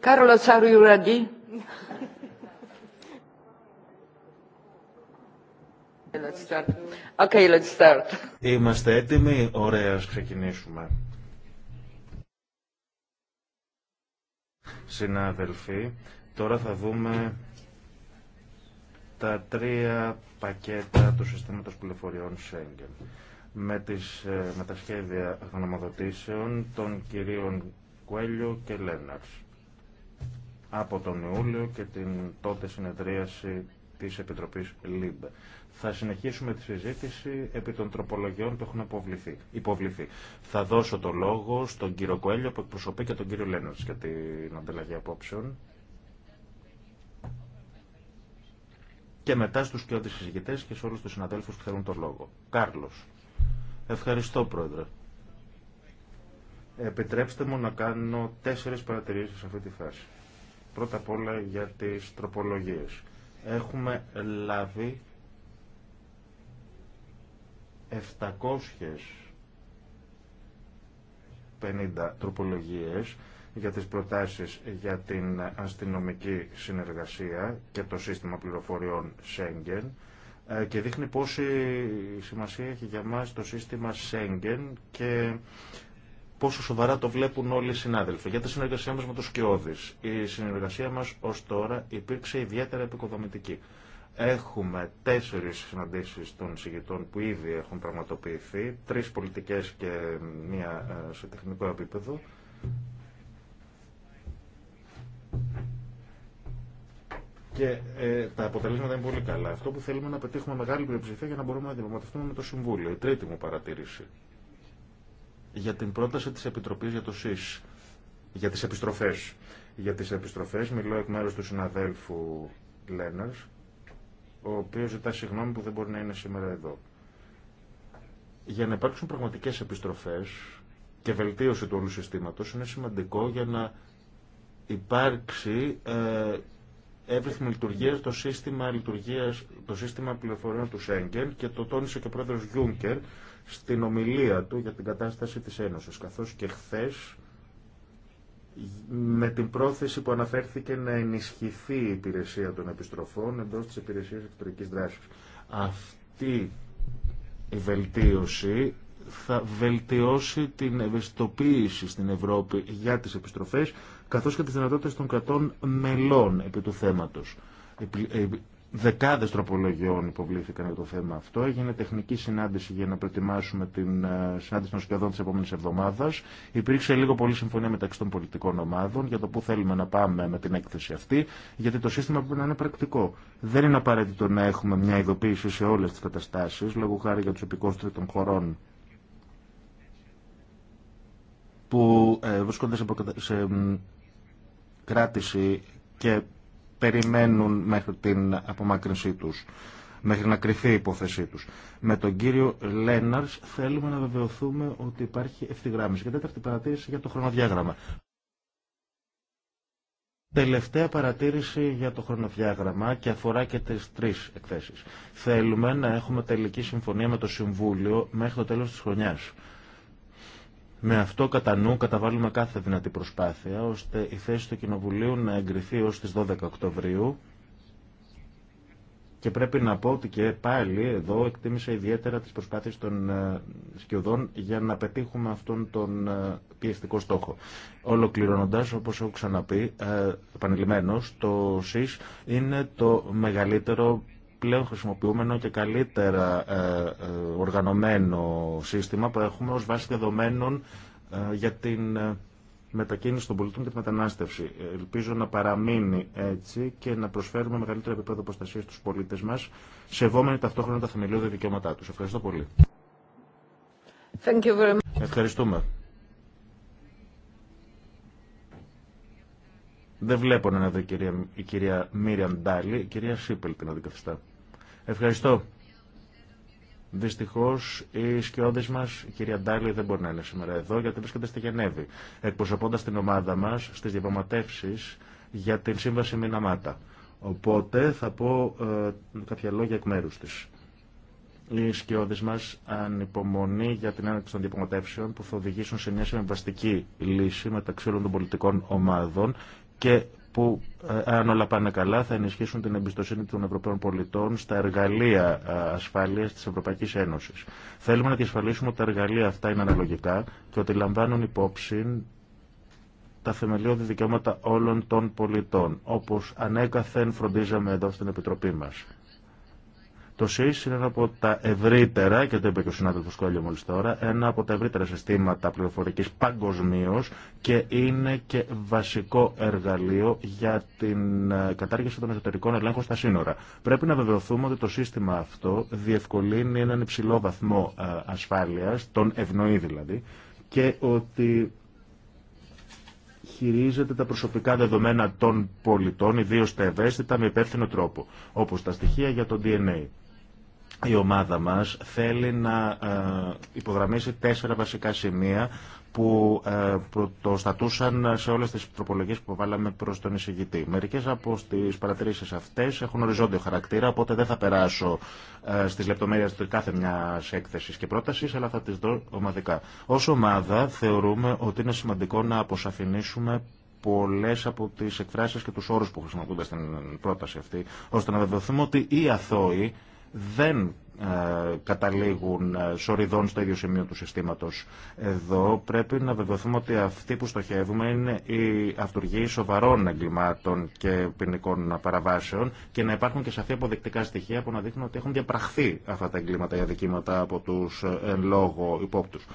Carlos, are you Okay, let's start. Είμαστε έτοιμοι. Ωραία, ας ξεκινήσουμε. Συνάδελφοι, τώρα θα δούμε τα τρία πακέτα του συστήματος πληροφοριών Schengen με, τις, ε, με τα σχέδια γνωμοδοτήσεων των κυρίων Κουέλιο και Λέναρς από τον Ιούλιο και την τότε συνεδρίαση της Επιτροπής ΛΥΜΠΕ. Θα συνεχίσουμε τη συζήτηση επί των τροπολογιών που έχουν υποβληθεί. Θα δώσω το λόγο στον κύριο Κοέλιο που εκπροσωπεί και τον κύριο Λένος για την ανταλλαγή απόψεων. Και μετά στους και συζητητές και σε όλους τους συναδέλφους που θέλουν το λόγο. Κάρλος. Ευχαριστώ πρόεδρε. Επιτρέψτε μου να κάνω τέσσερις παρατηρήσεις σε αυτή τη φάση. Πρώτα απ' όλα για τις τροπολογίες. Έχουμε λάβει 750 τροπολογίες για τις προτάσεις για την αστυνομική συνεργασία και το σύστημα πληροφοριών Schengen ε, και δείχνει πόση σημασία έχει για μας το σύστημα Schengen και πόσο σοβαρά το βλέπουν όλοι οι συνάδελφοι. Για τη συνεργασία μα με τους Σκιώδη. Η συνεργασία μα ω τώρα υπήρξε ιδιαίτερα επικοδομητική. Έχουμε τέσσερι συναντήσει των συγκεκριτών που ήδη έχουν πραγματοποιηθεί, Τρει πολιτικέ και μία ε, σε τεχνικό επίπεδο. Και ε, τα αποτελέσματα είναι πολύ καλά. Αυτό που θέλουμε να πετύχουμε μεγάλη πλειοψηφία για να μπορούμε να αντιμετωπιστούμε με το Συμβούλιο. Η τρίτη μου παρατήρηση για την πρόταση της Επιτροπής για το ΣΥΣ, για τις επιστροφές. Για τις επιστροφές μιλώ εκ μέρους του συναδέλφου Λένας, ο οποίος ζητά συγγνώμη που δεν μπορεί να είναι σήμερα εδώ. Για να υπάρξουν πραγματικές επιστροφές και βελτίωση του όλου συστήματος είναι σημαντικό για να υπάρξει ε, εύρυθμη λειτουργία στο σύστημα, λειτουργίας, το σύστημα πληροφοριών του Σέγγεν και το τόνισε και ο πρόεδρος Γιούνκερ στην ομιλία του για την κατάσταση της Ένωσης, καθώς και χθες με την πρόθεση που αναφέρθηκε να ενισχυθεί η υπηρεσία των επιστροφών εντός της υπηρεσίας εξωτερικής δράσης. Αυτή η βελτίωση θα βελτιώσει την ευαισθητοποίηση στην Ευρώπη για τις επιστροφές καθώς και τις δυνατότητες των κρατών μελών επί του θέματος. Δεκάδε τροπολογιών υποβλήθηκαν για το θέμα αυτό. Έγινε τεχνική συνάντηση για να προετοιμάσουμε την ε, συνάντηση των σχεδόν τη επόμενη εβδομάδα. Υπήρξε λίγο πολύ συμφωνία μεταξύ των πολιτικών ομάδων για το πού θέλουμε να πάμε με την έκθεση αυτή, γιατί το σύστημα πρέπει να είναι πρακτικό. Δεν είναι απαραίτητο να έχουμε μια ειδοποίηση σε όλε τι καταστάσει, λόγω χάρη για του επικού των χωρών που ε, βρίσκονται σε κράτηση και περιμένουν μέχρι την απομάκρυνσή τους, μέχρι να κρυθεί η υπόθεσή τους. Με τον κύριο Λέναρς θέλουμε να βεβαιωθούμε ότι υπάρχει ευθυγράμμιση. Και τέταρτη παρατήρηση για το χρονοδιάγραμμα. Τελευταία παρατήρηση για το χρονοδιάγραμμα και αφορά και τις τρεις εκθέσεις. Θέλουμε να έχουμε τελική συμφωνία με το Συμβούλιο μέχρι το τέλος της χρονιάς. Με αυτό κατά νου καταβάλουμε κάθε δυνατή προσπάθεια ώστε η θέση του Κοινοβουλίου να εγκριθεί ως τις 12 Οκτωβρίου και πρέπει να πω ότι και πάλι εδώ εκτίμησα ιδιαίτερα τις προσπάθειες των ε, σκιωδών για να πετύχουμε αυτόν τον ε, πιεστικό στόχο. Ολοκληρώνοντας, όπως έχω ξαναπεί, ε, επανειλημμένος, το ΣΥΣ είναι το μεγαλύτερο πλέον χρησιμοποιούμενο και καλύτερα ε, ε, οργανωμένο σύστημα που έχουμε ως βάση δεδομένων ε, για την μετακίνηση των πολιτών και τη μετανάστευση. Ελπίζω να παραμείνει έτσι και να προσφέρουμε μεγαλύτερη επίπεδο προστασία στους πολίτες μας, σεβόμενοι ταυτόχρονα τα θεμελιώδη δικαιώματά τους. Ευχαριστώ πολύ. Ευχαριστούμε. Δεν βλέπω να είναι εδώ η κυρία, η κυρία Μίριαν Ντάλι, η κυρία Σίπελ την αντικαθιστά. Ευχαριστώ. Δυστυχώ οι σκιώδε μα, η κυρία Ντάλη, δεν μπορεί να είναι σήμερα εδώ γιατί βρίσκεται στη Γενέβη, εκπροσωπώντα την ομάδα μα στι διαπραγματεύσει για την σύμβαση Μιναμάτα. Οπότε θα πω ε, κάποια λόγια εκ μέρου τη. Οι σκιώδει μα ανυπομονεί για την έναρξη των διαπραγματεύσεων που θα οδηγήσουν σε μια συμβαστική λύση μεταξύ όλων των πολιτικών ομάδων και που ε, αν όλα πάνε καλά θα ενισχύσουν την εμπιστοσύνη των Ευρωπαίων πολιτών στα εργαλεία ε, ασφάλειας της Ευρωπαϊκής Ένωσης. Θέλουμε να διασφαλίσουμε ότι τα εργαλεία αυτά είναι αναλογικά και ότι λαμβάνουν υπόψη τα θεμελιώδη δικαιώματα όλων των πολιτών, όπως ανέκαθεν φροντίζαμε εδώ στην Επιτροπή μας. Το ΣΥΣ είναι ένα από τα ευρύτερα, και το είπε και ο συνάδελφο Κόλλιο μόλι τώρα, ένα από τα ευρύτερα συστήματα πληροφορική παγκοσμίω και είναι και βασικό εργαλείο για την ε, κατάργηση των εσωτερικών ελέγχων στα σύνορα. Πρέπει να βεβαιωθούμε ότι το σύστημα αυτό διευκολύνει έναν υψηλό βαθμό ε, ασφάλεια, τον ευνοεί δηλαδή, και ότι χειρίζεται τα προσωπικά δεδομένα των πολιτών, ιδίω τα ευαίσθητα, με υπεύθυνο τρόπο, όπω τα στοιχεία για το DNA η ομάδα μας θέλει να ε, υπογραμμίσει τέσσερα βασικά σημεία που ε, το στατούσαν σε όλες τις τροπολογίες που βάλαμε προς τον εισηγητή. Μερικές από τις παρατηρήσεις αυτές έχουν οριζόντιο χαρακτήρα, οπότε δεν θα περάσω ε, στις λεπτομέρειες του κάθε μια έκθεσης και πρότασης, αλλά θα τις δω ομαδικά. Ως ομάδα θεωρούμε ότι είναι σημαντικό να αποσαφηνίσουμε πολλέ από τι εκφράσει και του όρου που χρησιμοποιούνται στην πρόταση αυτή, ώστε να βεβαιωθούμε ότι οι αθώοι δεν ε, καταλήγουν ε, σοριδών στο ίδιο σημείο του συστήματος. Εδώ πρέπει να βεβαιωθούμε ότι αυτοί που στοχεύουμε είναι οι αυτουργοί σοβαρών εγκλημάτων και ποινικών παραβάσεων και να υπάρχουν και σαφή αποδεικτικά στοιχεία που να δείχνουν ότι έχουν διαπραχθεί αυτά τα εγκλήματα ή αδικήματα από τους ε, εν λόγω υπόπτους.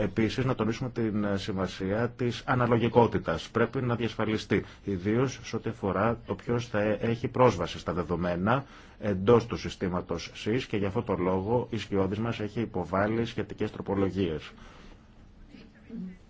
Επίσης να τονίσουμε την σημασία της αναλογικότητας. Πρέπει να διασφαλιστεί, ιδίως σε ό,τι αφορά το ποιο θα έχει πρόσβαση στα δεδομένα εντό του συστήματο ΣΥΣ και για αυτό το λόγο η σκιώδη μα έχει υποβάλει σχετικέ τροπολογίε.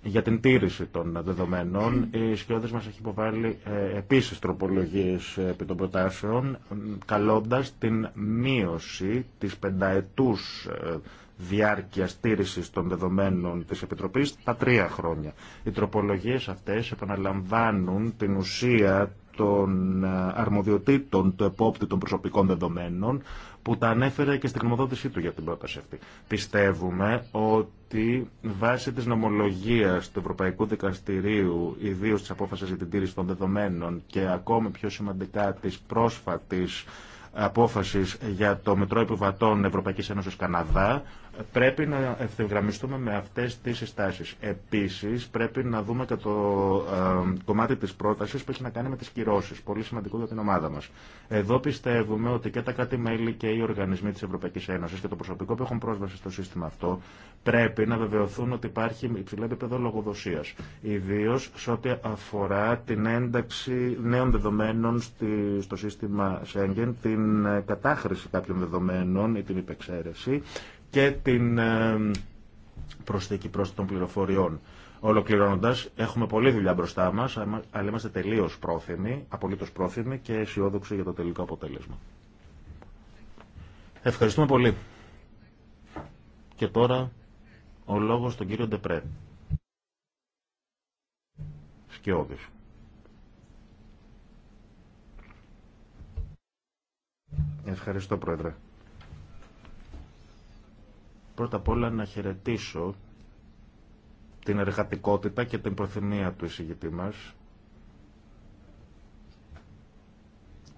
Για την τήρηση των δεδομένων, οι σκιώδη μας έχει υποβάλει ε, επίσης τροπολογίες επί των προτάσεων, καλώντας την μείωση της πενταετούς ε, διάρκεια τήρησης των δεδομένων της Επιτροπής τα τρία χρόνια. Οι τροπολογίες αυτές επαναλαμβάνουν την ουσία των ε, αρμοδιοτήτων του επόπτη των προσωπικών δεδομένων που τα ανέφερε και στην γνωμοδότησή του για την πρόταση αυτή. Πιστεύουμε ότι βάσει της νομολογίας του Ευρωπαϊκού Δικαστηρίου, ιδίω της απόφασης για την τήρηση των δεδομένων και ακόμη πιο σημαντικά της πρόσφατης απόφασης για το μετρό Επιβατών Ευρωπαϊκής Ένωσης Καναδά, πρέπει να ευθυγραμμιστούμε με αυτές τις συστάσεις. Επίσης, πρέπει να δούμε και το ε, κομμάτι της πρότασης που έχει να κάνει με τις κυρώσεις. Πολύ σημαντικό για την ομάδα μας. Εδώ πιστεύουμε ότι και τα κάτι μέλη και οι οργανισμοί της Ευρωπαϊκής Ένωσης και το προσωπικό που έχουν πρόσβαση στο σύστημα αυτό πρέπει να βεβαιωθούν ότι υπάρχει υψηλό επίπεδο λογοδοσία. Ιδίω σε ό,τι αφορά την ένταξη νέων δεδομένων στο σύστημα Schengen, την ε, κατάχρηση κάποιων δεδομένων ή την υπεξαίρεση και την ε, προσθήκη πρόσθετων πληροφοριών. Ολοκληρώνοντα, έχουμε πολλή δουλειά μπροστά μα, αλλά είμαστε τελείω πρόθυμοι, απολύτω πρόθυμοι και αισιόδοξοι για το τελικό αποτέλεσμα. Ευχαριστούμε πολύ. Και τώρα ο λόγος στον κύριο Ντεπρέ. Σκιώδης. Ευχαριστώ, Πρόεδρε. Πρώτα απ' όλα να χαιρετήσω την εργατικότητα και την προθυμία του εισηγητή μας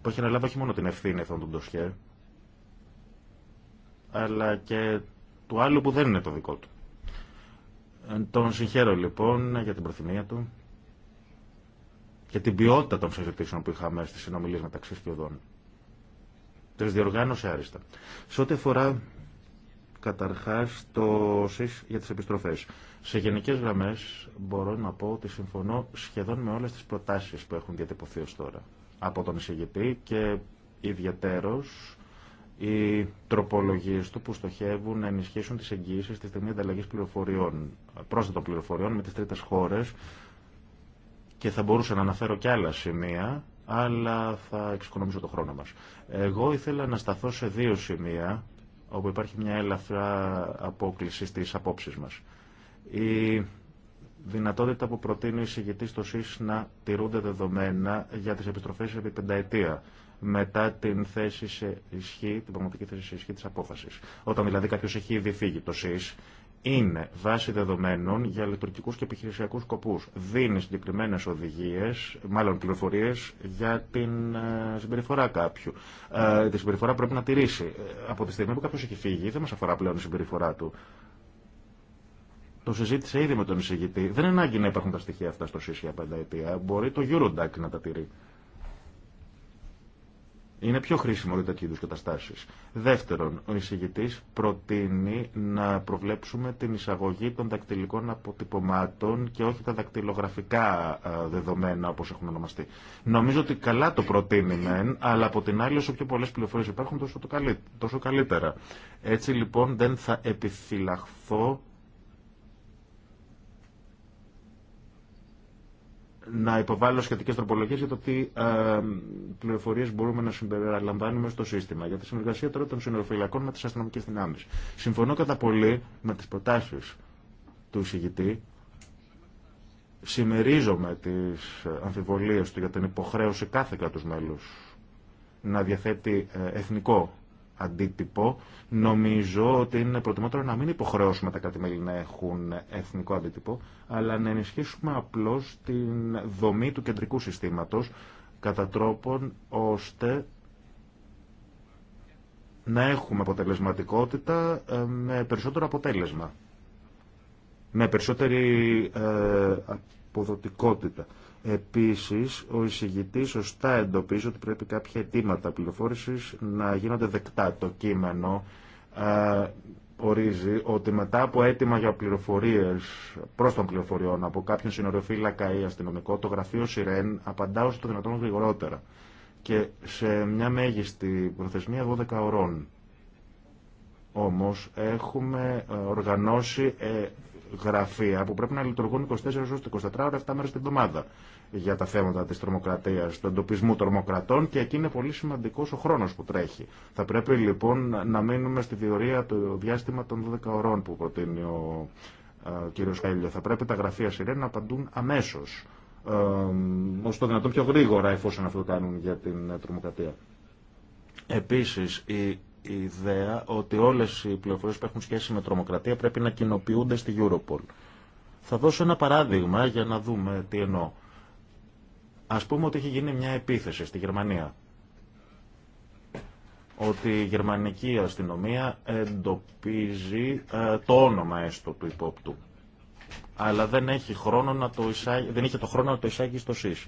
που έχει αναλάβει όχι μόνο την ευθύνη αυτών των ντοσιέ αλλά και του άλλου που δεν είναι το δικό του. Ε, τον συγχαίρω λοιπόν για την προθυμία του και την ποιότητα των συζητήσεων που είχαμε στις συνομιλίες μεταξύ σκιωδών. Τις διοργάνωσε άριστα. Σε ό,τι αφορά Καταρχά το ΣΥΣ για τις επιστροφές. Σε γενικές γραμμές μπορώ να πω ότι συμφωνώ σχεδόν με όλες τις προτάσεις που έχουν διατυπωθεί ως τώρα. Από τον εισηγητή και ιδιαίτερος οι τροπολογίες του που στοχεύουν να ενισχύσουν τις εγγύησεις στη στιγμή ανταλλαγής πληροφοριών, πρόσθετων πληροφοριών με τις τρίτες χώρες και θα μπορούσα να αναφέρω και άλλα σημεία, αλλά θα εξοικονομήσω το χρόνο μας. Εγώ ήθελα να σταθώ σε δύο σημεία όπου υπάρχει μια ελαφρά απόκληση στις απόψεις μας. Η δυνατότητα που προτείνει η εισηγητή στο ΣΥΣ να τηρούνται δεδομένα για τις επιστροφές επί πενταετία μετά την θέση σε ισχύ, την πραγματική θέση σε ισχύ τη απόφαση. Όταν δηλαδή κάποιο έχει ήδη φύγει το ΣΥΣ, είναι βάση δεδομένων για λειτουργικού και επιχειρησιακού σκοπούς. Δίνει συγκεκριμένε οδηγίε, μάλλον πληροφορίε για την ε, συμπεριφορά κάποιου. Ε, τη συμπεριφορά πρέπει να τηρήσει. Ε, από τη στιγμή που κάποιο έχει φύγει, δεν μα αφορά πλέον η συμπεριφορά του. Το συζήτησε ήδη με τον εισηγητή. Δεν είναι ανάγκη να υπάρχουν τα στοιχεία αυτά στο ΣΥΣ για πενταετία. Μπορεί το Eurodac να τα τηρεί. Είναι πιο χρήσιμο για τέτοιου είδου καταστάσει. Δεύτερον, ο εισηγητή προτείνει να προβλέψουμε την εισαγωγή των δακτυλικών αποτυπωμάτων και όχι τα δακτυλογραφικά ε, δεδομένα όπω έχουν ονομαστεί. Νομίζω ότι καλά το προτείνει μεν, αλλά από την άλλη όσο πιο πολλέ πληροφορίε υπάρχουν τόσο, το τόσο καλύτερα. Έτσι λοιπόν δεν θα επιφυλαχθώ να υποβάλω σχετικέ τροπολογίε για το τι ε, πληροφορίε μπορούμε να συμπεριλαμβάνουμε στο σύστημα. Για τη συνεργασία τώρα των συνοροφυλακών με τι αστυνομικέ δυνάμει. Συμφωνώ κατά πολύ με τι προτάσει του εισηγητή. Συμμερίζομαι τι αμφιβολίε του για την υποχρέωση κάθε κράτου μέλου να διαθέτει ε, εθνικό αντίτυπο, νομίζω ότι είναι προτιμότερο να μην υποχρεώσουμε τα κράτη-μέλη να έχουν εθνικό αντίτυπο, αλλά να ενισχύσουμε απλώς την δομή του κεντρικού συστήματος, κατά τρόπον ώστε να έχουμε αποτελεσματικότητα ε, με περισσότερο αποτέλεσμα, με περισσότερη ε, αποδοτικότητα. Επίσης, ο εισηγητής σωστά εντοπίζει ότι πρέπει κάποια αιτήματα πληροφόρησης να γίνονται δεκτά. Το κείμενο α, ε, ορίζει ότι μετά από αίτημα για πληροφορίες προς των πληροφοριών από κάποιον συνοριοφύλακα ή αστυνομικό, το γραφείο ΣΥΡΕΝ απαντά όσο το δυνατόν γρηγορότερα και σε μια μέγιστη προθεσμία 12 ωρών. Όμως έχουμε ε, οργανώσει ε, γραφεία που πρέπει να λειτουργούν 24 ώρες 24 ώρες 7 μέρες την εβδομάδα για τα θέματα της τρομοκρατίας, του εντοπισμού τρομοκρατών και εκεί είναι πολύ σημαντικός ο χρόνος που τρέχει. Θα πρέπει λοιπόν να μείνουμε στη διορία το διάστημα των 12 ωρών που προτείνει ο κύριος Χαίλιο. Θα πρέπει τα γραφεία ΣΥΡΕΝ να απαντούν αμέσως, ε, το δυνατόν πιο γρήγορα εφόσον αυτό το κάνουν για την ε, τρομοκρατία. Επίσης, η η ιδέα ότι όλες οι πληροφορίες που έχουν σχέση με τρομοκρατία πρέπει να κοινοποιούνται στη Europol. Θα δώσω ένα παράδειγμα για να δούμε τι εννοώ. Ας πούμε ότι έχει γίνει μια επίθεση στη Γερμανία. Ότι η γερμανική αστυνομία εντοπίζει ε, το όνομα έστω του υπόπτου. Αλλά δεν, έχει χρόνο να το εισάγει, δεν είχε το χρόνο να το εισάγει στο ΣΥΣ.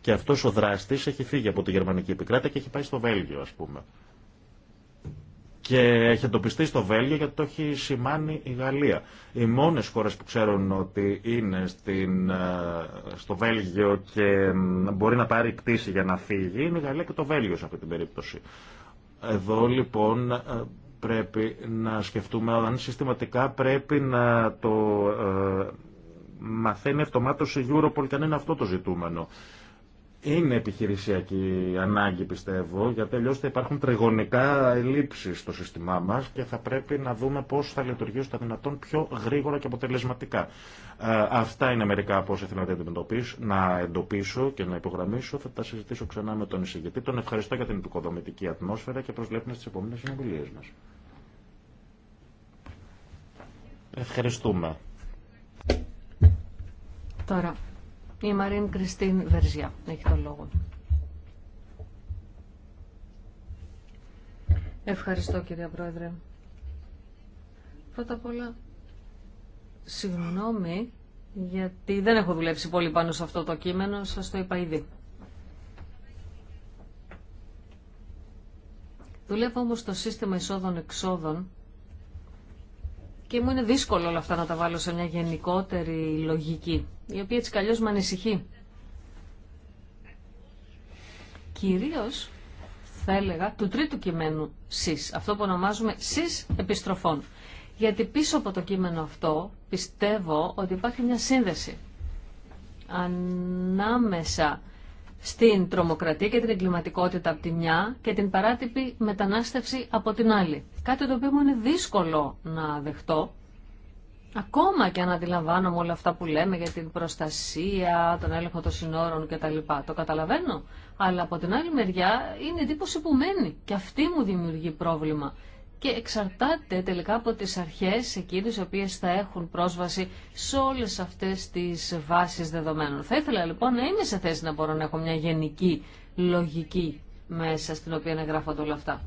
Και αυτός ο δράστης έχει φύγει από τη γερμανική επικράτεια και έχει πάει στο Βέλγιο ας πούμε και έχει εντοπιστεί στο Βέλγιο γιατί το έχει σημάνει η Γαλλία. Οι μόνες χώρες που ξέρουν ότι είναι ε, στο Βέλγιο και μπορεί να πάρει πτήση για να φύγει είναι η Γαλλία και το Βέλγιο σε αυτή την περίπτωση. Εδώ λοιπόν ε, πρέπει να σκεφτούμε αν συστηματικά πρέπει να το ε, μαθαίνει αυτομάτως η Europol και αν είναι αυτό το ζητούμενο. Είναι επιχειρησιακή ανάγκη, πιστεύω, γιατί αλλιώ θα υπάρχουν τριγωνικά ελλείψει στο σύστημά μα και θα πρέπει να δούμε πώ θα λειτουργήσουν τα δυνατόν πιο γρήγορα και αποτελεσματικά. Ε, αυτά είναι μερικά από όσα θέλω να εντοπίσω και να υπογραμμίσω. Θα τα συζητήσω ξανά με τον εισηγητή. Τον ευχαριστώ για την υποκοδομητική ατμόσφαιρα και προσβλέπουμε στι επόμενε συνομιλίε μα. Ευχαριστούμε. Τώρα, η Μαρίν Κριστίν Βερζιά έχει τον λόγο. Ευχαριστώ κυρία Πρόεδρε. Πρώτα απ' όλα, συγγνώμη γιατί δεν έχω δουλέψει πολύ πάνω σε αυτό το κείμενο, σας το είπα ήδη. Δουλεύω όμως το σύστημα εισόδων-εξόδων και μου είναι δύσκολο όλα αυτά να τα βάλω σε μια γενικότερη λογική, η οποία έτσι καλλιώς με ανησυχεί. Κυρίως, θα έλεγα, του τρίτου κειμένου ΣΥΣ, αυτό που ονομάζουμε ΣΥΣ επιστροφών. Γιατί πίσω από το κείμενο αυτό πιστεύω ότι υπάρχει μια σύνδεση ανάμεσα στην τρομοκρατία και την εγκληματικότητα από τη μια και την παράτυπη μετανάστευση από την άλλη. Κάτι το οποίο μου είναι δύσκολο να δεχτώ, ακόμα και αν αντιλαμβάνομαι όλα αυτά που λέμε για την προστασία, τον έλεγχο των συνόρων κτλ. Το καταλαβαίνω, αλλά από την άλλη μεριά είναι εντύπωση που μένει και αυτή μου δημιουργεί πρόβλημα και εξαρτάται τελικά από τις αρχές εκείνες οι οποίες θα έχουν πρόσβαση σε όλες αυτές τις βάσεις δεδομένων. Θα ήθελα λοιπόν να είμαι σε θέση να μπορώ να έχω μια γενική λογική μέσα στην οποία να γράφω όλα αυτά.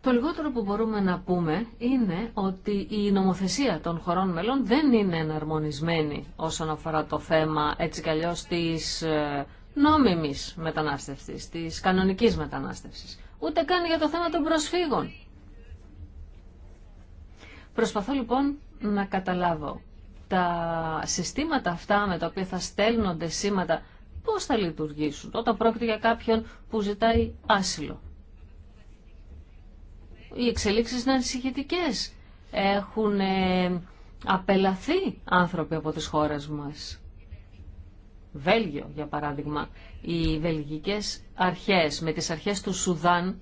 Το λιγότερο που μπορούμε να πούμε είναι ότι η νομοθεσία των χωρών μελών δεν είναι εναρμονισμένη όσον αφορά το θέμα έτσι κι αλλιώς της ε, νόμιμης μετανάστευσης, της κανονικής μετανάστευσης ούτε καν για το θέμα των προσφύγων. Προσπαθώ λοιπόν να καταλάβω τα συστήματα αυτά με τα οποία θα στέλνονται σήματα πώς θα λειτουργήσουν όταν πρόκειται για κάποιον που ζητάει άσυλο. Οι εξελίξεις είναι ανησυχητικέ. Έχουν ε, απελαθεί άνθρωποι από τις χώρες μας. Βέλγιο, για παράδειγμα οι βελγικές αρχές με τις αρχές του Σουδάν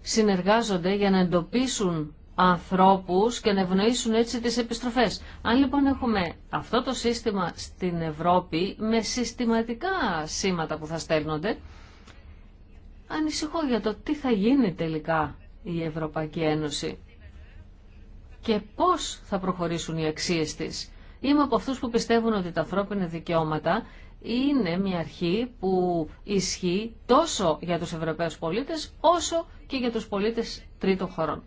συνεργάζονται για να εντοπίσουν ανθρώπους και να ευνοήσουν έτσι τις επιστροφές. Αν λοιπόν έχουμε αυτό το σύστημα στην Ευρώπη με συστηματικά σήματα που θα στέλνονται, ανησυχώ για το τι θα γίνει τελικά η Ευρωπαϊκή Ένωση και πώς θα προχωρήσουν οι αξίες της. Είμαι από αυτούς που πιστεύουν ότι τα ανθρώπινα δικαιώματα είναι μια αρχή που ισχύει τόσο για τους Ευρωπαίους πολίτες όσο και για τους πολίτες τρίτων χωρών.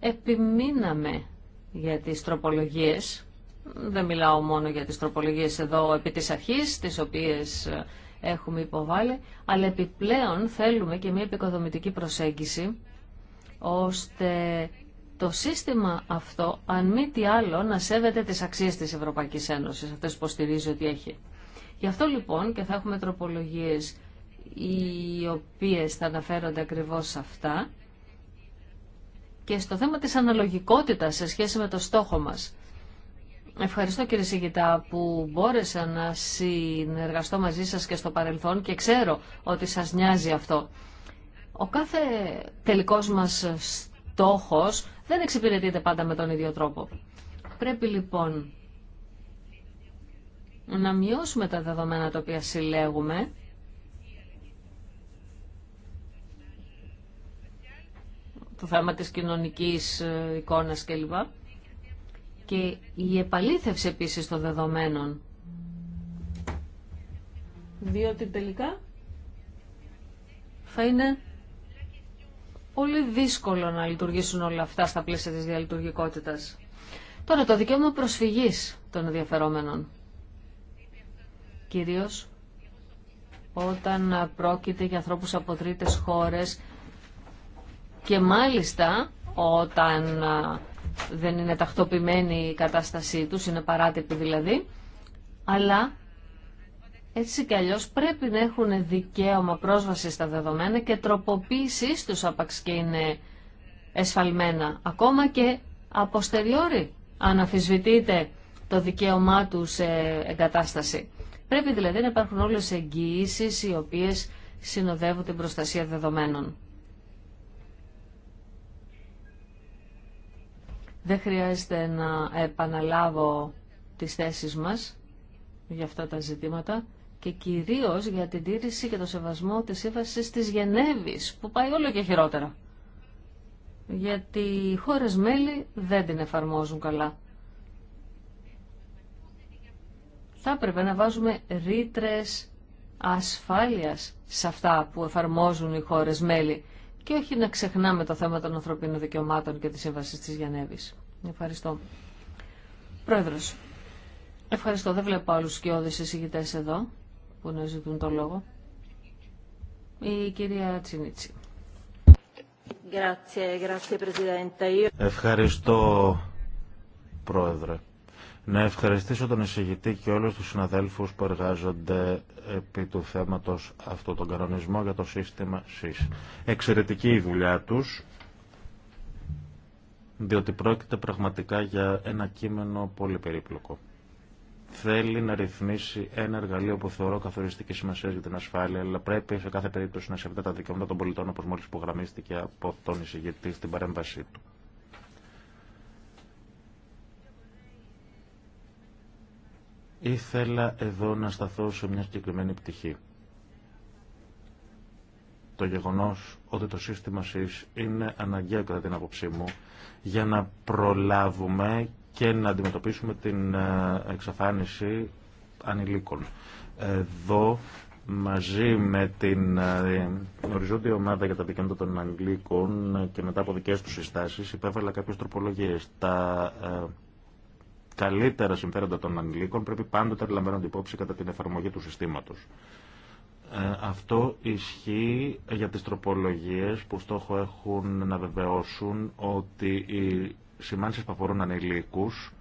Επιμείναμε για τις τροπολογίες, δεν μιλάω μόνο για τις τροπολογίες εδώ επί της αρχής, τις οποίες ε, έχουμε υποβάλει, αλλά επιπλέον θέλουμε και μια επικοδομητική προσέγγιση, ώστε το σύστημα αυτό, αν μη τι άλλο, να σέβεται τις αξίες της Ευρωπαϊκής Ένωσης, αυτές που στηρίζει ότι έχει. Γι' αυτό λοιπόν και θα έχουμε τροπολογίες οι οποίες θα αναφέρονται ακριβώς σε αυτά και στο θέμα της αναλογικότητας σε σχέση με το στόχο μας. Ευχαριστώ κύριε Σιγητά που μπόρεσα να συνεργαστώ μαζί σας και στο παρελθόν και ξέρω ότι σας νοιάζει αυτό. Ο κάθε τελικός μας στόχος δεν εξυπηρετείται πάντα με τον ίδιο τρόπο. Πρέπει λοιπόν να μειώσουμε τα δεδομένα τα οποία συλλέγουμε το θέμα της κοινωνικής ε, εικόνας κλπ. Και η επαλήθευση επίσης των δεδομένων. Διότι τελικά θα είναι πολύ δύσκολο να λειτουργήσουν όλα αυτά στα πλαίσια της διαλειτουργικότητας. Τώρα το δικαίωμα προσφυγής των ενδιαφερόμενων κυρίως όταν πρόκειται για ανθρώπους από τρίτες χώρες και μάλιστα όταν δεν είναι τακτοποιημένη η κατάστασή τους, είναι παράτυπη δηλαδή, αλλά έτσι κι αλλιώς πρέπει να έχουν δικαίωμα πρόσβαση στα δεδομένα και τροποποίησή τους άπαξ και είναι εσφαλμένα, ακόμα και αποστεριόρι αν το δικαίωμά τους σε εγκατάσταση. Πρέπει δηλαδή να υπάρχουν όλες εγγυήσει οι οποίες συνοδεύουν την προστασία δεδομένων. Δεν χρειάζεται να επαναλάβω τις θέσεις μας για αυτά τα ζητήματα και κυρίως για την τήρηση και το σεβασμό της σύμβασης της Γενέβης που πάει όλο και χειρότερα. Γιατί οι χώρες μέλη δεν την εφαρμόζουν καλά. θα έπρεπε να βάζουμε ρήτρε ασφάλειας σε αυτά που εφαρμόζουν οι χώρες μέλη και όχι να ξεχνάμε το θέμα των ανθρωπίνων δικαιωμάτων και τη σύμβαση της Γενέβης. Ευχαριστώ. Πρόεδρος, ευχαριστώ. Δεν βλέπω άλλους σκιώδες εισηγητές εδώ που να ζητούν το λόγο. Η κυρία Τσινίτσι. Ευχαριστώ, Πρόεδρε. Να ευχαριστήσω τον εισηγητή και όλους τους συναδέλφους που εργάζονται επί του θέματος αυτού τον κανονισμό για το σύστημα ΣΥΣ. Εξαιρετική η δουλειά τους, διότι πρόκειται πραγματικά για ένα κείμενο πολύ περίπλοκο. Θέλει να ρυθμίσει ένα εργαλείο που θεωρώ καθοριστική σημασία για την ασφάλεια, αλλά πρέπει σε κάθε περίπτωση να σεβεται τα δικαιώματα των πολιτών, όπω μόλι υπογραμμίστηκε από τον εισηγητή στην παρέμβασή του. Ήθελα εδώ να σταθώ σε μια συγκεκριμένη πτυχή. Το γεγονός ότι το σύστημα ΣΥΣ είναι αναγκαίο κατά την άποψή μου για να προλάβουμε και να αντιμετωπίσουμε την ε, εξαφάνιση ανηλίκων. Εδώ μαζί με την ε, οριζόντια ομάδα για τα δικαιώματα των ανηλίκων και μετά από δικές τους συστάσεις υπέβαλα κάποιες τροπολογίες. Ε, καλύτερα συμφέροντα των ανηλίκων πρέπει πάντοτε να την υπόψη κατά την εφαρμογή του συστήματο. Ε, αυτό ισχύει για τις τροπολογίες που στόχο έχουν να βεβαιώσουν ότι οι σημάνσεις που αφορούν ανηλίκους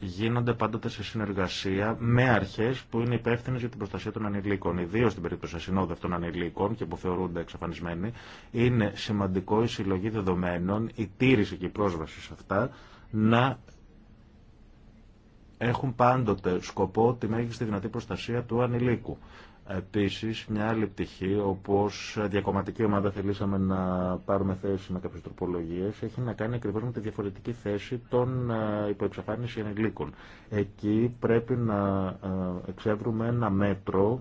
γίνονται πάντοτε σε συνεργασία με αρχέ που είναι υπεύθυνε για την προστασία των ανηλίκων. Ιδίω στην περίπτωση ασυνόδευτων ανηλίκων και που θεωρούνται εξαφανισμένοι, είναι σημαντικό η συλλογή δεδομένων, η τήρηση και η πρόσβαση σε αυτά να έχουν πάντοτε σκοπό τη μέγιστη δυνατή προστασία του ανηλίκου. Επίσης, μια άλλη πτυχή, όπως διακομματική ομάδα θελήσαμε να πάρουμε θέση με κάποιε τροπολογίε, έχει να κάνει ακριβώ με τη διαφορετική θέση των ε, υποεξαφάνιση ανηλίκων. Εκεί πρέπει να ε, εξεύρουμε ένα μέτρο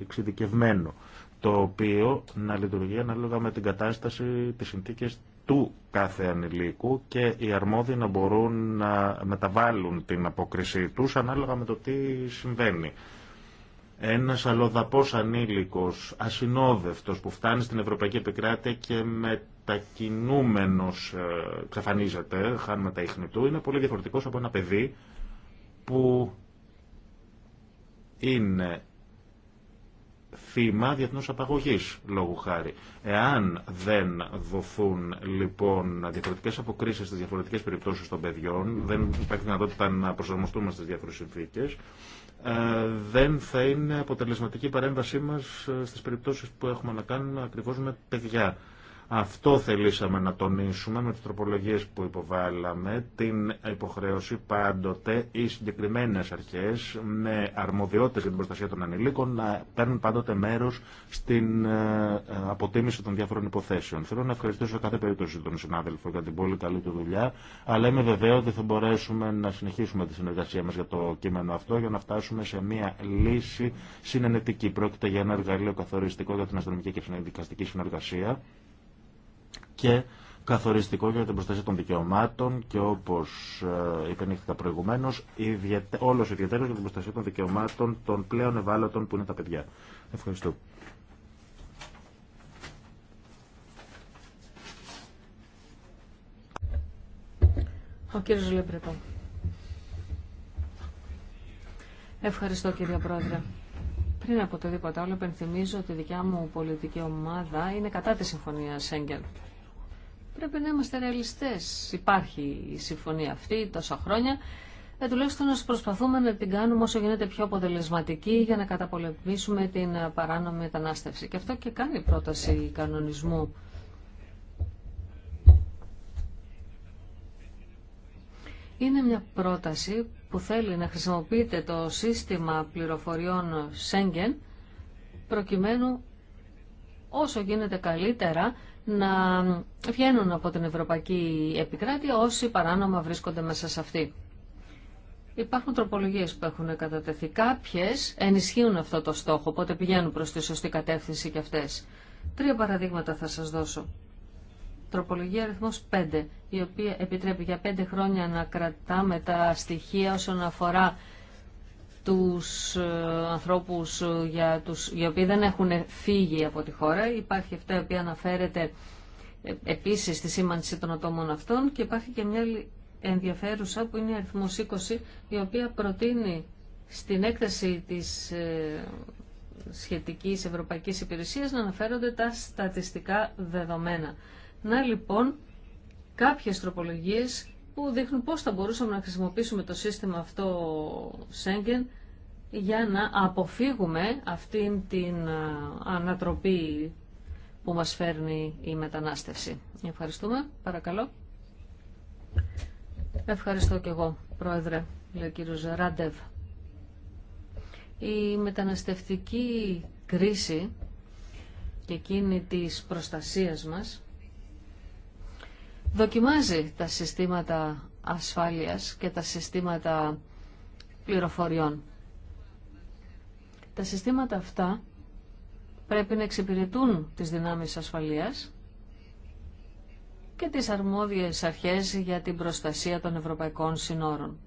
εξειδικευμένο, το οποίο να λειτουργεί ανάλογα με την κατάσταση, τις συνθήκε του κάθε ανηλίκου και οι αρμόδιοι να μπορούν να μεταβάλουν την απόκρισή τους ανάλογα με το τι συμβαίνει. Ένας αλλοδαπός ανήλικος, ασυνόδευτος που φτάνει στην Ευρωπαϊκή Επικράτεια και μετακινούμενος ε, ξαφανίζεται, χάνουμε τα ίχνη του, είναι πολύ διαφορετικός από ένα παιδί που είναι θύμα διεθνούς απαγωγής, λόγου χάρη. Εάν δεν δοθούν λοιπόν διαφορετικές αποκρίσεις στις διαφορετικές περιπτώσεις των παιδιών, δεν υπάρχει δυνατότητα να προσαρμοστούμε στις διάφορες συνθήκες, ε, δεν θα είναι αποτελεσματική παρέμβασή μας ε, στις περιπτώσεις που έχουμε να κάνουμε ακριβώς με παιδιά αυτό θελήσαμε να τονίσουμε με τις τροπολογίες που υποβάλαμε, την υποχρέωση πάντοτε οι συγκεκριμένες αρχές με αρμοδιότητες για την προστασία των ανηλίκων να παίρνουν πάντοτε μέρος στην ε, αποτίμηση των διάφορων υποθέσεων. Θέλω να ευχαριστήσω κάθε περίπτωση τον συνάδελφο για την πολύ καλή του δουλειά, αλλά είμαι βεβαίω ότι θα μπορέσουμε να συνεχίσουμε τη συνεργασία μας για το κείμενο αυτό για να φτάσουμε σε μια λύση συνενετική. Πρόκειται για ένα εργαλείο καθοριστικό για την αστυνομική και συνεργασία και καθοριστικό για την προστασία των δικαιωμάτων και όπως ε, υπενήχθηκα προηγουμένως, όλος ιδιαίτερος για την προστασία των δικαιωμάτων των πλέον ευάλωτων που είναι τα παιδιά. Ευχαριστώ. Ο κύριος Ευχαριστώ κύριε Πρόεδρε. Πριν από το δίποτα άλλο, επενθυμίζω ότι η δικιά μου πολιτική ομάδα είναι κατά τη συμφωνία Σέγγελ πρέπει να είμαστε ρεαλιστές. Υπάρχει η συμφωνία αυτή τόσα χρόνια. Ε, τουλάχιστον να προσπαθούμε να την κάνουμε όσο γίνεται πιο αποτελεσματική για να καταπολεμήσουμε την παράνομη μετανάστευση. Και αυτό και κάνει πρόταση κανονισμού. Είναι μια πρόταση που θέλει να χρησιμοποιείται το σύστημα πληροφοριών Schengen προκειμένου όσο γίνεται καλύτερα να βγαίνουν από την Ευρωπαϊκή Επικράτεια όσοι παράνομα βρίσκονται μέσα σε αυτή. Υπάρχουν τροπολογίες που έχουν κατατεθεί. Κάποιες ενισχύουν αυτό το στόχο, οπότε πηγαίνουν προς τη σωστή κατεύθυνση και αυτές. Τρία παραδείγματα θα σας δώσω. Τροπολογία αριθμός 5, η οποία επιτρέπει για 5 χρόνια να κρατάμε τα στοιχεία όσον αφορά τους ε, ανθρώπους ε, για τους, οι οποίοι δεν έχουν φύγει από τη χώρα. Υπάρχει αυτό η οποία αναφέρεται ε, επίσης στη σήμανση των ατόμων αυτών και υπάρχει και μια ενδιαφέρουσα που είναι η αριθμός 20 η οποία προτείνει στην έκταση της σχετικής Ευρωπαϊκής Υπηρεσίας να αναφέρονται τα στατιστικά δεδομένα. Να λοιπόν κάποιες τροπολογίες που δείχνουν πώς θα μπορούσαμε να χρησιμοποιήσουμε το σύστημα αυτό Σέγγεν για να αποφύγουμε αυτήν την ε, ανατροπή που μας φέρνει η μετανάστευση. Ευχαριστούμε. Παρακαλώ. Ευχαριστώ και εγώ, Πρόεδρε, λέει ο Η μεταναστευτική κρίση και εκείνη της προστασίας μας δοκιμάζει τα συστήματα ασφάλειας και τα συστήματα πληροφοριών. Τα συστήματα αυτά πρέπει να εξυπηρετούν τις δυνάμεις ασφαλείας και τις αρμόδιες αρχές για την προστασία των ευρωπαϊκών συνόρων.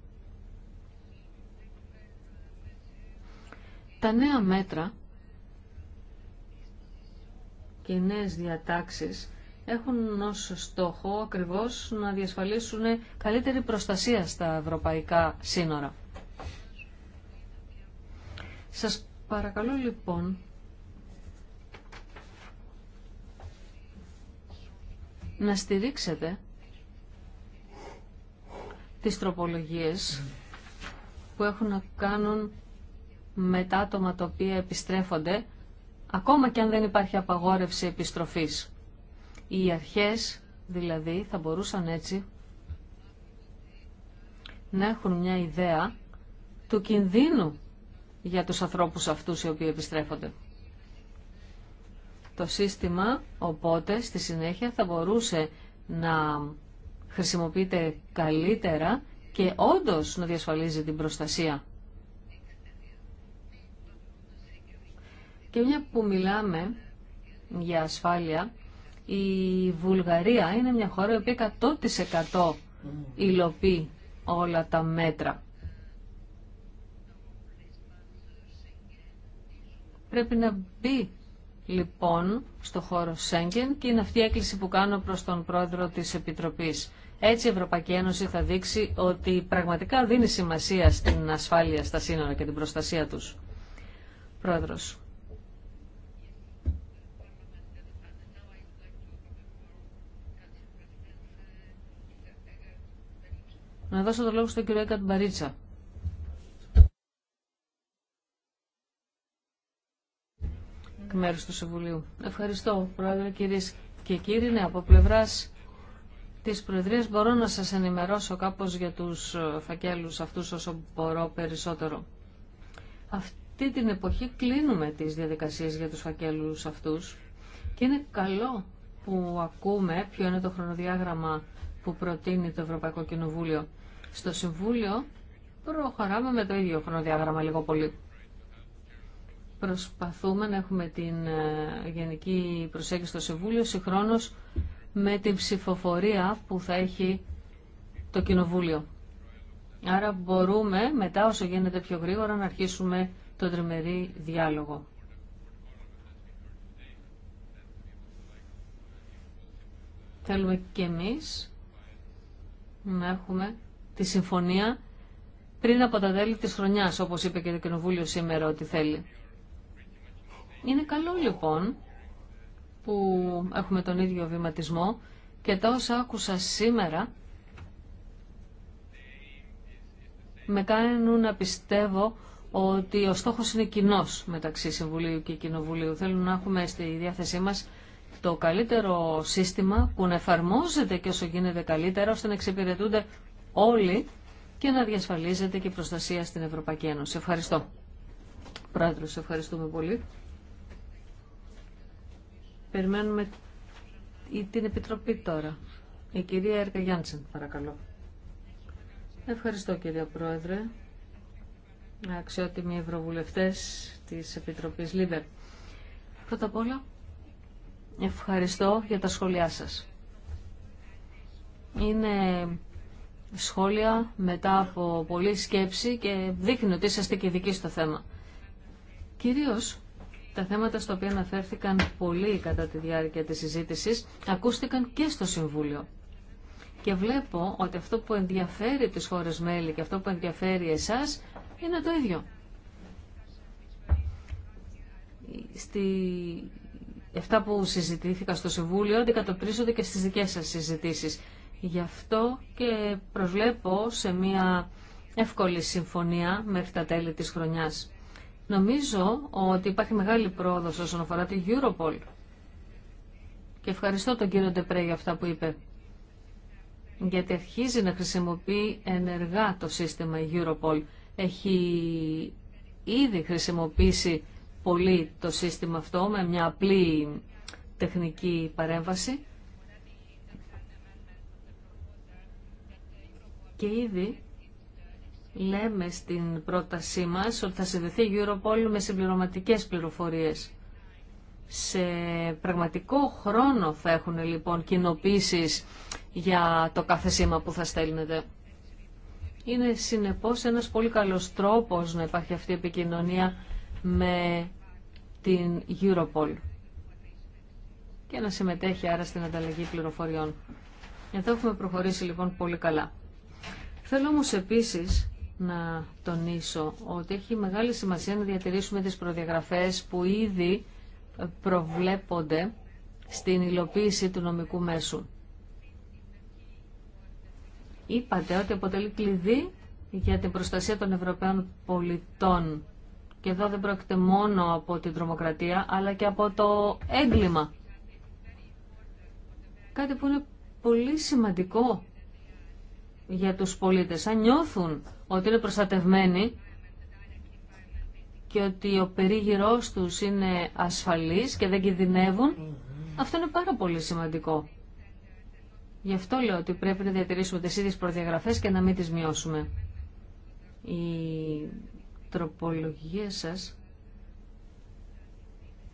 Τα νέα μέτρα και οι νέες διατάξεις έχουν ως στόχο ακριβώς να διασφαλίσουν καλύτερη προστασία στα ευρωπαϊκά σύνορα. Σας Παρακαλώ λοιπόν να στηρίξετε τις τροπολογίες που έχουν να κάνουν με τα άτομα τα οποία επιστρέφονται, ακόμα και αν δεν υπάρχει απαγόρευση επιστροφής. Οι αρχές δηλαδή θα μπορούσαν έτσι να έχουν μια ιδέα του κινδύνου για τους ανθρώπους αυτούς οι οποίοι επιστρέφονται. Το σύστημα, οπότε, στη συνέχεια θα μπορούσε να χρησιμοποιείται καλύτερα και όντως να διασφαλίζει την προστασία. Και μια που μιλάμε για ασφάλεια, η Βουλγαρία είναι μια χώρα η οποία 100% υλοποιεί όλα τα μέτρα Πρέπει να μπει λοιπόν στο χώρο Σέγγεν και είναι αυτή η έκκληση που κάνω προς τον πρόεδρο της Επιτροπής. Έτσι η Ευρωπαϊκή Ένωση θα δείξει ότι πραγματικά δίνει σημασία στην ασφάλεια στα σύνορα και την προστασία τους. Πρόεδρος. Να δώσω το λόγο στον κύριο Έκατ Μπαρίτσα. εκ του Συμβουλίου. Ευχαριστώ, Πρόεδρε, κυρίες και κύριοι. Ναι, από πλευράς της Προεδρίας μπορώ να σας ενημερώσω κάπως για τους ε, φακέλους αυτούς όσο μπορώ περισσότερο. Αυτή την εποχή κλείνουμε τις διαδικασίες για τους φακέλους αυτούς και είναι καλό που ακούμε ποιο είναι το χρονοδιάγραμμα που προτείνει το Ευρωπαϊκό Κοινοβούλιο. Στο Συμβούλιο προχωράμε με το ίδιο χρονοδιάγραμμα λίγο πολύ προσπαθούμε να έχουμε την ε, γενική προσέγγιση στο Συμβούλιο συγχρόνως με την ψηφοφορία που θα έχει το Κοινοβούλιο. Άρα μπορούμε μετά όσο γίνεται πιο γρήγορα να αρχίσουμε το τριμερή διάλογο. Θέλουμε και εμείς να έχουμε τη συμφωνία πριν από τα τέλη της χρονιάς, όπως είπε και το Κοινοβούλιο σήμερα ότι θέλει. Είναι καλό λοιπόν που έχουμε τον ίδιο βηματισμό και τα όσα άκουσα σήμερα με κάνουν να πιστεύω ότι ο στόχος είναι κοινός μεταξύ Συμβουλίου και Κοινοβουλίου. Θέλουν να έχουμε στη διάθεσή μας το καλύτερο σύστημα που να εφαρμόζεται και όσο γίνεται καλύτερα ώστε να εξυπηρετούνται όλοι και να διασφαλίζεται και η προστασία στην Ευρωπαϊκή Ένωση. Ευχαριστώ. Πρόεδρος, ευχαριστούμε πολύ. Περιμένουμε την Επιτροπή τώρα. Η κυρία Έρκα Γιάντσεν, παρακαλώ. Ευχαριστώ κύριε Πρόεδρε, αξιότιμοι ευρωβουλευτές της Επιτροπής Λίβερ. Πρώτα απ' όλα, ευχαριστώ για τα σχόλιά σας. Είναι σχόλια μετά από πολλή σκέψη και δείχνει ότι είσαστε και ειδικοί στο θέμα. Κυρίως τα θέματα στα οποία αναφέρθηκαν πολύ κατά τη διάρκεια της συζήτησης ακούστηκαν και στο Συμβούλιο. Και βλέπω ότι αυτό που ενδιαφέρει τις χώρες μέλη και αυτό που ενδιαφέρει εσάς είναι το ίδιο. Στη... Αυτά που συζητήθηκα στο Συμβούλιο αντικατοπτρίζονται και στις δικές σας συζητήσεις. Γι' αυτό και προσβλέπω σε μια εύκολη συμφωνία μέχρι τα τέλη της χρονιάς. Νομίζω ότι υπάρχει μεγάλη πρόοδος όσον αφορά τη Europol. Και ευχαριστώ τον κύριο Ντεπρέ για αυτά που είπε. Γιατί αρχίζει να χρησιμοποιεί ενεργά το σύστημα Europol. Έχει ήδη χρησιμοποιήσει πολύ το σύστημα αυτό με μια απλή τεχνική παρέμβαση. Και ήδη λέμε στην πρότασή μας ότι θα συνδεθεί η Europol με συμπληρωματικές πληροφορίες. Σε πραγματικό χρόνο θα έχουν λοιπόν κοινοποίησει για το κάθε σήμα που θα στέλνετε. Είναι συνεπώς ένας πολύ καλός τρόπος να υπάρχει αυτή η επικοινωνία με την Europol και να συμμετέχει άρα στην ανταλλαγή πληροφοριών. Εδώ έχουμε προχωρήσει λοιπόν πολύ καλά. Θέλω όμως επίσης να τονίσω ότι έχει μεγάλη σημασία να διατηρήσουμε τις προδιαγραφές που ήδη προβλέπονται στην υλοποίηση του νομικού μέσου. Είπατε ότι αποτελεί κλειδί για την προστασία των Ευρωπαίων πολιτών. Και εδώ δεν πρόκειται μόνο από την τρομοκρατία, αλλά και από το έγκλημα. Κάτι που είναι πολύ σημαντικό για τους πολίτες. Αν νιώθουν ότι είναι προστατευμένοι και ότι ο περίγυρός τους είναι ασφαλής και δεν κινδυνεύουν, αυτό είναι πάρα πολύ σημαντικό. Γι' αυτό λέω ότι πρέπει να διατηρήσουμε τις ίδιες προδιαγραφές και να μην τις μειώσουμε. Η τροπολογία σας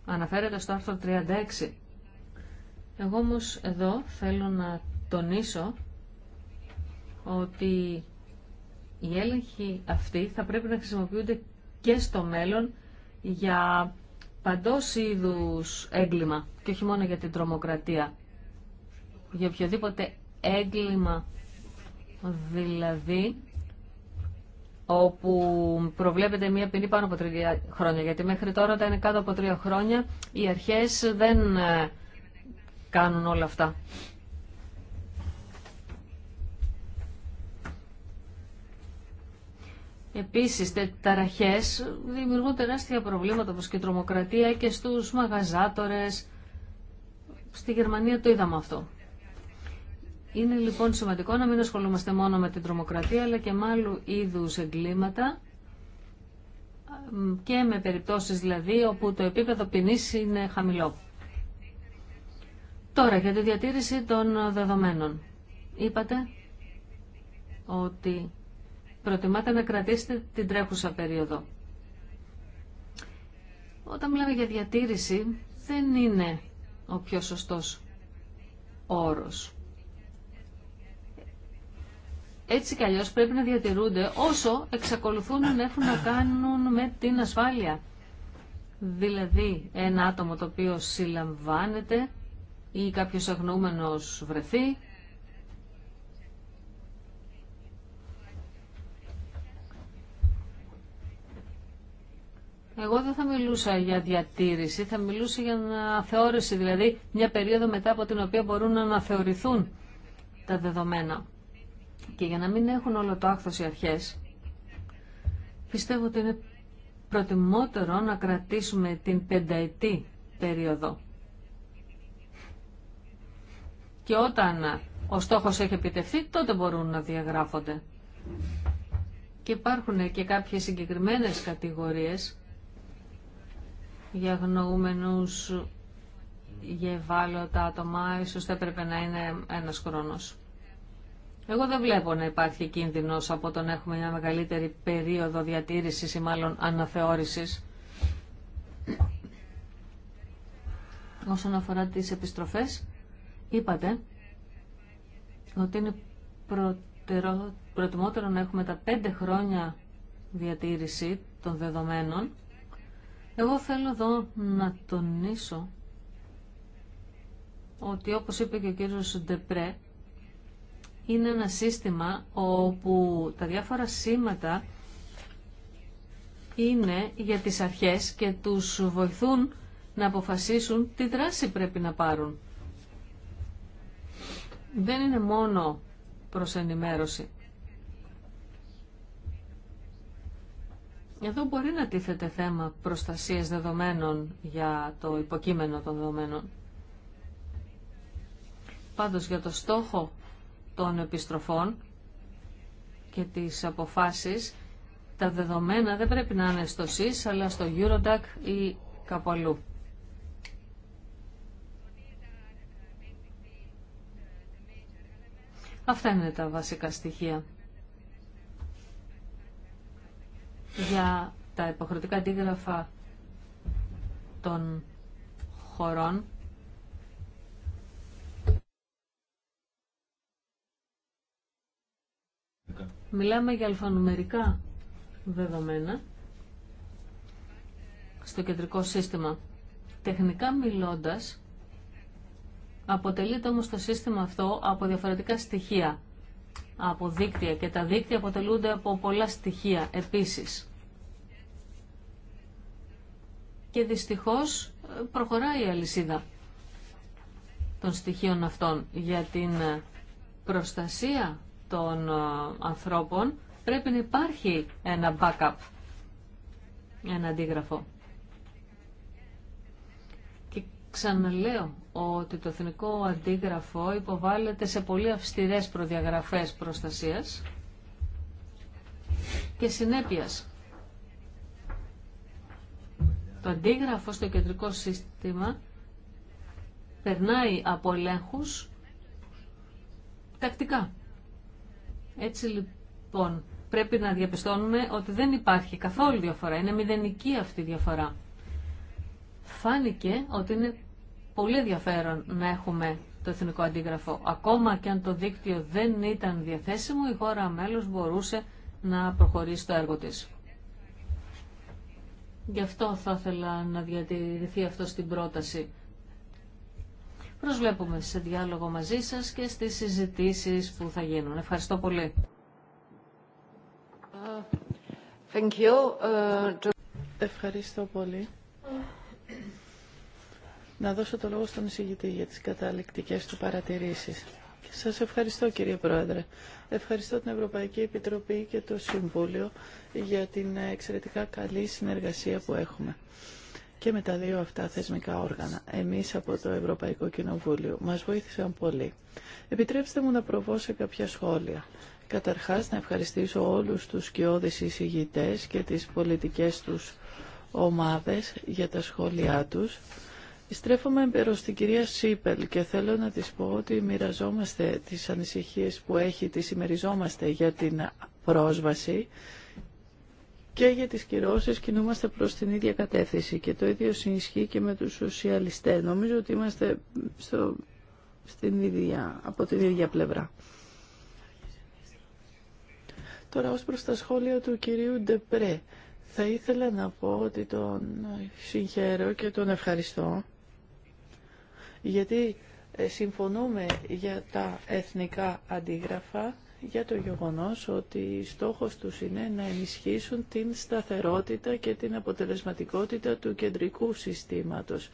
αναφέρεται στο άρθρο 36. Εγώ όμως εδώ θέλω να τονίσω ότι οι έλεγχοι αυτοί θα πρέπει να χρησιμοποιούνται και στο μέλλον για παντό είδου έγκλημα και όχι μόνο για την τρομοκρατία. Για οποιοδήποτε έγκλημα δηλαδή όπου προβλέπεται μία ποινή πάνω από τρία χρόνια. Γιατί μέχρι τώρα όταν είναι κάτω από τρία χρόνια οι αρχές δεν ε, κάνουν όλα αυτά. Επίσης, ταραχές δημιουργούν τεράστια προβλήματα όπω και η τρομοκρατία και στους μαγαζάτορες. Στη Γερμανία το είδαμε αυτό. Είναι λοιπόν σημαντικό να μην ασχολούμαστε μόνο με την τρομοκρατία αλλά και με άλλου είδους εγκλήματα και με περιπτώσεις δηλαδή όπου το επίπεδο ποινής είναι χαμηλό. Τώρα για τη διατήρηση των δεδομένων. Είπατε ότι προτιμάτε να κρατήσετε την τρέχουσα περίοδο. Όταν μιλάμε για διατήρηση, δεν είναι ο πιο σωστός όρος. Έτσι κι αλλιώς πρέπει να διατηρούνται όσο εξακολουθούν να έχουν να κάνουν με την ασφάλεια. Δηλαδή ένα άτομο το οποίο συλλαμβάνεται ή κάποιος αγνοούμενος βρεθεί Εγώ δεν θα μιλούσα για διατήρηση, θα μιλούσα για αναθεώρηση, δηλαδή μια περίοδο μετά από την οποία μπορούν να αναθεωρηθούν τα δεδομένα. Και για να μην έχουν όλο το άκθος οι αρχές, πιστεύω ότι είναι προτιμότερο να κρατήσουμε την πενταετή περίοδο. Και όταν ο στόχος έχει επιτευχθεί, τότε μπορούν να διαγράφονται. Και υπάρχουν και κάποιες συγκεκριμένες κατηγορίες για γνωούμενους για ευάλωτα άτομα, ίσως θα έπρεπε να είναι ένας χρόνος. Εγώ δεν βλέπω να υπάρχει κίνδυνος από το να έχουμε μια μεγαλύτερη περίοδο διατήρησης ή μάλλον αναθεώρησης. Όσον αφορά τις επιστροφές, είπατε ότι είναι προτιμότερο να έχουμε τα πέντε χρόνια διατήρηση των δεδομένων εγώ θέλω εδώ να τονίσω ότι όπως είπε και ο κύριος Ντεπρέ, είναι ένα σύστημα όπου τα διάφορα σήματα είναι για τις αρχές και τους βοηθούν να αποφασίσουν τι δράση πρέπει να πάρουν. Δεν είναι μόνο προς ενημέρωση. Εδώ μπορεί να τίθεται θέμα προστασίας δεδομένων για το υποκείμενο των δεδομένων. Πάντως για το στόχο των επιστροφών και τις αποφάσεις, τα δεδομένα δεν πρέπει να είναι στο ΣΥΣ, αλλά στο Eurodac ή κάπου αλλού. Αυτά είναι τα βασικά στοιχεία. για τα υποχρεωτικά αντίγραφα των χωρών Μιλάμε για αλφανομερικά δεδομένα στο κεντρικό σύστημα. Τεχνικά μιλώντας, αποτελείται όμως το σύστημα αυτό από διαφορετικά στοιχεία από δίκτυα και τα δίκτυα αποτελούνται από πολλά στοιχεία επίσης. Και δυστυχώς ε, προχωράει η αλυσίδα των στοιχείων αυτών για την ε, προστασία των ε, ανθρώπων πρέπει να υπάρχει ένα backup, ένα αντίγραφο. Και ξαναλέω ότι το εθνικό αντίγραφο υποβάλλεται σε πολύ αυστηρές προδιαγραφές προστασίας και συνέπειας. Το αντίγραφο στο κεντρικό σύστημα περνάει από ελέγχου τακτικά. Έτσι λοιπόν πρέπει να διαπιστώνουμε ότι δεν υπάρχει καθόλου διαφορά. Είναι μηδενική αυτή η διαφορά. Φάνηκε ότι είναι πολύ ενδιαφέρον να έχουμε το εθνικό αντίγραφο. Ακόμα και αν το δίκτυο δεν ήταν διαθέσιμο, η χώρα μέλος μπορούσε να προχωρήσει το έργο της. Γι' αυτό θα ήθελα να διατηρηθεί αυτό στην πρόταση. Προσβλέπουμε σε διάλογο μαζί σας και στις συζητήσεις που θα γίνουν. Ευχαριστώ πολύ. Uh, uh, Ευχαριστώ πολύ να δώσω το λόγο στον εισηγητή για τις καταληκτικές του παρατηρήσεις. Σας ευχαριστώ κύριε Πρόεδρε. Ευχαριστώ την Ευρωπαϊκή Επιτροπή και το Συμβούλιο για την εξαιρετικά καλή συνεργασία που έχουμε και με τα δύο αυτά θεσμικά όργανα. Εμείς από το Ευρωπαϊκό Κοινοβούλιο μας βοήθησαν πολύ. Επιτρέψτε μου να προβώ σε κάποια σχόλια. Καταρχάς να ευχαριστήσω όλους τους σκιώδεις εισηγητές και τις πολιτικές τους ομάδες για τα σχόλιά τους. Στρέφομαι προς την κυρία Σίπελ και θέλω να της πω ότι μοιραζόμαστε τις ανησυχίες που έχει, τις ημεριζόμαστε για την πρόσβαση και για τις κυρώσεις κινούμαστε προς την ίδια κατεύθυνση και το ίδιο συνισχύει και με τους σοσιαλιστές. Νομίζω ότι είμαστε στην ίδια, από την ίδια πλευρά. Τώρα ως προς τα σχόλια του κυρίου Ντεπρέ. Θα ήθελα να πω ότι τον συγχαίρω και τον ευχαριστώ γιατί ε, συμφωνούμε για τα εθνικά αντίγραφα για το γεγονός ότι στόχος τους είναι να ενισχύσουν την σταθερότητα και την αποτελεσματικότητα του κεντρικού συστήματος.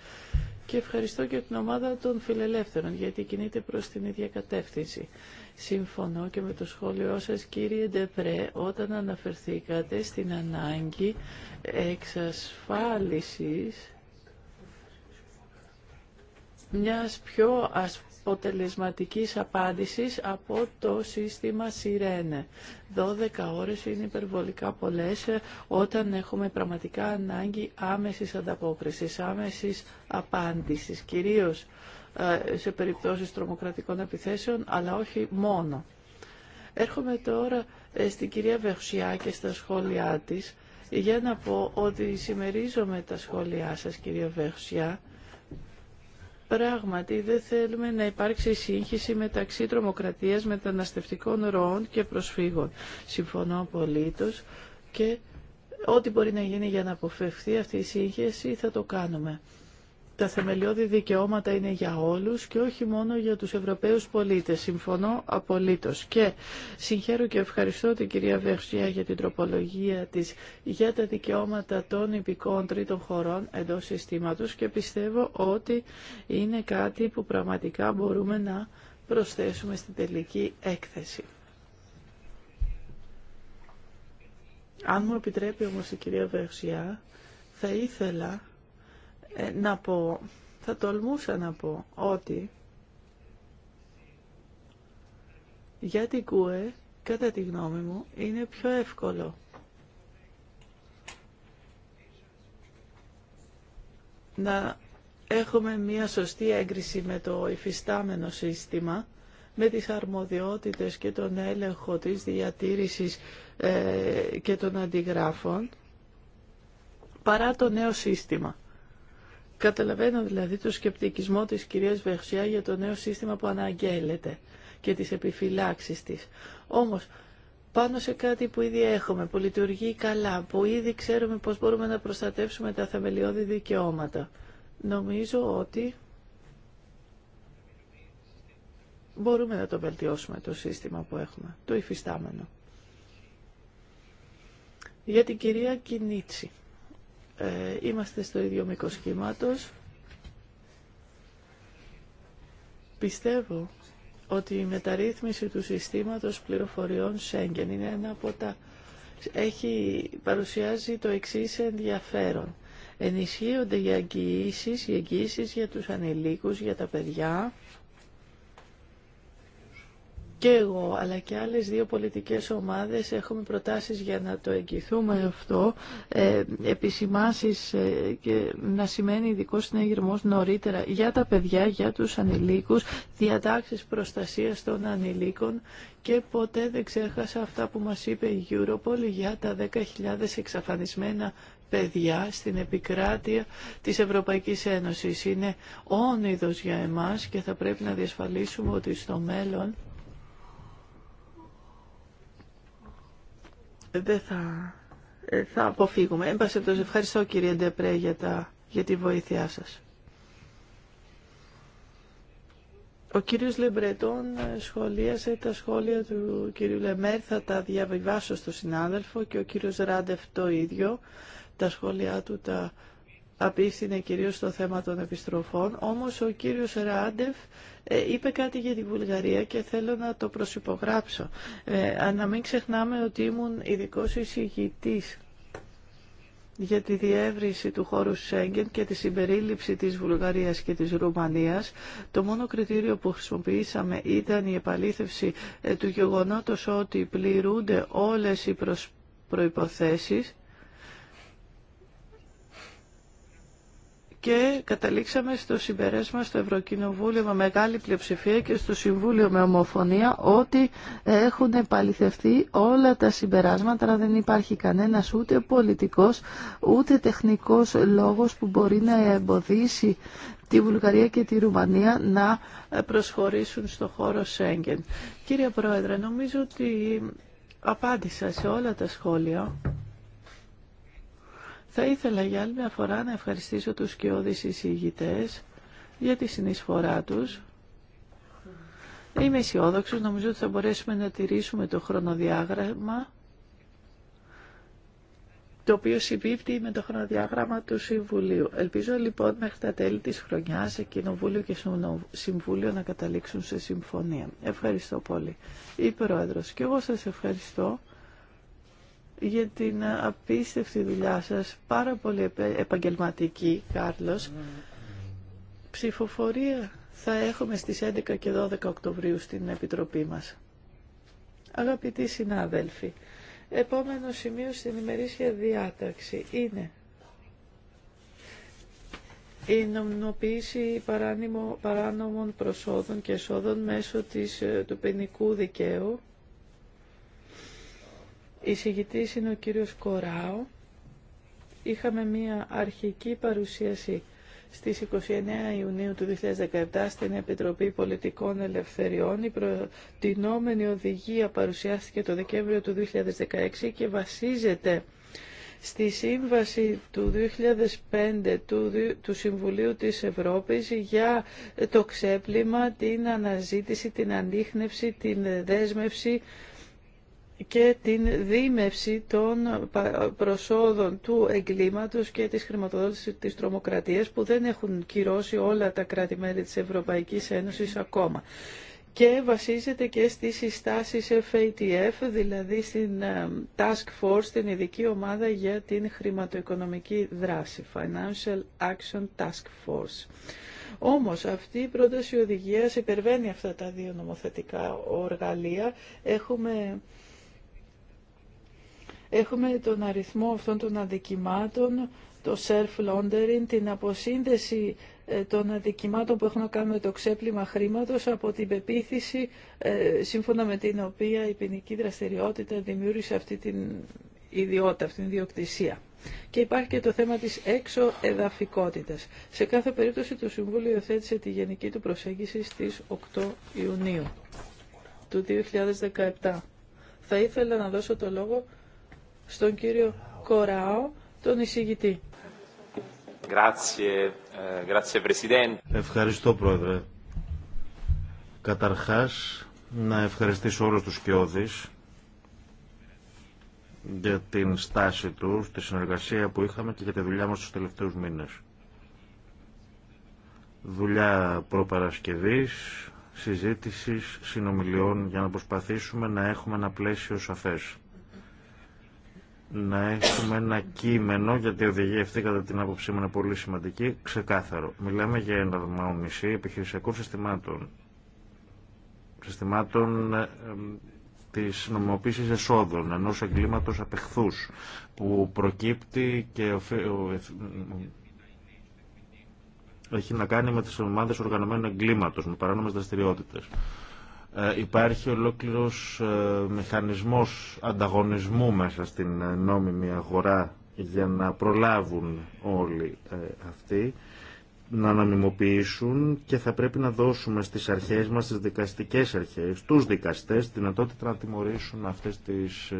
Και ευχαριστώ και την ομάδα των φιλελεύθερων γιατί κινείται προς την ίδια κατεύθυνση. Συμφωνώ και με το σχόλιο σας κύριε Ντεπρέ όταν αναφερθήκατε στην ανάγκη εξασφάλισης μιας πιο αποτελεσματικής απάντησης από το σύστημα ΣΥΡΕΝΕ. 12 ώρες είναι υπερβολικά πολλές όταν έχουμε πραγματικά ανάγκη άμεσης ανταπόκρισης, άμεσης απάντησης, κυρίως ε, σε περιπτώσεις τρομοκρατικών επιθέσεων, αλλά όχι μόνο. Έρχομαι τώρα ε, στην κυρία Βεχουσιά και στα σχόλιά της για να πω ότι συμμερίζομαι τα σχόλιά σας κυρία Βεχουσιά Πράγματι, δεν θέλουμε να υπάρξει σύγχυση μεταξύ τρομοκρατίας, μεταναστευτικών ροών και προσφύγων. Συμφωνώ απολύτω και ό,τι μπορεί να γίνει για να αποφευθεί αυτή η σύγχυση θα το κάνουμε τα θεμελιώδη δικαιώματα είναι για όλους και όχι μόνο για τους Ευρωπαίους πολίτες. Συμφωνώ απολύτως και συγχαίρω και ευχαριστώ την κυρία Βερσία για την τροπολογία της για τα δικαιώματα των υπηκών τρίτων χωρών εντός συστήματος και πιστεύω ότι είναι κάτι που πραγματικά μπορούμε να προσθέσουμε στην τελική έκθεση. Αν μου επιτρέπει όμως η κυρία Βερσιά, θα ήθελα ε, να πω, θα τολμούσα να πω ότι για την ΚΟΕ, κατά τη γνώμη μου, είναι πιο εύκολο να έχουμε μία σωστή έγκριση με το υφιστάμενο σύστημα, με τις αρμοδιότητες και τον έλεγχο της διατήρησης ε, και των αντιγράφων, παρά το νέο σύστημα. Καταλαβαίνω δηλαδή το σκεπτικισμό της κυρίας Βεχσιά για το νέο σύστημα που αναγγέλλεται και τις επιφυλάξεις της. Όμως, πάνω σε κάτι που ήδη έχουμε, που λειτουργεί καλά, που ήδη ξέρουμε πώς μπορούμε να προστατεύσουμε τα θεμελιώδη δικαιώματα, νομίζω ότι μπορούμε να το βελτιώσουμε το σύστημα που έχουμε, το υφιστάμενο. Για την κυρία Κινίτσι. Ε, είμαστε στο ίδιο μήκο Πιστεύω ότι η μεταρρύθμιση του συστήματος πληροφοριών Σέγγεν είναι ένα από τα... Έχει, παρουσιάζει το εξή ενδιαφέρον. Ενισχύονται οι εγγυησει, οι για τους ανηλίκους, για τα παιδιά, και εγώ αλλά και άλλες δύο πολιτικές ομάδες έχουμε προτάσεις για να το εγγυθούμε αυτό ε, επισημάσεις ε, και να σημαίνει ειδικό συνέγερμος νωρίτερα για τα παιδιά, για τους ανηλίκους διατάξεις προστασίας των ανηλίκων και ποτέ δεν ξέχασα αυτά που μας είπε η Europol για τα 10.000 εξαφανισμένα παιδιά στην επικράτεια της Ευρωπαϊκής Ένωσης. Είναι όνειδος για εμάς και θα πρέπει να διασφαλίσουμε ότι στο μέλλον δεν θα, ε, θα αποφύγουμε. Εν πάση ευχαριστώ κύριε Ντεπρέ για, τα, για τη βοήθειά σας. Ο κύριος Λεμπρετών ε, σχολίασε τα σχόλια του κύριου Λεμέρ, θα τα διαβιβάσω στο συνάδελφο και ο κύριος Ράντεφ το ίδιο. Τα σχόλιά του τα Απίστηνε κυρίως στο θέμα των επιστροφών. Όμως ο κύριος Ράντεφ ε, είπε κάτι για τη Βουλγαρία και θέλω να το προσυπογράψω. Ε, να μην ξεχνάμε ότι ήμουν ειδικό εισηγητής για τη διεύρυνση του χώρου Σέγγεν και τη συμπερίληψη της Βουλγαρίας και της Ρουμανίας. Το μόνο κριτήριο που χρησιμοποιήσαμε ήταν η επαλήθευση ε, του γεγονότος ότι πληρούνται όλες οι προϋποθέσεις και καταλήξαμε στο συμπεράσμα στο Ευρωκοινοβούλιο με μεγάλη πλειοψηφία και στο Συμβούλιο με ομοφωνία ότι έχουν επαληθευτεί όλα τα συμπεράσματα, αλλά δεν υπάρχει κανένας ούτε πολιτικός ούτε τεχνικός λόγος που μπορεί να εμποδίσει τη Βουλγαρία και τη Ρουμανία να προσχωρήσουν στο χώρο Σέγγεν. Κύριε Πρόεδρε, νομίζω ότι απάντησα σε όλα τα σχόλια θα ήθελα για άλλη μια φορά να ευχαριστήσω τους σκιώδεις εισηγητές για τη συνεισφορά τους. Είμαι αισιόδοξο, νομίζω ότι θα μπορέσουμε να τηρήσουμε το χρονοδιάγραμμα το οποίο συμπίπτει με το χρονοδιάγραμμα του Συμβουλίου. Ελπίζω λοιπόν μέχρι τα τέλη της χρονιάς σε Κοινοβούλιο και Συμβούλιο να καταλήξουν σε συμφωνία. Ευχαριστώ πολύ. Η Πρόεδρος και εγώ σας ευχαριστώ για την απίστευτη δουλειά σας, πάρα πολύ επαγγελματική, Κάρλος. Ψηφοφορία θα έχουμε στις 11 και 12 Οκτωβρίου στην Επιτροπή μας. Αγαπητοί συνάδελφοι, επόμενο σημείο στην ημερήσια διάταξη είναι η νομιμοποίηση παράνομων προσόδων και εσόδων μέσω της, ε, του ποινικού δικαίου Εισηγητής είναι ο κύριος Κοράο. Είχαμε μία αρχική παρουσίαση στις 29 Ιουνίου του 2017 στην Επιτροπή Πολιτικών Ελευθεριών. Η προτινόμενη οδηγία παρουσιάστηκε το Δεκέμβριο του 2016 και βασίζεται στη σύμβαση του 2005 του, Συμβουλίου της Ευρώπης για το ξέπλυμα, την αναζήτηση, την ανείχνευση, την δέσμευση και την δίμευση των προσόδων του εγκλήματος και της χρηματοδότησης της τρομοκρατίας που δεν έχουν κυρώσει όλα τα κράτη-μέλη της Ευρωπαϊκής Ένωσης ακόμα. Και βασίζεται και στις συστάσεις FATF, δηλαδή στην ε, Task Force, την ειδική ομάδα για την χρηματοοικονομική δράση, Financial Action Task Force. Όμως αυτή η πρόταση οδηγίας υπερβαίνει αυτά τα δύο νομοθετικά οργαλεία. Έχουμε Έχουμε τον αριθμό αυτών των αδικημάτων, το self-laundering, την αποσύνδεση ε, των αδικημάτων που έχουν να κάνουν με το ξέπλυμα χρήματος από την πεποίθηση ε, σύμφωνα με την οποία η ποινική δραστηριότητα δημιούργησε αυτή την ιδιότητα, αυτή την ιδιοκτησία. Και υπάρχει και το θέμα της έξω εδαφικότητας. Σε κάθε περίπτωση το Συμβούλιο υιοθέτησε τη γενική του προσέγγιση στις 8 Ιουνίου του 2017. Θα ήθελα να δώσω το λόγο στον κύριο Κοράο, τον εισηγητή. Eh, Ευχαριστώ, Πρόεδρε. Καταρχάς, να ευχαριστήσω όλους τους Κιώδης για την στάση τους, τη συνεργασία που είχαμε και για τη δουλειά μας τους τελευταίους μήνες. Δουλειά προπαρασκευής, συζήτησης, συνομιλιών για να προσπαθήσουμε να έχουμε ένα πλαίσιο σαφές να έχουμε ένα κείμενο, γιατί η οδηγία αυτή κατά την άποψή μου είναι πολύ σημαντική, ξεκάθαρο. Μιλάμε για ένα εναρμόνιση επιχειρησιακών συστημάτων, συστημάτων ε, της νομοποίησης εσόδων, ενό εγκλήματο απεχθού που προκύπτει και έχει να κάνει με τις ομάδε οργανωμένων εγκλήματο, με παράνομε δραστηριότητε. Ε, υπάρχει ολόκληρος ε, μηχανισμός ανταγωνισμού μέσα στην ε, νόμιμη αγορά για να προλάβουν όλοι αυτοί να νομιμοποιήσουν και θα πρέπει να δώσουμε στις αρχές μας, στις δικαστικές αρχές, τους δικαστές, τη δυνατότητα να τιμωρήσουν αυτές τις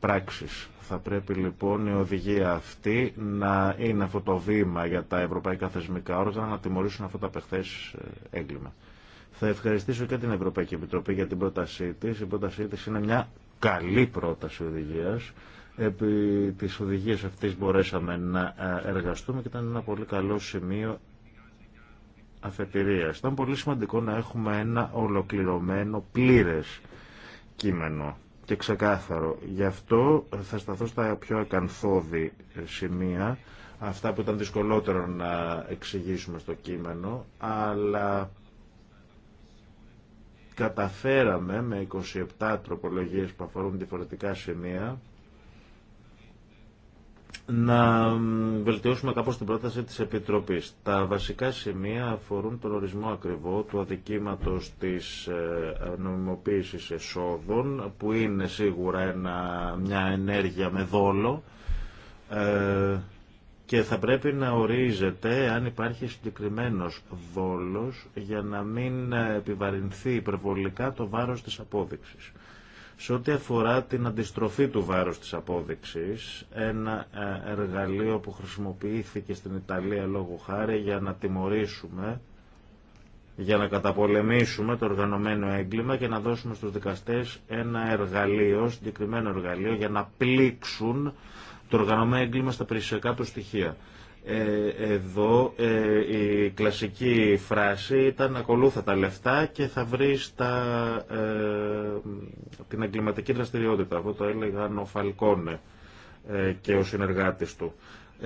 πράξεις. Θα πρέπει λοιπόν η οδηγία αυτή να είναι αυτό το βήμα για τα ευρωπαϊκά θεσμικά όργανα να τιμωρήσουν αυτό το απεχθές έγκλημα. Θα ευχαριστήσω και την Ευρωπαϊκή Επιτροπή για την πρότασή τη. Η πρότασή τη είναι μια καλή πρόταση οδηγία. Επί τη οδηγία αυτή μπορέσαμε να ε, εργαστούμε και ήταν ένα πολύ καλό σημείο αφετηρία. Ήταν πολύ σημαντικό να έχουμε ένα ολοκληρωμένο πλήρε κείμενο και ξεκάθαρο. Γι' αυτό θα σταθώ στα πιο ακαθόδη σημεία, αυτά που ήταν δυσκολότερο να εξηγήσουμε στο κείμενο, αλλά καταφέραμε με 27 τροπολογίες που αφορούν διαφορετικά σημεία να βελτιώσουμε κάπως την πρόταση της Επιτροπής. Τα βασικά σημεία αφορούν τον ορισμό ακριβό του αδικήματος της ε, νομιμοποίησης εσόδων, που είναι σίγουρα ένα, μια ενέργεια με δόλο, ε, και θα πρέπει να ορίζεται αν υπάρχει συγκεκριμένος βόλος για να μην επιβαρυνθεί υπερβολικά το βάρος της απόδειξης. Σε ό,τι αφορά την αντιστροφή του βάρους της απόδειξης, ένα ε, εργαλείο που χρησιμοποιήθηκε στην Ιταλία λόγω χάρη για να τιμωρήσουμε, για να καταπολεμήσουμε το οργανωμένο έγκλημα και να δώσουμε στους δικαστές ένα εργαλείο, συγκεκριμένο εργαλείο, για να πλήξουν το οργανωμένο έγκλημα στα περιουσιακά του στοιχεία. Ε, εδώ ε, η κλασική φράση ήταν ακολούθα τα λεφτά και θα βρεις τα, ε, την εγκληματική δραστηριότητα. Αυτό το έλεγαν ο Φαλκόνε και ο συνεργάτης του.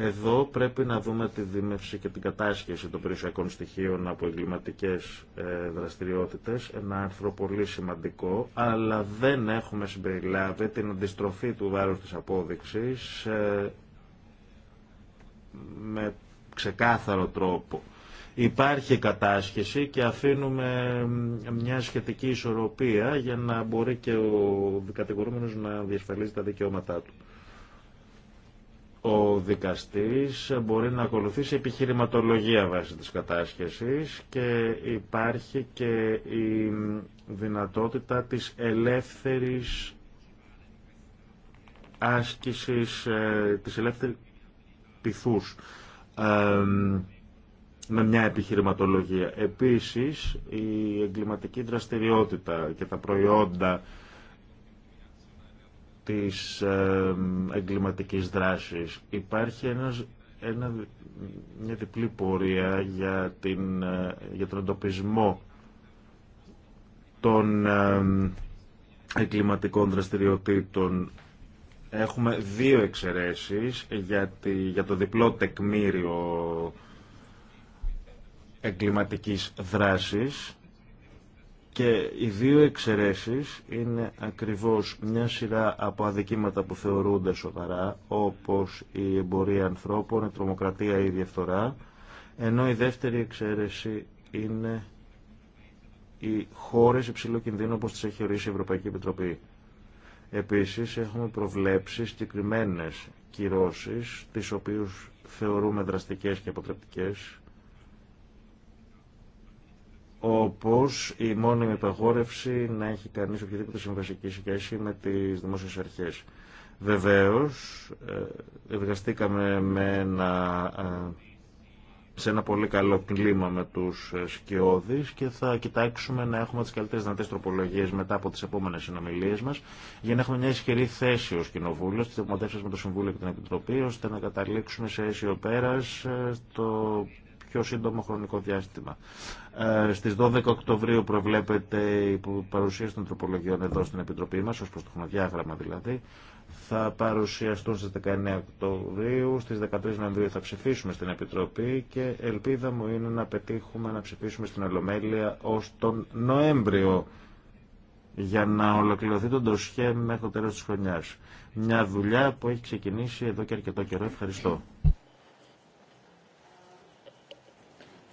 Εδώ πρέπει να δούμε τη δίμευση και την κατάσχεση των περιουσιακών στοιχείων από εγκληματικέ ε, δραστηριότητε. Ένα άρθρο πολύ σημαντικό, αλλά δεν έχουμε συμπεριλάβει την αντιστροφή του βάρου τη απόδειξη ε, με ξεκάθαρο τρόπο. Υπάρχει κατάσχεση και αφήνουμε ε, μια σχετική ισορροπία για να μπορεί και ο κατηγορούμενος να διασφαλίζει τα δικαιώματά του ο δικαστής μπορεί να ακολουθήσει επιχειρηματολογία βάσει της κατάσχεσης και υπάρχει και η δυνατότητα της ελεύθερης άσκησης, ε, της ελεύθερης πυθούς με μια επιχειρηματολογία. Επίσης, η εγκληματική δραστηριότητα και τα προϊόντα της εγκληματικής δράσης. Υπάρχει ένας, ένα, μια διπλή πορεία για, την, ε, για τον εντοπισμό των εγκληματικών δραστηριοτήτων. Έχουμε δύο εξαιρέσεις για, για το διπλό τεκμήριο εγκληματικής δράσης και οι δύο εξαιρέσει είναι ακριβώς μια σειρά από αδικήματα που θεωρούνται σοβαρά, όπως η εμπορία ανθρώπων, η τρομοκρατία ή η διαφθορά, ενώ η δεύτερη εξαίρεση είναι οι χώρες υψηλού κινδύνου όπως τις έχει ορίσει η Ευρωπαϊκή Επιτροπή. Επίσης έχουμε προβλέψει συγκεκριμένε κυρώσεις, τις οποίους θεωρούμε τις οποιες θεωρουμε δραστικες και αποτρεπτικές, όπως η μόνιμη υπαγόρευση να έχει κανείς οποιαδήποτε συμβασική σχέση με τις δημόσιες αρχές. Βεβαίως, ε, εργαστήκαμε με ένα, ε, σε ένα πολύ καλό κλίμα με τους ε, σκιώδεις και θα κοιτάξουμε να έχουμε τις καλύτερες δυνατές τροπολογίες μετά από τις επόμενες συνομιλίες μας για να έχουμε μια ισχυρή θέση ως Κοινοβούλιο τη δημοτεύσει με το Συμβούλιο και την Επιτροπή ώστε να καταλήξουμε σε αίσιο πέρας στο πιο σύντομο χρονικό διάστημα. Ε, στις 12 Οκτωβρίου προβλέπεται η παρουσίαση των τροπολογιών εδώ στην Επιτροπή μας, ως προς το χρονοδιάγραμμα δηλαδή. Θα παρουσιαστούν στις 19 Οκτωβρίου, στις 13 Νοεμβρίου θα ψηφίσουμε στην Επιτροπή και ελπίδα μου είναι να πετύχουμε να ψηφίσουμε στην Ολομέλεια ως τον Νοέμβριο για να ολοκληρωθεί το ντοσχέ μέχρι το τέλος της χρονιάς. Μια δουλειά που έχει ξεκινήσει εδώ και αρκετό καιρό. Ευχαριστώ.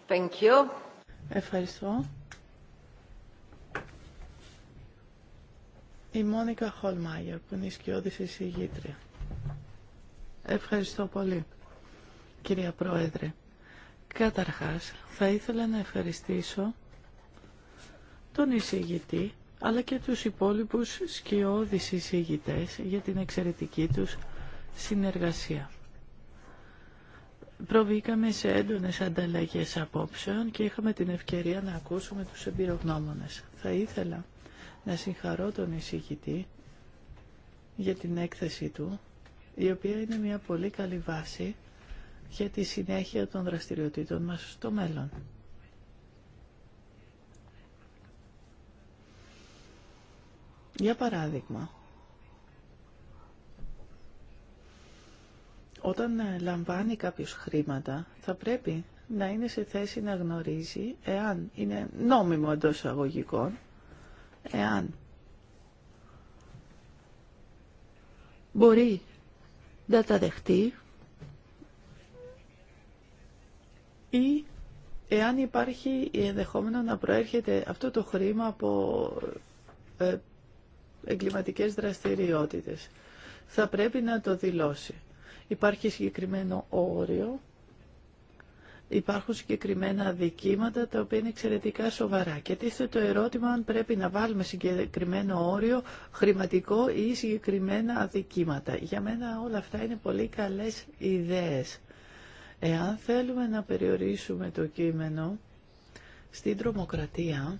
Thank Ευχαριστώ. Η Μόνικα Χολμάγερ, που είναι η σκιώδης εισηγήτρια. Ευχαριστώ πολύ, κυρία Πρόεδρε. Καταρχάς, θα ήθελα να ευχαριστήσω τον εισηγητή, αλλά και τους υπόλοιπους σκιώδης εισηγητές για την εξαιρετική τους συνεργασία προβήκαμε σε έντονες ανταλλαγές απόψεων και είχαμε την ευκαιρία να ακούσουμε τους εμπειρογνώμονες. Θα ήθελα να συγχαρώ τον εισηγητή για την έκθεση του, η οποία είναι μια πολύ καλή βάση για τη συνέχεια των δραστηριοτήτων μας στο μέλλον. Για παράδειγμα, όταν ε, λαμβάνει κάποιος χρήματα θα πρέπει να είναι σε θέση να γνωρίζει εάν είναι νόμιμο εντό αγωγικών, εάν μπορεί να τα δεχτεί ή εάν υπάρχει ενδεχόμενο να προέρχεται αυτό το χρήμα από ε, εγκληματικές δραστηριότητες. Θα πρέπει να το δηλώσει. Υπάρχει συγκεκριμένο όριο, υπάρχουν συγκεκριμένα δικήματα τα οποία είναι εξαιρετικά σοβαρά. Και τίθεται το ερώτημα αν πρέπει να βάλουμε συγκεκριμένο όριο χρηματικό ή συγκεκριμένα δικήματα Για μένα όλα αυτά είναι πολύ καλές ιδέες. Εάν θέλουμε να περιορίσουμε το κείμενο στην τρομοκρατία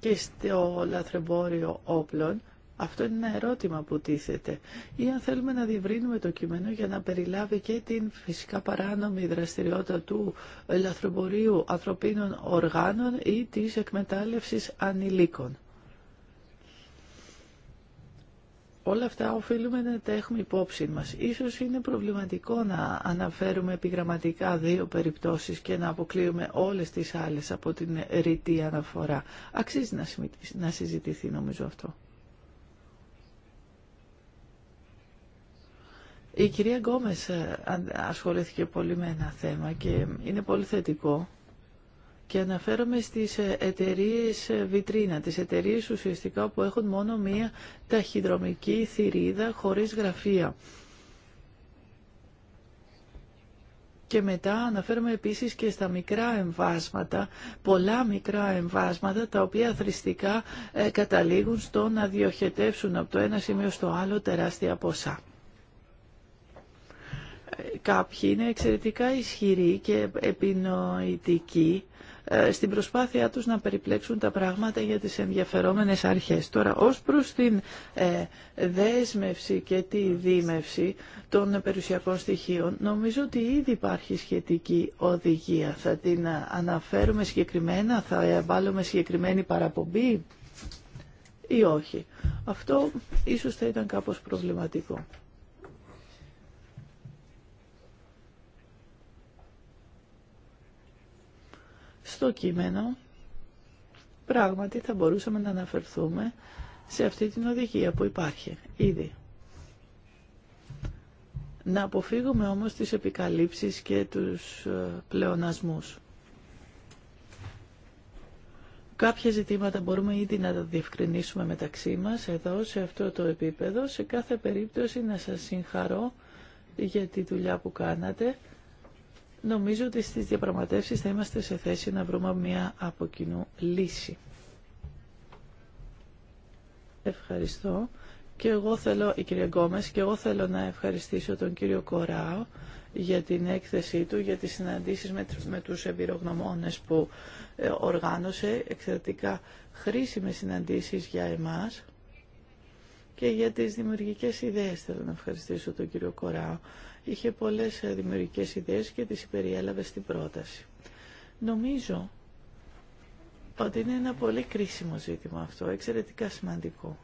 και στο λαθρεμπόριο όπλων, αυτό είναι ένα ερώτημα που τίθεται. Ή αν θέλουμε να διευρύνουμε το κείμενο για να περιλάβει και την φυσικά παράνομη δραστηριότητα του λαθροπορείου ανθρωπίνων οργάνων ή της εκμετάλλευσης ανηλίκων. Όλα αυτά οφείλουμε να τα έχουμε υπόψη μας. Ίσως είναι προβληματικό να αναφέρουμε επιγραμματικά δύο περιπτώσεις και να αποκλείουμε όλες τις άλλες από την ρητή αναφορά. Αξίζει να συζητηθεί νομίζω αυτό. Η κυρία Γκόμες ε, ασχολήθηκε πολύ με ένα θέμα και είναι πολύ θετικό και αναφέρομαι στις ε, εταιρείε ε, βιτρίνα, τις εταιρείε ουσιαστικά που έχουν μόνο μία ταχυδρομική θηρίδα χωρίς γραφεία. Και μετά αναφέρομαι επίσης και στα μικρά εμβάσματα, πολλά μικρά εμβάσματα τα οποία θρηστικά καταλήγουν στο να διοχετεύσουν από το ένα σημείο στο άλλο τεράστια ποσά κάποιοι είναι εξαιρετικά ισχυροί και επινοητικοί ε, στην προσπάθειά τους να περιπλέξουν τα πράγματα για τις ενδιαφερόμενες αρχές. Τώρα, ως προς την ε, δέσμευση και τη δίμευση των περιουσιακών στοιχείων, νομίζω ότι ήδη υπάρχει σχετική οδηγία. Θα την ε, αναφέρουμε συγκεκριμένα, θα βάλουμε συγκεκριμένη παραπομπή ή όχι. Αυτό ίσως θα ήταν κάπως προβληματικό. στο κείμενο πράγματι θα μπορούσαμε να αναφερθούμε σε αυτή την οδηγία που υπάρχει ήδη. Να αποφύγουμε όμως τις επικαλύψεις και τους ε, πλεονασμούς. Κάποια ζητήματα μπορούμε ήδη να τα διευκρινίσουμε μεταξύ μας εδώ σε αυτό το επίπεδο. Σε κάθε περίπτωση να σας συγχαρώ για τη δουλειά που κάνατε. Νομίζω ότι στις διαπραγματεύσεις θα είμαστε σε θέση να βρούμε μια από κοινού λύση. Ευχαριστώ. Και εγώ θέλω, η κυρία Γκόμες, και εγώ θέλω να ευχαριστήσω τον κύριο Κοράο για την έκθεσή του, για τις συναντήσεις με, με τους εμπειρογνωμόνες που ε, οργάνωσε, εξαιρετικά χρήσιμες συναντήσεις για εμάς και για τις δημιουργικές ιδέες θέλω να ευχαριστήσω τον κύριο Κοράο είχε πολλές ε, δημιουργικές ιδέες και τις υπεριέλαβε στην πρόταση. Νομίζω ότι είναι ένα πολύ κρίσιμο ζήτημα αυτό, εξαιρετικά σημαντικό.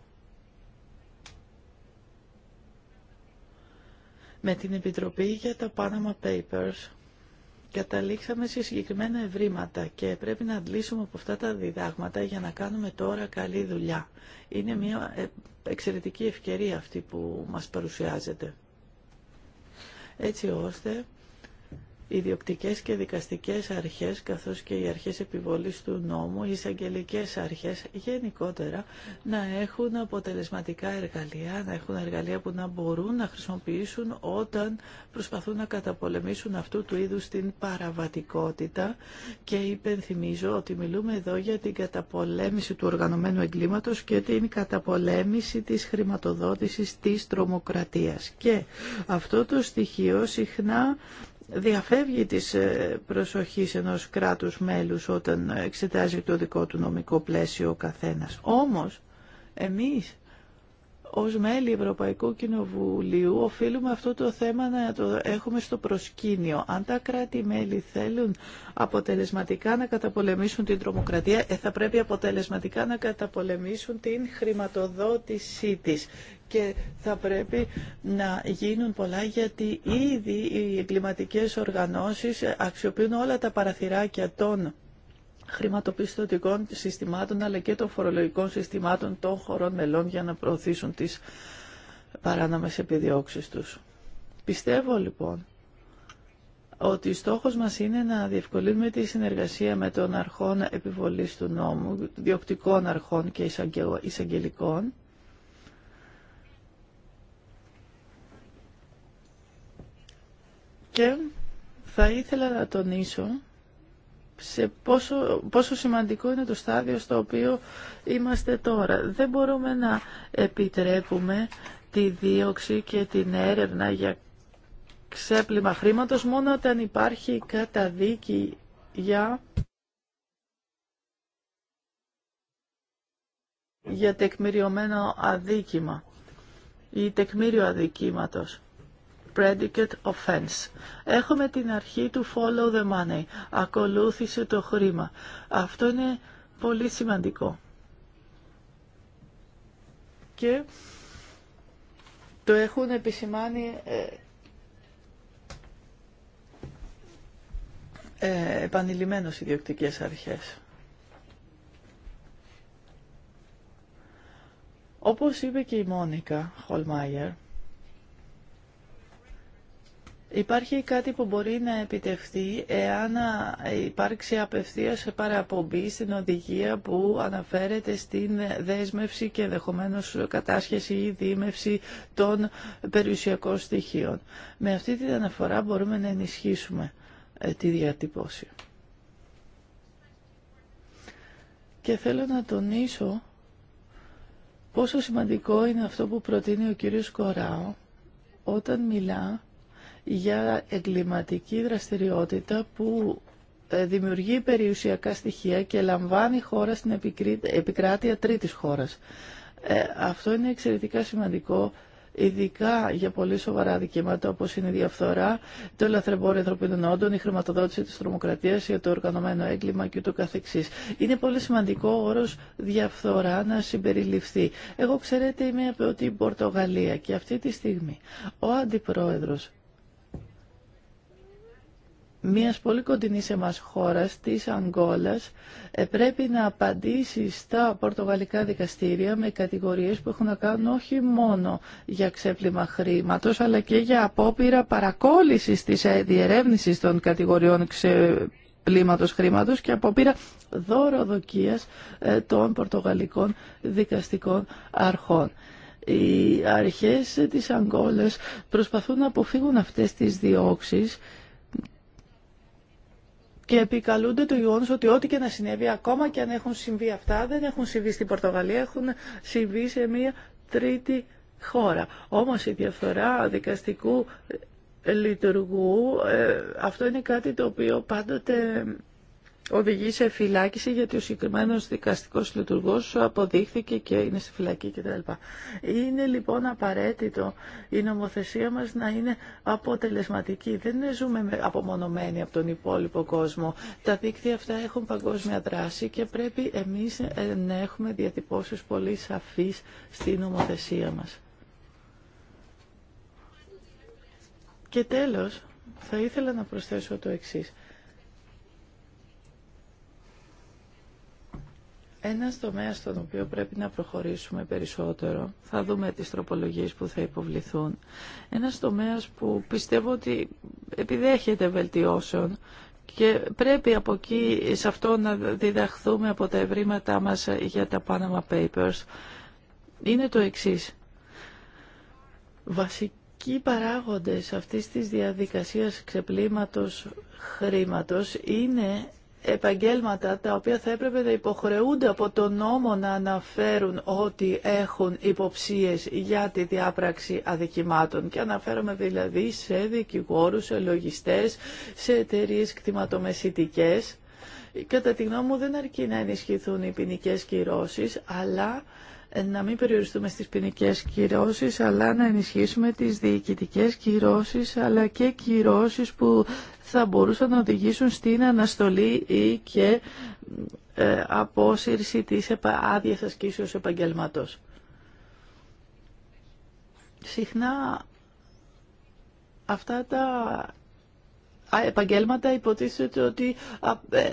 Με την Επιτροπή για τα Panama Papers καταλήξαμε σε συγκεκριμένα ευρήματα και πρέπει να αντλήσουμε από αυτά τα διδάγματα για να κάνουμε τώρα καλή δουλειά. Είναι μια ε, εξαιρετική ευκαιρία αυτή που μας παρουσιάζεται έτσι ώστε ιδιοκτικές και δικαστικές αρχές καθώς και οι αρχές επιβολής του νόμου, οι εισαγγελικέ αρχές γενικότερα να έχουν αποτελεσματικά εργαλεία, να έχουν εργαλεία που να μπορούν να χρησιμοποιήσουν όταν προσπαθούν να καταπολεμήσουν αυτού του είδους την παραβατικότητα και υπενθυμίζω ότι μιλούμε εδώ για την καταπολέμηση του οργανωμένου εγκλήματος και την καταπολέμηση της χρηματοδότησης της τρομοκρατίας και αυτό το στοιχείο συχνά διαφεύγει της ε, προσοχής ενός κράτους μέλους όταν εξετάζει το δικό του νομικό πλαίσιο ο καθένας. Όμως, εμείς ως μέλη Ευρωπαϊκού Κοινοβουλίου οφείλουμε αυτό το θέμα να το έχουμε στο προσκήνιο. Αν τα κράτη-μέλη θέλουν αποτελεσματικά να καταπολεμήσουν την τρομοκρατία, ε, θα πρέπει αποτελεσματικά να καταπολεμήσουν την χρηματοδότησή της. Και θα πρέπει να γίνουν πολλά γιατί ήδη οι εγκληματικές οργανώσεις αξιοποιούν όλα τα παραθυράκια των χρηματοπιστωτικών συστημάτων αλλά και των φορολογικών συστημάτων των χωρών μελών για να προωθήσουν τις παράνομες επιδιώξεις τους. Πιστεύω λοιπόν ότι στόχος μας είναι να διευκολύνουμε τη συνεργασία με τον αρχών επιβολής του νόμου, διοκτικών αρχών και εισαγγελικών, και θα ήθελα να τονίσω σε πόσο, σημαντικό είναι το στάδιο στο οποίο είμαστε τώρα. Δεν μπορούμε να επιτρέπουμε τη δίωξη και την έρευνα για ξέπλυμα χρήματος μόνο όταν υπάρχει καταδίκη για... για τεκμηριωμένο αδίκημα ή τεκμήριο αδικήματος predicate offense. Έχουμε την αρχή του follow the money. Ακολούθησε το χρήμα. Αυτό είναι πολύ σημαντικό. Και το έχουν επισημάνει ε, ε επανειλημμένως οι διοκτικές αρχές. Όπως είπε και η Μόνικα Χολμάιερ, Υπάρχει κάτι που μπορεί να επιτευχθεί εάν υπάρξει απευθείας παραπομπή στην οδηγία που αναφέρεται στην δέσμευση και ενδεχομένω κατάσχεση ή δίμευση των περιουσιακών στοιχείων. Με αυτή την αναφορά μπορούμε να ενισχύσουμε ε, τη διατυπώση. Και θέλω να τονίσω πόσο σημαντικό είναι αυτό που προτείνει ο κύριος Κοράο όταν μιλά για εγκληματική δραστηριότητα που ε, δημιουργεί περιουσιακά στοιχεία και λαμβάνει χώρα στην επικράτεια τρίτης χώρας. Ε, αυτό είναι εξαιρετικά σημαντικό ειδικά για πολύ σοβαρά δικαιώματα όπως είναι η διαφθορά, το λαθρεμπόριο ανθρωπίνων όντων, η χρηματοδότηση της τρομοκρατίας για το οργανωμένο έγκλημα και ούτω καθεξής. Είναι πολύ σημαντικό ο όρος διαφθορά να συμπεριληφθεί. Εγώ ξέρετε είμαι από την Πορτογαλία και αυτή τη στιγμή ο αντιπρόεδρος μιας πολύ κοντινή σε χώρας, της Αγγόλας, ε, πρέπει να απαντήσει στα πορτογαλικά δικαστήρια με κατηγορίες που έχουν να κάνουν όχι μόνο για ξέπλυμα χρήματος, αλλά και για απόπειρα παρακόλλησης της ε, διερεύνησης των κατηγοριών ξεπλύματος χρήματος και απόπειρα δωροδοκίας ε, των πορτογαλικών δικαστικών αρχών οι αρχές της Αγγόλας προσπαθούν να αποφύγουν αυτές τις διώξεις και επικαλούνται το γεγονό ότι ό,τι και να συνέβη, ακόμα και αν έχουν συμβεί αυτά, δεν έχουν συμβεί στην Πορτογαλία, έχουν συμβεί σε μια τρίτη χώρα. Όμως η διαφορά δικαστικού λειτουργού, ε, αυτό είναι κάτι το οποίο πάντοτε οδηγεί σε φυλάκιση γιατί ο συγκεκριμένο δικαστικός λειτουργός αποδείχθηκε και είναι στη φυλακή κτλ. Είναι λοιπόν απαραίτητο η νομοθεσία μας να είναι αποτελεσματική. Δεν ζούμε απομονωμένοι από τον υπόλοιπο κόσμο. Τα δίκτυα αυτά έχουν παγκόσμια δράση και πρέπει εμείς ε, να έχουμε διατυπώσεις πολύ σαφεί στη νομοθεσία μας. Και τέλος, θα ήθελα να προσθέσω το εξής. Ένα τομέα στον οποίο πρέπει να προχωρήσουμε περισσότερο, θα δούμε τις τροπολογίες που θα υποβληθούν, ένα τομέα που πιστεύω ότι επιδέχεται βελτιώσεων και πρέπει από εκεί σε αυτό να διδαχθούμε από τα ευρήματά μας για τα Panama Papers, είναι το εξής. Βασικοί παράγοντες αυτής της διαδικασίας ξεπλήματος χρήματος είναι επαγγέλματα τα οποία θα έπρεπε να υποχρεούνται από τον νόμο να αναφέρουν ότι έχουν υποψίες για τη διάπραξη αδικημάτων και αναφέρομαι δηλαδή σε δικηγόρους, σε λογιστές, σε εταιρείε κτηματομεσητικές. Κατά τη γνώμη μου δεν αρκεί να ενισχυθούν οι ποινικέ κυρώσεις αλλά να μην περιοριστούμε στις ποινικέ κυρώσεις, αλλά να ενισχύσουμε τις διοικητικές κυρώσεις, αλλά και κυρώσεις που θα μπορούσαν να οδηγήσουν στην αναστολή ή και ε, απόσυρση της άδειας ασκήσεως επαγγελματός. Συχνά αυτά τα επαγγέλματα υποτίθεται ότι ε,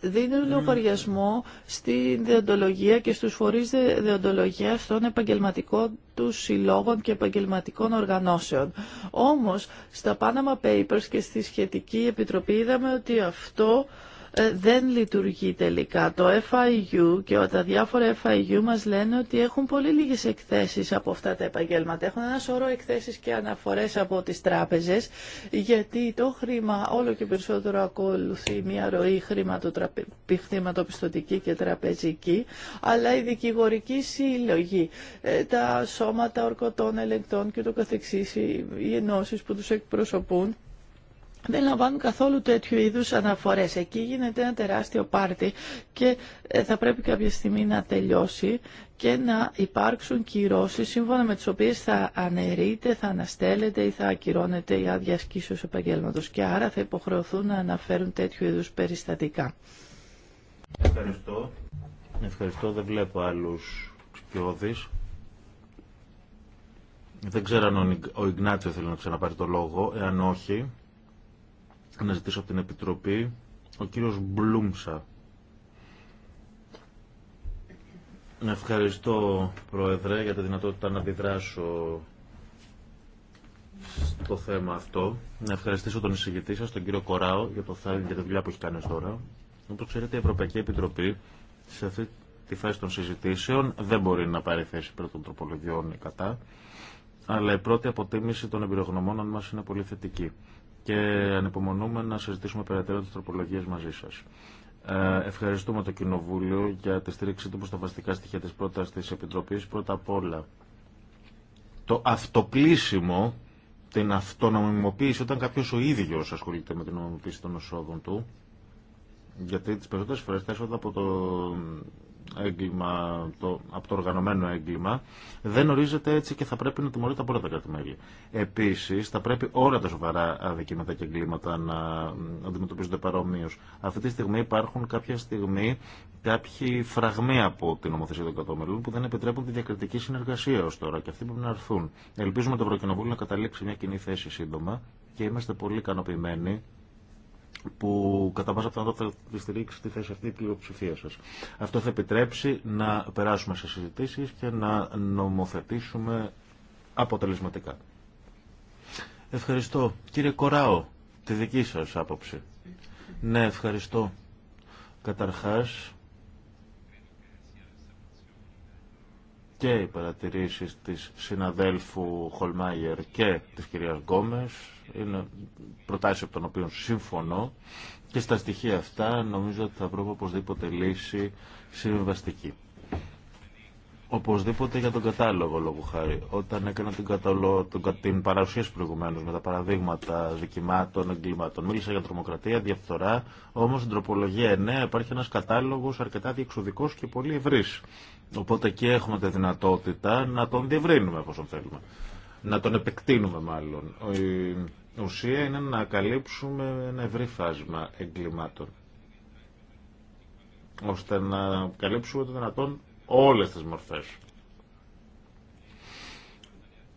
δίνουν λογαριασμό στην διοντολογία και στους φορείς διοντολογία των επαγγελματικών του συλλόγων και επαγγελματικών οργανώσεων. Όμως, στα Panama Papers και στη σχετική επιτροπή είδαμε ότι αυτό ε, δεν λειτουργεί τελικά. Το FIU και τα διάφορα FIU μας λένε ότι έχουν πολύ λίγες εκθέσεις από αυτά τα επαγγέλματα. Έχουν ένα σωρό εκθέσεις και αναφορές από τις τράπεζες, γιατί το χρήμα όλο και περισσότερο ακολουθεί μια ροή χρηματοπιστωτική και τραπεζική, αλλά η δικηγορική σύλλογη, ε, τα σώματα ορκωτών ελεγκτών και το καθεξής, οι ενώσεις που τους εκπροσωπούν, δεν λαμβάνουν καθόλου τέτοιου είδους αναφορές. Εκεί γίνεται ένα τεράστιο πάρτι και ε, θα πρέπει κάποια στιγμή να τελειώσει και να υπάρξουν κυρώσεις σύμφωνα με τις οποίες θα αναιρείται, θα αναστέλλεται ή θα ακυρώνεται η άδεια σκήσεως επαγγέλματος και άρα θα υποχρεωθούν να αναφέρουν τέτοιου είδους περιστατικά. Ευχαριστώ. Ευχαριστώ. Δεν βλέπω άλλους σκιώδεις. Δεν ξέρω αν ο Ιγνάτσιο θέλει να ξαναπάρει το λόγο. Εάν όχι, να ζητήσω από την Επιτροπή ο κύριος Μπλούμσα. Ευχαριστώ, Πρόεδρε, για τη δυνατότητα να αντιδράσω στο θέμα αυτό. Να ευχαριστήσω τον εισηγητή σας, τον κύριο Κοράο, για το θάρρο και τη δουλειά που έχει κάνει τώρα. Όπως ξέρετε, η Ευρωπαϊκή Επιτροπή σε αυτή τη φάση των συζητήσεων δεν μπορεί να πάρει θέση πέρα των τροπολογιών ή κατά, αλλά η πρώτη αποτίμηση των εμπειρογνωμόνων μας είναι πολύ θετική και ανυπομονούμε να συζητήσουμε περαιτέρω τις τροπολογίες μαζί σας. Ε, ευχαριστούμε το Κοινοβούλιο για τη στήριξη του προ τα βασικά στοιχεία τη πρόταση τη Επιτροπή. Πρώτα απ' όλα, το αυτοπλήσιμο, την αυτονομιμοποίηση, όταν κάποιο ο ίδιος ασχολείται με την νομιμοποίηση των εσόδων του, γιατί τι περισσότερες φορέ τα από το έγκλημα, το, από το οργανωμένο έγκλημα, δεν ορίζεται έτσι και θα πρέπει να τιμωρείται από όλα τα κράτη-μέλη. Επίση, θα πρέπει όλα τα σοβαρά αδικήματα και εγκλήματα να αντιμετωπίζονται παρόμοιω. Αυτή τη στιγμή υπάρχουν κάποια στιγμή κάποιοι φραγμοί από την νομοθεσία των κατώμελων που δεν επιτρέπουν τη διακριτική συνεργασία ω τώρα και αυτοί πρέπει να έρθουν. Ελπίζουμε το Ευρωκοινοβούλιο να καταλήξει μια κοινή θέση σύντομα και είμαστε πολύ ικανοποιημένοι που κατά πάσα πιθανότητα θα στηρίξει τη θέση αυτή τη πλειοψηφία σας. Αυτό θα επιτρέψει να περάσουμε σε συζητήσεις και να νομοθετήσουμε αποτελεσματικά. Ευχαριστώ. Κύριε Κοράο, τη δική σας άποψη. Ναι, ευχαριστώ. Καταρχάς, και οι παρατηρήσεις της συναδέλφου Χολμάγερ και της κυρίας Γκόμες είναι προτάσεις από τον οποίο συμφωνώ και στα στοιχεία αυτά νομίζω ότι θα βρούμε οπωσδήποτε λύση συμβαστική. Οπωσδήποτε για τον κατάλογο λόγου χάρη. Όταν έκανα την, καταλο... την παρουσίαση προηγουμένω με τα παραδείγματα δικημάτων, εγκλήματων, μίλησα για τρομοκρατία, διαφθορά. Όμω στην τροπολογία 9 υπάρχει ένα κατάλογο αρκετά διεξοδικό και πολύ ευρύ. Οπότε εκεί έχουμε τη δυνατότητα να τον διευρύνουμε εφόσον θέλουμε. Να τον επεκτείνουμε μάλλον. Η ουσία είναι να καλύψουμε ένα ευρύ φάσμα εγκλημάτων. Ώστε να καλύψουμε το δυνατόν όλες τις μορφές.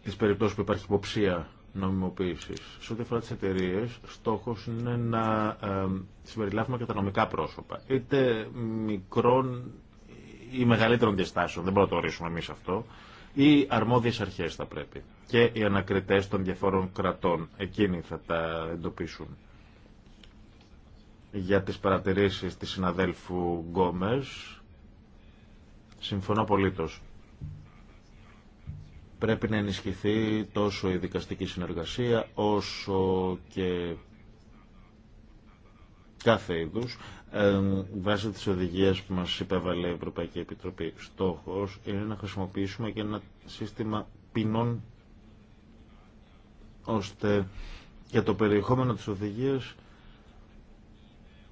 Τις περιπτώσεις που υπάρχει υποψία νομιμοποίησης. Σε ό,τι αφορά τις εταιρείε, στόχος είναι να ε, συμπεριλάβουμε και τα νομικά πρόσωπα. Είτε μικρών ή μεγαλύτερων διαστάσεων, δεν μπορούμε να το ορίσουμε εμείς αυτό, ή αρμόδιες αρχές θα πρέπει. Και οι ανακριτές των διαφόρων κρατών, εκείνοι θα τα εντοπίσουν για τις παρατηρήσεις της συναδέλφου Γκόμες Συμφωνώ απολύτως. Πρέπει να ενισχυθεί τόσο η δικαστική συνεργασία όσο και κάθε είδους ε, βάσει της οδηγίας που μας υπέβαλε η Ευρωπαϊκή Επιτροπή. Στόχος είναι να χρησιμοποιήσουμε και ένα σύστημα ποινών ώστε για το περιεχόμενο της οδηγίας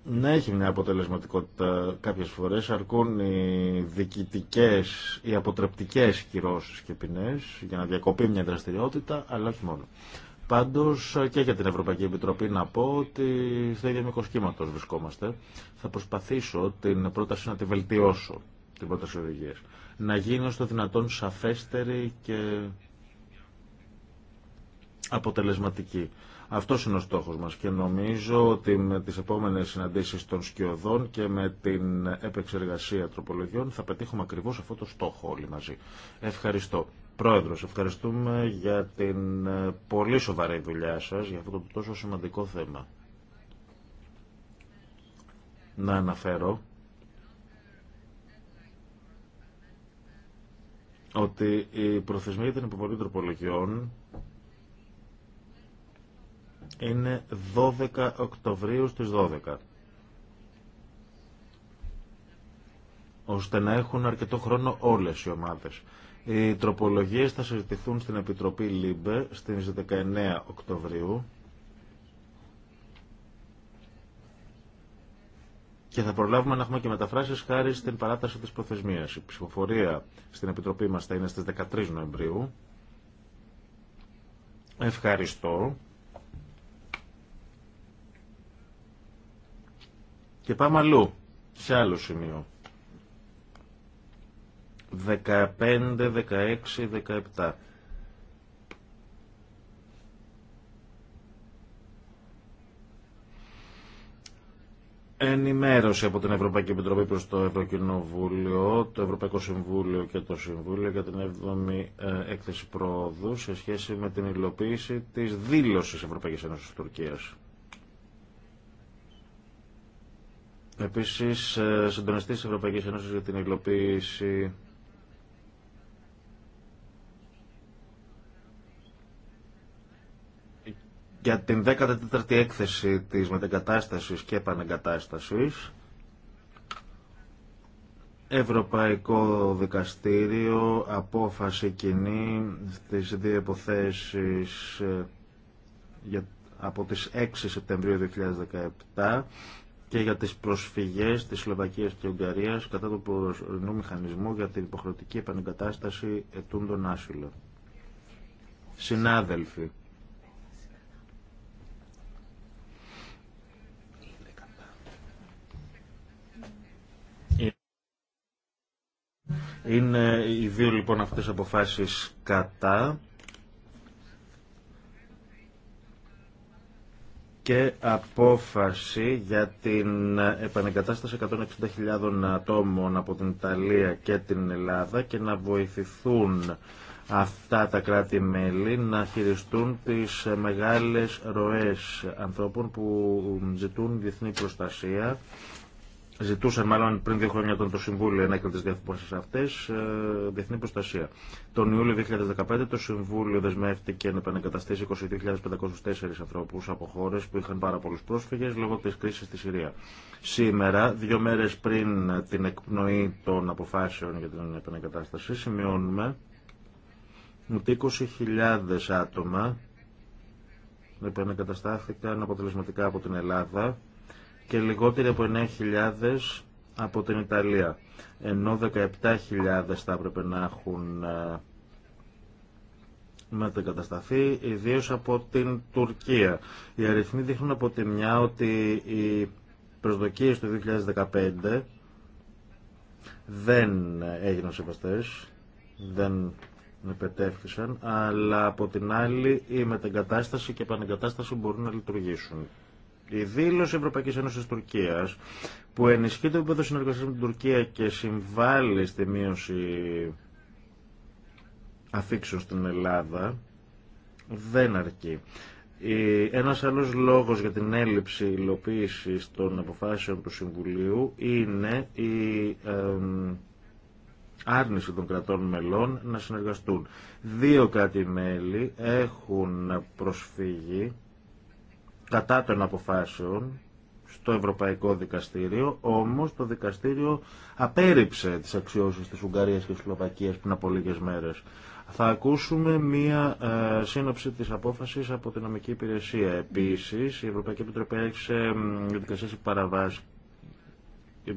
ναι, έχει μια αποτελεσματικότητα κάποιες φορές. Αρκούν οι διοικητικές, ή αποτρεπτικές κυρώσεις και ποινές για να διακοπεί μια δραστηριότητα, αλλά όχι μόνο. Πάντως και για την Ευρωπαϊκή Επιτροπή να πω ότι στο ίδιο μήκος βρισκόμαστε. Θα προσπαθήσω την πρόταση να τη βελτιώσω, την πρόταση οδηγίας. Να γίνει στο το δυνατόν σαφέστερη και αποτελεσματική. Αυτό είναι ο στόχος μας και νομίζω ότι με τις επόμενες συναντήσεις των σκιωδών και με την επεξεργασία τροπολογιών θα πετύχουμε ακριβώς αυτό το στόχο όλοι μαζί. Ευχαριστώ. Πρόεδρος, ευχαριστούμε για την ε, πολύ σοβαρή δουλειά σας για αυτό το τόσο σημαντικό θέμα. Να αναφέρω ότι η προθεσμία την υποβολή τροπολογιών είναι 12 Οκτωβρίου στις 12. ώστε να έχουν αρκετό χρόνο όλες οι ομάδες. Οι τροπολογίες θα συζητηθούν στην Επιτροπή ΛΥΜΠΕ στις 19 Οκτωβρίου και θα προλάβουμε να έχουμε και μεταφράσεις χάρη στην παράταση της προθεσμίας. Η ψηφοφορία στην Επιτροπή μας θα είναι στις 13 Νοεμβρίου. Ευχαριστώ. Και πάμε αλλού, σε άλλο σημείο. 15, 16, 17. ενημέρωση από την Ευρωπαϊκή Επιτροπή προς το Ευρωκοινοβούλιο, το Ευρωπαϊκό Συμβούλιο και το Συμβούλιο για την 7η ε, έκθεση πρόοδου σε σχέση με την υλοποίηση της δήλωσης Ευρωπαϊκής Ένωσης Τουρκίας. Επίσης, ε, συντονιστής τη Ευρωπαϊκής Ένωσης για την υλοποίηση για την 14η έκθεση της μετεγκατάστασης και επανεγκατάστασης Ευρωπαϊκό Δικαστήριο απόφαση κοινή στις δύο υποθέσεις ε, για, από τις 6 Σεπτεμβρίου 2017 και για τις προσφυγές της Σλοβακίας και Ουγγαρίας κατά του προσωρινού μηχανισμού για την υποχρεωτική επανεγκατάσταση ετούντων άσυλων. Συνάδελφοι, Είναι οι δύο λοιπόν αυτές αποφάσεις κατά και απόφαση για την επανεγκατάσταση 160.000 ατόμων από την Ιταλία και την Ελλάδα και να βοηθηθούν αυτά τα κράτη-μέλη να χειριστούν τις μεγάλες ροές ανθρώπων που ζητούν διεθνή προστασία ζητούσαν μάλλον πριν δύο χρόνια τον το Συμβούλιο ενέκρινε τι διαφορέ αυτέ, ε, διεθνή προστασία. Τον Ιούλιο 2015 το Συμβούλιο δεσμεύτηκε να επανεγκαταστήσει 22.504 ανθρώπου από χώρε που είχαν πάρα πολλού πρόσφυγε λόγω τη κρίση στη Συρία. Σήμερα, δύο μέρε πριν την εκπνοή των αποφάσεων για την επανεγκατάσταση, σημειώνουμε ότι 20.000 άτομα επανεγκαταστάθηκαν αποτελεσματικά από την Ελλάδα και λιγότεροι από 9.000 από την Ιταλία. Ενώ 17.000 θα έπρεπε να έχουν ε, μετακατασταθεί, ιδίω από την Τουρκία. Οι αριθμοί δείχνουν από τη μια ότι οι προσδοκίες του 2015 δεν έγιναν σεβαστές, δεν επετεύχθησαν, αλλά από την άλλη η μετεγκατάσταση και η επανεγκατάσταση μπορούν να λειτουργήσουν. Η δήλωση Ευρωπαϊκή Ένωση Τουρκία που ενισχύει το επίπεδο συνεργασία με την Τουρκία και συμβάλλει στη μείωση αφήξεων στην Ελλάδα δεν αρκεί. Ένας άλλος λόγος για την έλλειψη υλοποίηση των αποφάσεων του Συμβουλίου είναι η άρνηση των κρατών μελών να συνεργαστούν. Δύο κράτη-μέλη έχουν προσφύγει κατά των αποφάσεων στο Ευρωπαϊκό Δικαστήριο, όμως το Δικαστήριο απέρριψε τις αξιώσεις της Ουγγαρίας και της Σλοβακίας πριν από λίγες μέρες. Θα ακούσουμε μία ε, σύνοψη της απόφασης από την νομική υπηρεσία. Επίσης, η Ευρωπαϊκή Επιτροπή έριξε δικασίες παραβάσεις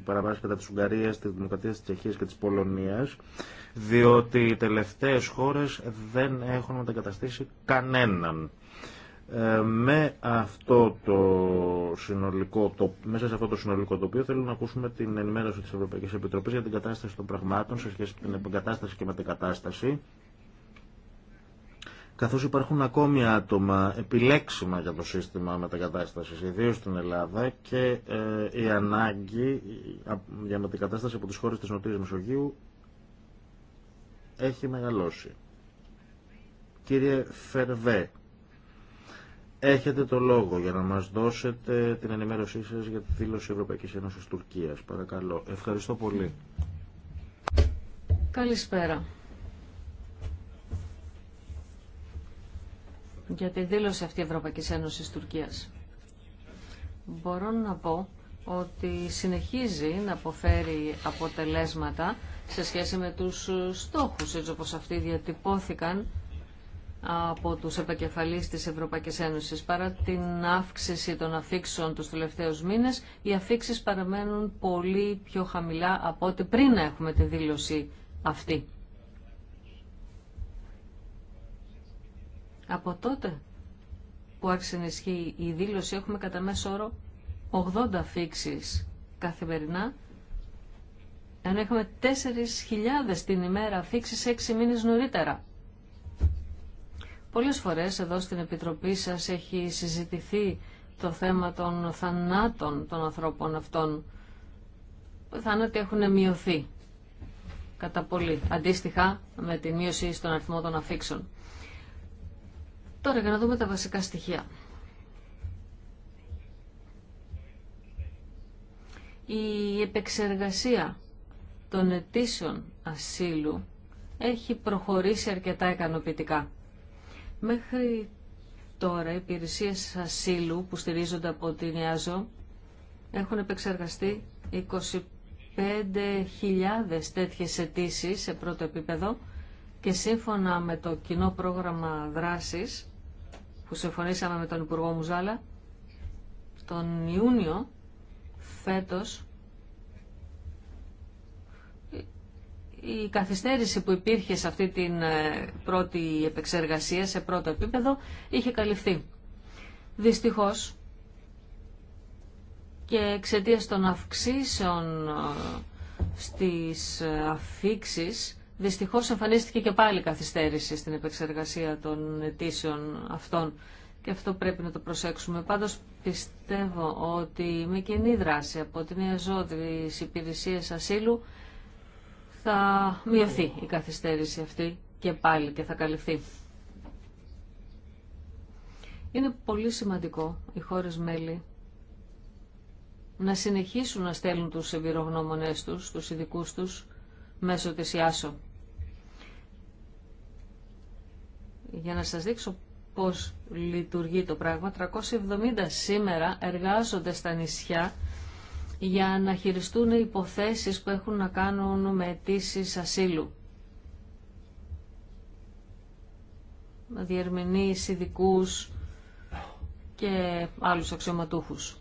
παραβάσει κατά της Ουγγαρίας, της Δημοκρατίας της Τσεχίας και της Πολωνίας, διότι οι τελευταίες χώρες δεν έχουν μετακαταστήσει κανέναν ε, με αυτό το συνολικό, το, μέσα σε αυτό το συνολικό τοπίο θέλω να ακούσουμε την ενημέρωση της Ευρωπαϊκής Επιτροπής για την κατάσταση των πραγμάτων σε σχέση με την επικατάσταση και κατάσταση καθώς υπάρχουν ακόμη άτομα επιλέξιμα για το σύστημα μετακατάστασης, ιδίως στην Ελλάδα, και ε, η ανάγκη για μετακατάσταση από τις χώρες της Νοτήρης Μεσογείου έχει μεγαλώσει. Κύριε Φερβέ, Έχετε το λόγο για να μας δώσετε την ενημέρωσή σας για τη δήλωση Ευρωπαϊκής Ένωσης Τουρκίας. Παρακαλώ. Ευχαριστώ πολύ. Καλησπέρα. Για τη δήλωση αυτή Ευρωπαϊκής Ένωσης Τουρκίας. Μπορώ να πω ότι συνεχίζει να αποφέρει αποτελέσματα σε σχέση με τους στόχους έτσι όπως αυτοί διατυπώθηκαν από τους επακεφαλείς της Ευρωπαϊκής Ένωσης. Παρά την αύξηση των αφήξεων τους τελευταίους μήνες, οι αφήξεις παραμένουν πολύ πιο χαμηλά από ό,τι πριν έχουμε τη δήλωση αυτή. Από τότε που άρχισε να ισχύει η δήλωση έχουμε κατά μέσο όρο 80 αφήξεις καθημερινά, ενώ έχουμε 4.000 την ημέρα αφήξεις 6 μήνες νωρίτερα. Πολλές φορές εδώ στην Επιτροπή σας έχει συζητηθεί το θέμα των θανάτων των ανθρώπων αυτών. Θάνατοι έχουν μειωθεί κατά πολύ, αντίστοιχα με τη μείωση στον αριθμό των αφήξεων. Τώρα για να δούμε τα βασικά στοιχεία. Η επεξεργασία των αιτήσεων ασύλου έχει προχωρήσει αρκετά ικανοποιητικά. Μέχρι τώρα οι υπηρεσίε ασύλου που στηρίζονται από την ΙΑΖΟ έχουν επεξεργαστεί 25.000 τέτοιες αιτήσει σε πρώτο επίπεδο και σύμφωνα με το κοινό πρόγραμμα δράσης που συμφωνήσαμε με τον Υπουργό Μουζάλα, τον Ιούνιο φέτος η καθυστέρηση που υπήρχε σε αυτή την ε, πρώτη επεξεργασία, σε πρώτο επίπεδο, είχε καλυφθεί. Δυστυχώς και εξαιτία των αυξήσεων ε, στις ε, αφήξεις, δυστυχώς εμφανίστηκε και πάλι καθυστέρηση στην επεξεργασία των αιτήσεων αυτών και αυτό πρέπει να το προσέξουμε. Πάντως πιστεύω ότι με κοινή δράση από την ΕΖΟ, τις υπηρεσίες ασύλου, θα μειωθεί η καθυστέρηση αυτή και πάλι και θα καλυφθεί. Είναι πολύ σημαντικό οι χώρες μέλη να συνεχίσουν να στέλνουν τους εμπειρογνώμονές τους, τους ειδικού τους, μέσω της ΙΑΣΟ. Για να σας δείξω πώς λειτουργεί το πράγμα, 370 σήμερα εργάζονται στα νησιά για να χειριστούν υποθέσεις που έχουν να κάνουν με αιτήσει ασύλου. Διερμηνείς, ειδικού και άλλους αξιωματούχους.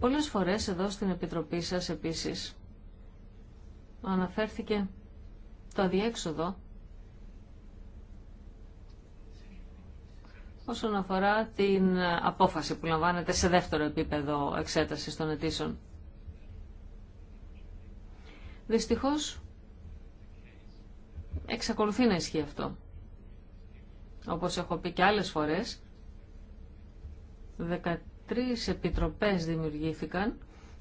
Πολλές φορές εδώ στην Επιτροπή σας επίσης αναφέρθηκε το αδιέξοδο όσον αφορά την απόφαση που λαμβάνεται σε δεύτερο επίπεδο εξέτασης των αιτήσεων. Δυστυχώς, εξακολουθεί να ισχύει αυτό. Όπως έχω πει και άλλες φορές, 13 επιτροπές δημιουργήθηκαν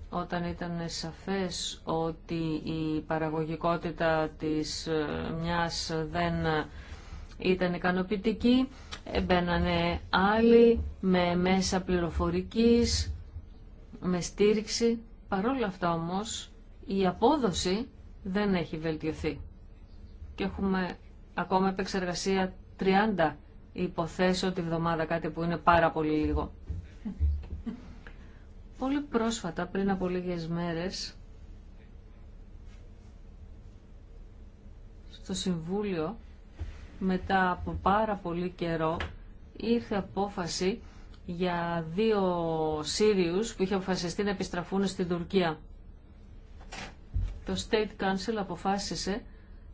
όταν ήταν σαφές ότι η παραγωγικότητα της ε, μιας δεν ήταν ικανοποιητική, μπαίνανε άλλοι με μέσα πληροφορικής, με στήριξη. Παρόλα αυτά όμως η απόδοση δεν έχει βελτιωθεί. Και έχουμε ακόμα επεξεργασία 30 υποθέσεων τη βδομάδα, κάτι που είναι πάρα πολύ λίγο. Πολύ πρόσφατα, πριν από λίγες μέρες, στο Συμβούλιο μετά από πάρα πολύ καιρό ήρθε απόφαση για δύο Σύριους που είχε αποφασιστεί να επιστραφούν στην Τουρκία. Το State Council αποφάσισε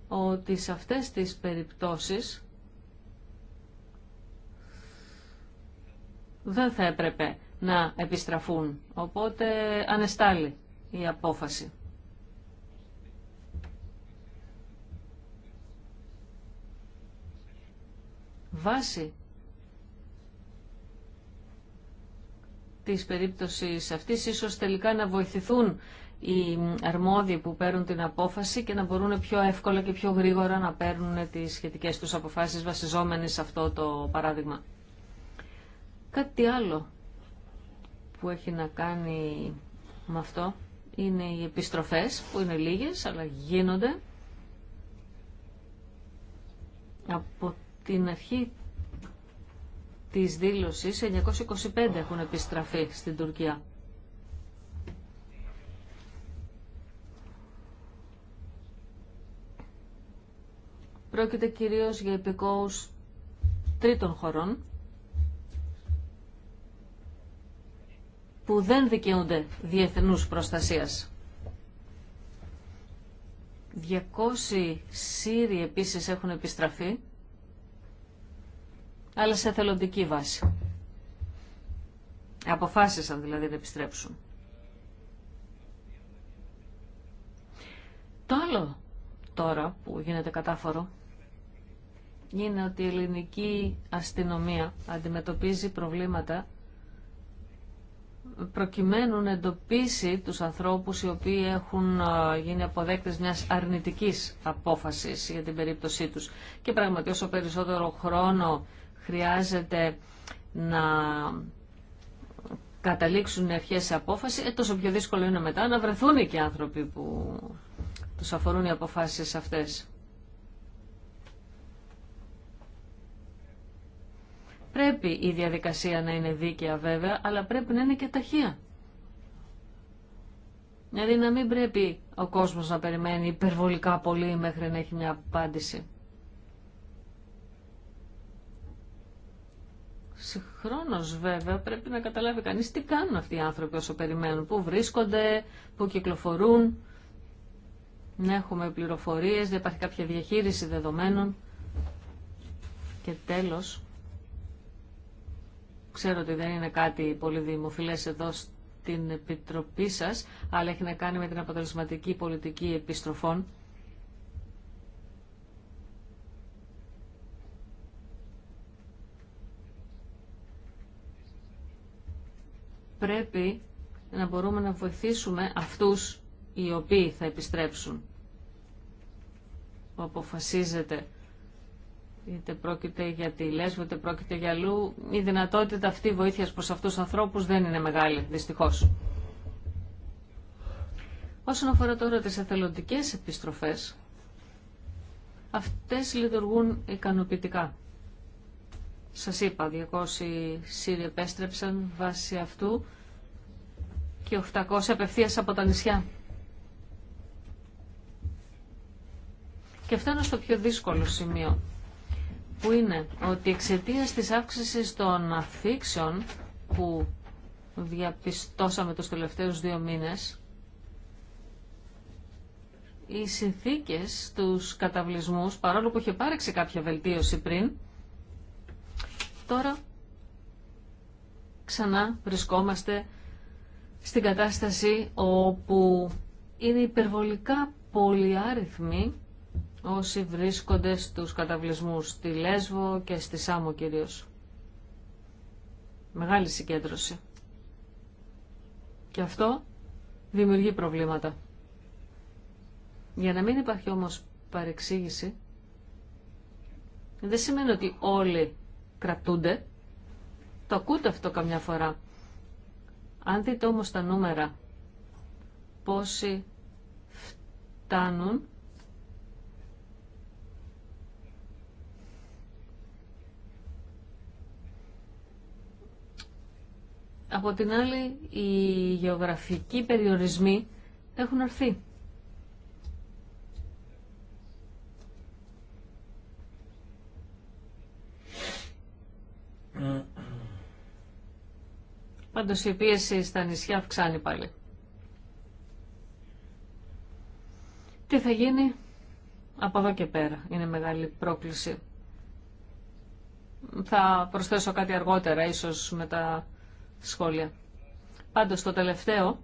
ότι σε αυτές τις περιπτώσεις δεν θα έπρεπε να επιστραφούν. Οπότε ανεστάλλει η απόφαση. Βάση της περίπτωσης αυτής ίσως τελικά να βοηθηθούν οι αρμόδιοι που παίρνουν την απόφαση και να μπορούν πιο εύκολα και πιο γρήγορα να παίρνουν τις σχετικές τους αποφάσεις βασιζόμενες σε αυτό το παράδειγμα. Κάτι άλλο που έχει να κάνει με αυτό είναι οι επιστροφές που είναι λίγες αλλά γίνονται από την αρχή της δήλωσης 925 έχουν επιστραφεί στην Τουρκία. Πρόκειται κυρίως για επικόους τρίτων χωρών που δεν δικαιούνται διεθνούς προστασίας. 200 Σύριοι επίσης έχουν επιστραφεί αλλά σε θελοντική βάση. Αποφάσισαν δηλαδή να επιστρέψουν. Το άλλο τώρα που γίνεται κατάφορο είναι ότι η ελληνική αστυνομία αντιμετωπίζει προβλήματα προκειμένου να εντοπίσει τους ανθρώπους οι οποίοι έχουν γίνει αποδέκτες μιας αρνητικής απόφασης για την περίπτωσή τους. Και πράγματι όσο περισσότερο χρόνο χρειάζεται να καταλήξουν ευχές σε απόφαση, ε, τόσο πιο δύσκολο είναι μετά να βρεθούν και άνθρωποι που τους αφορούν οι αποφάσεις αυτές. Πρέπει η διαδικασία να είναι δίκαια βέβαια, αλλά πρέπει να είναι και ταχεία. Δηλαδή να μην πρέπει ο κόσμος να περιμένει υπερβολικά πολύ μέχρι να έχει μια απάντηση. Συγχρόνω, βέβαια πρέπει να καταλάβει κανείς τι κάνουν αυτοί οι άνθρωποι όσο περιμένουν, πού βρίσκονται, πού κυκλοφορούν, να έχουμε πληροφορίες, δεν υπάρχει κάποια διαχείριση δεδομένων. Και τέλος, ξέρω ότι δεν είναι κάτι πολύ δημοφιλέ εδώ στην Επιτροπή σας, αλλά έχει να κάνει με την αποτελεσματική πολιτική επιστροφών πρέπει να μπορούμε να βοηθήσουμε αυτούς οι οποίοι θα επιστρέψουν που αποφασίζεται είτε πρόκειται για τη Λέσβο, είτε πρόκειται για αλλού, η δυνατότητα αυτή βοήθειας προς αυτούς τους ανθρώπους δεν είναι μεγάλη, δυστυχώς. Όσον αφορά τώρα τις εθελοντικές επιστροφές, αυτές λειτουργούν ικανοποιητικά. Σας είπα, 200 Σύριοι επέστρεψαν βάσει αυτού και 800 απευθείας από τα νησιά. Και φτάνω στο πιο δύσκολο σημείο, που είναι ότι εξαιτία της αύξησης των αφήξεων που διαπιστώσαμε τους τελευταίους δύο μήνες, οι συνθήκες τους καταβλισμούς, παρόλο που είχε πάρεξει κάποια βελτίωση πριν, Τώρα ξανά βρισκόμαστε στην κατάσταση όπου είναι υπερβολικά πολυάριθμοι όσοι βρίσκονται στους καταβλισμούς στη Λέσβο και στη Σάμο κυρίως. Μεγάλη συγκέντρωση. Και αυτό δημιουργεί προβλήματα. Για να μην υπάρχει όμως παρεξήγηση, δεν σημαίνει ότι όλοι κρατούνται. Το ακούτε αυτό καμιά φορά. Αν δείτε όμως τα νούμερα, πόσοι φτάνουν Από την άλλη, οι γεωγραφικοί περιορισμοί έχουν αρθεί. Πάντως η πίεση στα νησιά αυξάνει πάλι. Τι θα γίνει από εδώ και πέρα. Είναι μεγάλη πρόκληση. Θα προσθέσω κάτι αργότερα, ίσως με τα σχόλια. Πάντως το τελευταίο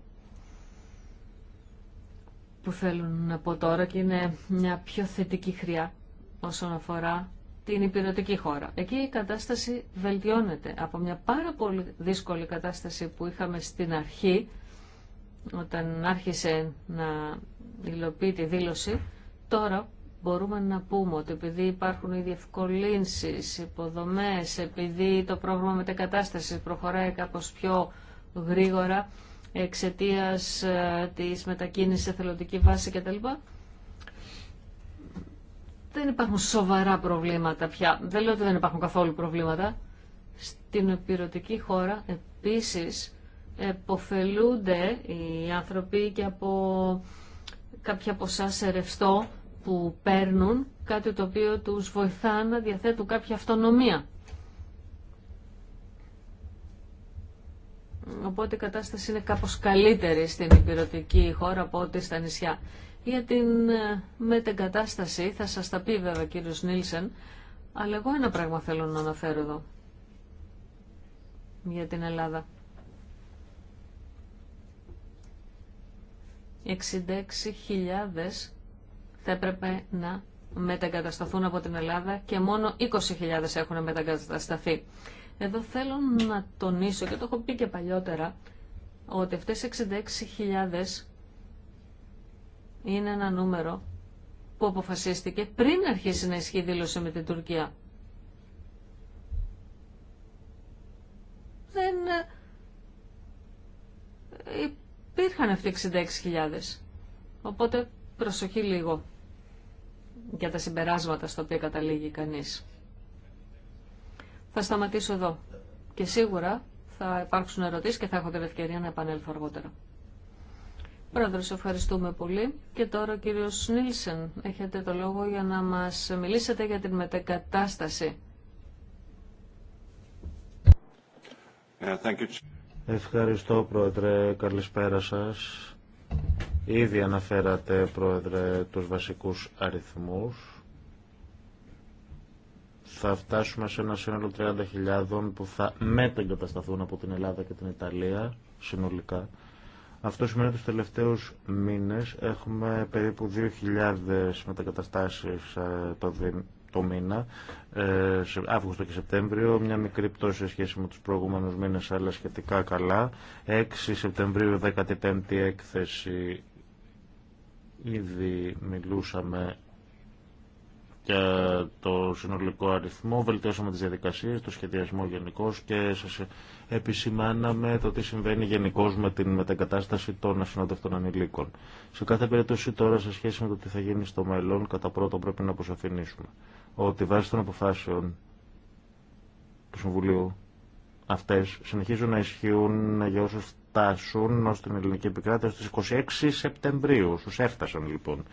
που θέλουν να πω τώρα και είναι μια πιο θετική χρειά όσον αφορά την υπηρετική χώρα. Εκεί η κατάσταση βελτιώνεται από μια πάρα πολύ δύσκολη κατάσταση που είχαμε στην αρχή, όταν άρχισε να υλοποιεί τη δήλωση, τώρα μπορούμε να πούμε ότι επειδή υπάρχουν οι διευκολύνσεις, υποδομές, επειδή το πρόγραμμα μετακατάστασης προχωράει κάπως πιο γρήγορα εξαιτίας ε, της μετακίνησης σε θελοντική βάση κτλ δεν υπάρχουν σοβαρά προβλήματα πια. Δεν λέω ότι δεν υπάρχουν καθόλου προβλήματα. Στην επιρωτική χώρα επίσης εποφελούνται οι άνθρωποι και από κάποια ποσά σε ρευστό που παίρνουν, κάτι το οποίο τους βοηθά να διαθέτουν κάποια αυτονομία. Οπότε η κατάσταση είναι κάπως καλύτερη στην υπηρετική χώρα από ό,τι στα νησιά. Για την ε, μετεγκατάσταση θα σας τα πει βέβαια ο κύριος Νίλσεν, αλλά εγώ ένα πράγμα θέλω να αναφέρω εδώ για την Ελλάδα. 66.000 θα έπρεπε να μετεγκατασταθούν από την Ελλάδα και μόνο 20.000 έχουν μετεγκατασταθεί. Εδώ θέλω να τονίσω και το έχω πει και παλιότερα ότι αυτές 66.000 είναι ένα νούμερο που αποφασίστηκε πριν αρχίσει να ισχύει δήλωση με την Τουρκία. Δεν ε, υπήρχαν αυτοί 66.000. Οπότε προσοχή λίγο για τα συμπεράσματα στο οποία καταλήγει κανείς. Θα σταματήσω εδώ και σίγουρα θα υπάρξουν ερωτήσεις και θα έχω την ευκαιρία να επανέλθω αργότερα. Πρόεδρος, ευχαριστούμε πολύ. Και τώρα ο κύριο Νίλσεν, έχετε το λόγο για να μας μιλήσετε για την μετεκατάσταση. Ευχαριστώ, Πρόεδρε. Καλησπέρα σα. Ήδη αναφέρατε, Πρόεδρε, τους βασικούς αριθμούς. Θα φτάσουμε σε ένα σύνολο 30.000 που θα μετεγκατασταθούν από την Ελλάδα και την Ιταλία συνολικά. Αυτό σημαίνει ότι τους τελευταίους μήνες έχουμε περίπου 2.000 μετακαταστάσεις ε, το, το μήνα, ε, σε Αύγουστο και Σεπτέμβριο, μια μικρή πτώση σε σχέση με τους προηγούμενους μήνες, αλλά σχετικά καλά. 6 Σεπτεμβρίου, 15η έκθεση, ήδη μιλούσαμε για το συνολικό αριθμό, βελτιώσαμε τις διαδικασίες, το σχεδιασμό γενικώ και σας επισημάναμε το τι συμβαίνει γενικώ με την μετακατάσταση των ασυνόδευτων ανηλίκων. Σε κάθε περίπτωση τώρα σε σχέση με το τι θα γίνει στο μέλλον, κατά πρώτον πρέπει να αποσαφηνίσουμε ότι βάσει των αποφάσεων του Συμβουλίου αυτές συνεχίζουν να ισχύουν για όσους φτάσουν ως την ελληνική επικράτεια στις 26 Σεπτεμβρίου. Όσους έφτασαν λοιπόν.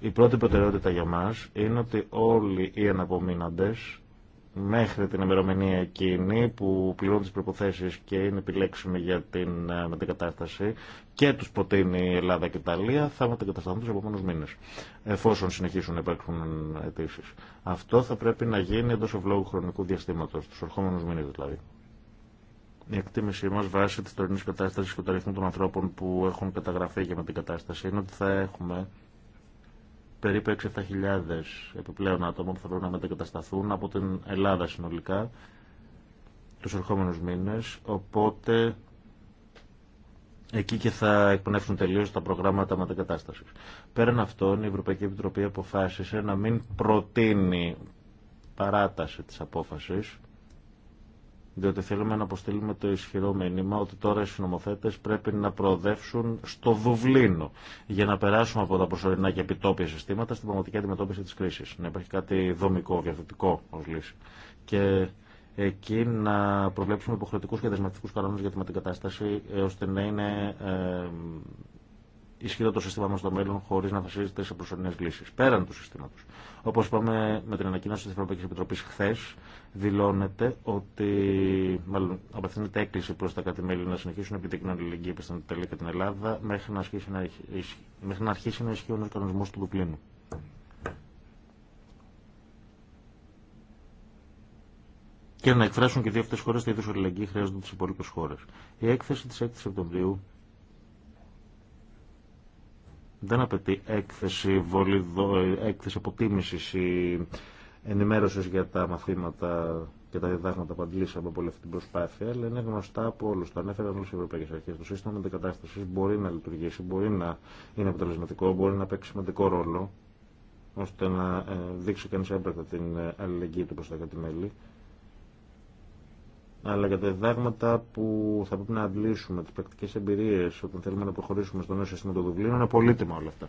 Η πρώτη προτεραιότητα για μας είναι ότι όλοι οι αναπομείναντες μέχρι την ημερομηνία εκείνη που πληρώνουν τις προποθέσει και είναι επιλέξιμοι για την ε, μετεγκατάσταση και τους προτείνει η Ελλάδα και η Ιταλία θα μετεγκατασταθούν τους επόμενου μήνες εφόσον συνεχίσουν να υπάρχουν αιτήσει. Αυτό θα πρέπει να γίνει εντός ευλόγου χρονικού διαστήματος, τους ερχόμενους μήνες δηλαδή. Η εκτίμησή μα βάσει τη τωρινή κατάσταση και του αριθμού των ανθρώπων που έχουν καταγραφεί για με είναι ότι θα έχουμε περίπου 6-7 επιπλέον άτομα που θα πρέπει να μετακατασταθούν από την Ελλάδα συνολικά τους ερχόμενους μήνες, οπότε εκεί και θα εκπνεύσουν τελείως τα προγράμματα μετακατάστασης. Πέραν αυτών, η Ευρωπαϊκή Επιτροπή αποφάσισε να μην προτείνει παράταση της απόφασης διότι θέλουμε να αποστείλουμε το ισχυρό μήνυμα ότι τώρα οι συνομοθέτες πρέπει να προοδεύσουν στο Δουβλίνο για να περάσουμε από τα προσωρινά και επιτόπια συστήματα στην πραγματική αντιμετώπιση της κρίσης. Να υπάρχει κάτι δομικό, διαθετικό ως λύση. Και εκεί να προβλέψουμε υποχρεωτικούς και δεσμευτικού κανόνε για την κατάσταση ε, ώστε να είναι ε, ισχυρό το σύστημά μα στο μέλλον χωρί να βασίζεται σε προσωρινέ λύσει. Πέραν του συστήματο. Όπω είπαμε με την ανακοίνωση τη Ευρωπαϊκή Επιτροπή χθε, δηλώνεται ότι. Μάλλον απευθύνεται έκκληση προ τα κατημέλη να συνεχίσουν επί την αλληλεγγύη προ την Ιταλία και την Ελλάδα μέχρι να, να, μέχρι να αρχίσει να ισχύουν ο κανονισμό του δουπλίνου. Και να εκφράσουν και δύο αυτέ χώρε τη ίδια αλληλεγγύη χρειάζονται τι υπόλοιπε χώρε. Η έκθεση τη 6η Σεπτεμβρίου δεν απαιτεί έκθεση, βολιδο, έκθεση αποτίμησης ή ενημέρωσης για τα μαθήματα και τα διδάγματα που αντλήσαμε από όλη αυτή την προσπάθεια, αλλά είναι γνωστά από όλου. Το ανέφεραν όλε οι Ευρωπαϊκέ Αρχέ. Το σύστημα αντικατάσταση μπορεί να λειτουργήσει, μπορεί να είναι αποτελεσματικό, μπορεί να παίξει σημαντικό ρόλο, ώστε να ε, δείξει κανεί έμπρακτα την ε, αλληλεγγύη του προ τα κατημέλη αλλά για τα διδάγματα που θα πρέπει να αντλήσουμε, τις πρακτικές εμπειρίες όταν θέλουμε να προχωρήσουμε στο νέο σύστημα του Δουβλίνου, είναι πολύτιμα όλα αυτά.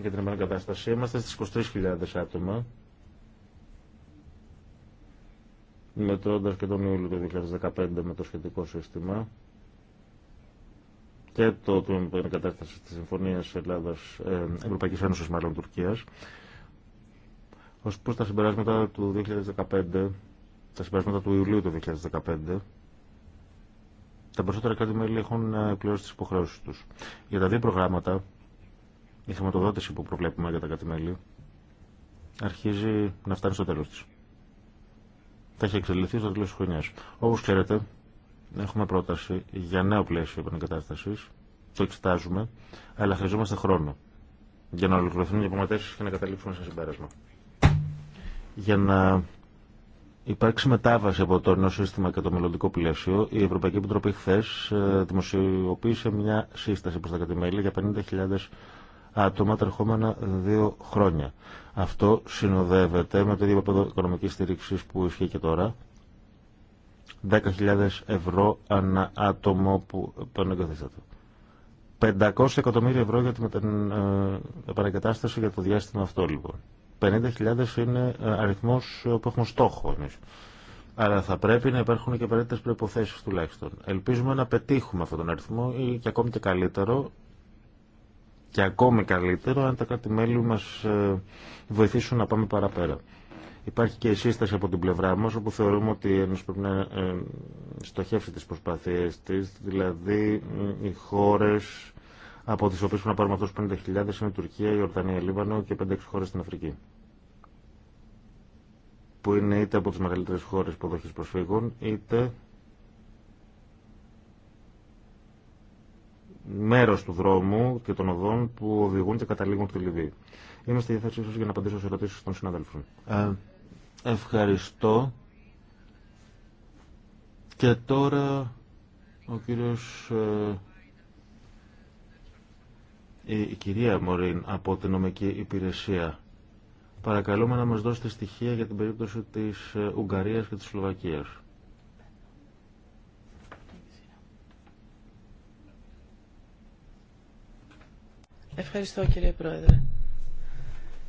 Για την επανακατάσταση είμαστε στις 23.000 άτομα, μετρώντας και τον Ιούλιο του 2015 με το σχετικό σύστημα και το τμήμα κατάσταση της Συμφωνίας Ελλάδας, ε, Ευρωπαϊκής Ένωσης μάλλον Τουρκίας. Ως προς τα συμπεράσματα του 2015, τα συμπεράσματα του Ιουλίου του 2015, τα περισσότερα κράτη-μέλη έχουν ε, πληρώσει τις υποχρεώσεις τους. Για τα δύο προγράμματα, η χρηματοδότηση που προβλέπουμε για τα κράτη-μέλη αρχίζει να φτάνει στο τέλος της. Θα έχει εξελιχθεί στο τέλος της χρονιάς. Όπως ξέρετε, Έχουμε πρόταση για νέο πλαίσιο επανεγκατάσταση. Το εξετάζουμε, αλλά χρειαζόμαστε χρόνο για να ολοκληρωθούν οι διαπραγματεύσει και να καταλήξουμε σε συμπέρασμα. Για να υπάρξει μετάβαση από το νέο σύστημα και το μελλοντικό πλαίσιο, η Ευρωπαϊκή Επιτροπή χθε ε, δημοσιοποίησε μια σύσταση προ τα κατημέλη για 50.000 άτομα τα ερχόμενα δύο χρόνια. Αυτό συνοδεύεται με το ίδιο επίπεδο οικονομική στήριξη που ισχύει και τώρα, 10.000 ευρώ ανά άτομο που τον εγκαθίσταται. 500 εκατομμύρια ευρώ για την ε, επανακατάσταση για το διάστημα αυτό λοιπόν. 50.000 είναι ε, αριθμός ε, που έχουμε στόχο εμείς. Άρα θα πρέπει να υπάρχουν και απαραίτητε προποθέσει τουλάχιστον. Ελπίζουμε να πετύχουμε αυτόν τον αριθμό ή και ακόμη και καλύτερο. Και ακόμη καλύτερο αν τα κράτη-μέλη μα βοηθήσουν να πάμε παραπέρα. Υπάρχει και η σύσταση από την πλευρά μας, όπου θεωρούμε ότι η Ένωση πρέπει να ε, στοχεύσει τι προσπάθειές της, δηλαδή ε, οι χώρες από τις οποίες πρέπει να πάρουμε αυτούς 50.000 είναι η Τουρκία, η Ορδανία, η Λίβανο και 5-6 χώρες στην Αφρική που είναι είτε από τις μεγαλύτερες χώρες υποδοχή προσφύγων, είτε μέρος του δρόμου και των οδών που οδηγούν και καταλήγουν στη Λιβύη. Είμαι στη διάθεσή για να απαντήσω σε ερωτήσει των συναδέλφων. Ε, Ευχαριστώ. Και τώρα ο κύριος, ε, η, κυρία Μωρίν από την νομική υπηρεσία. Παρακαλούμε να μας δώσετε στοιχεία για την περίπτωση της ε, Ουγγαρίας και της Σλοβακίας. Ευχαριστώ κύριε Πρόεδρε.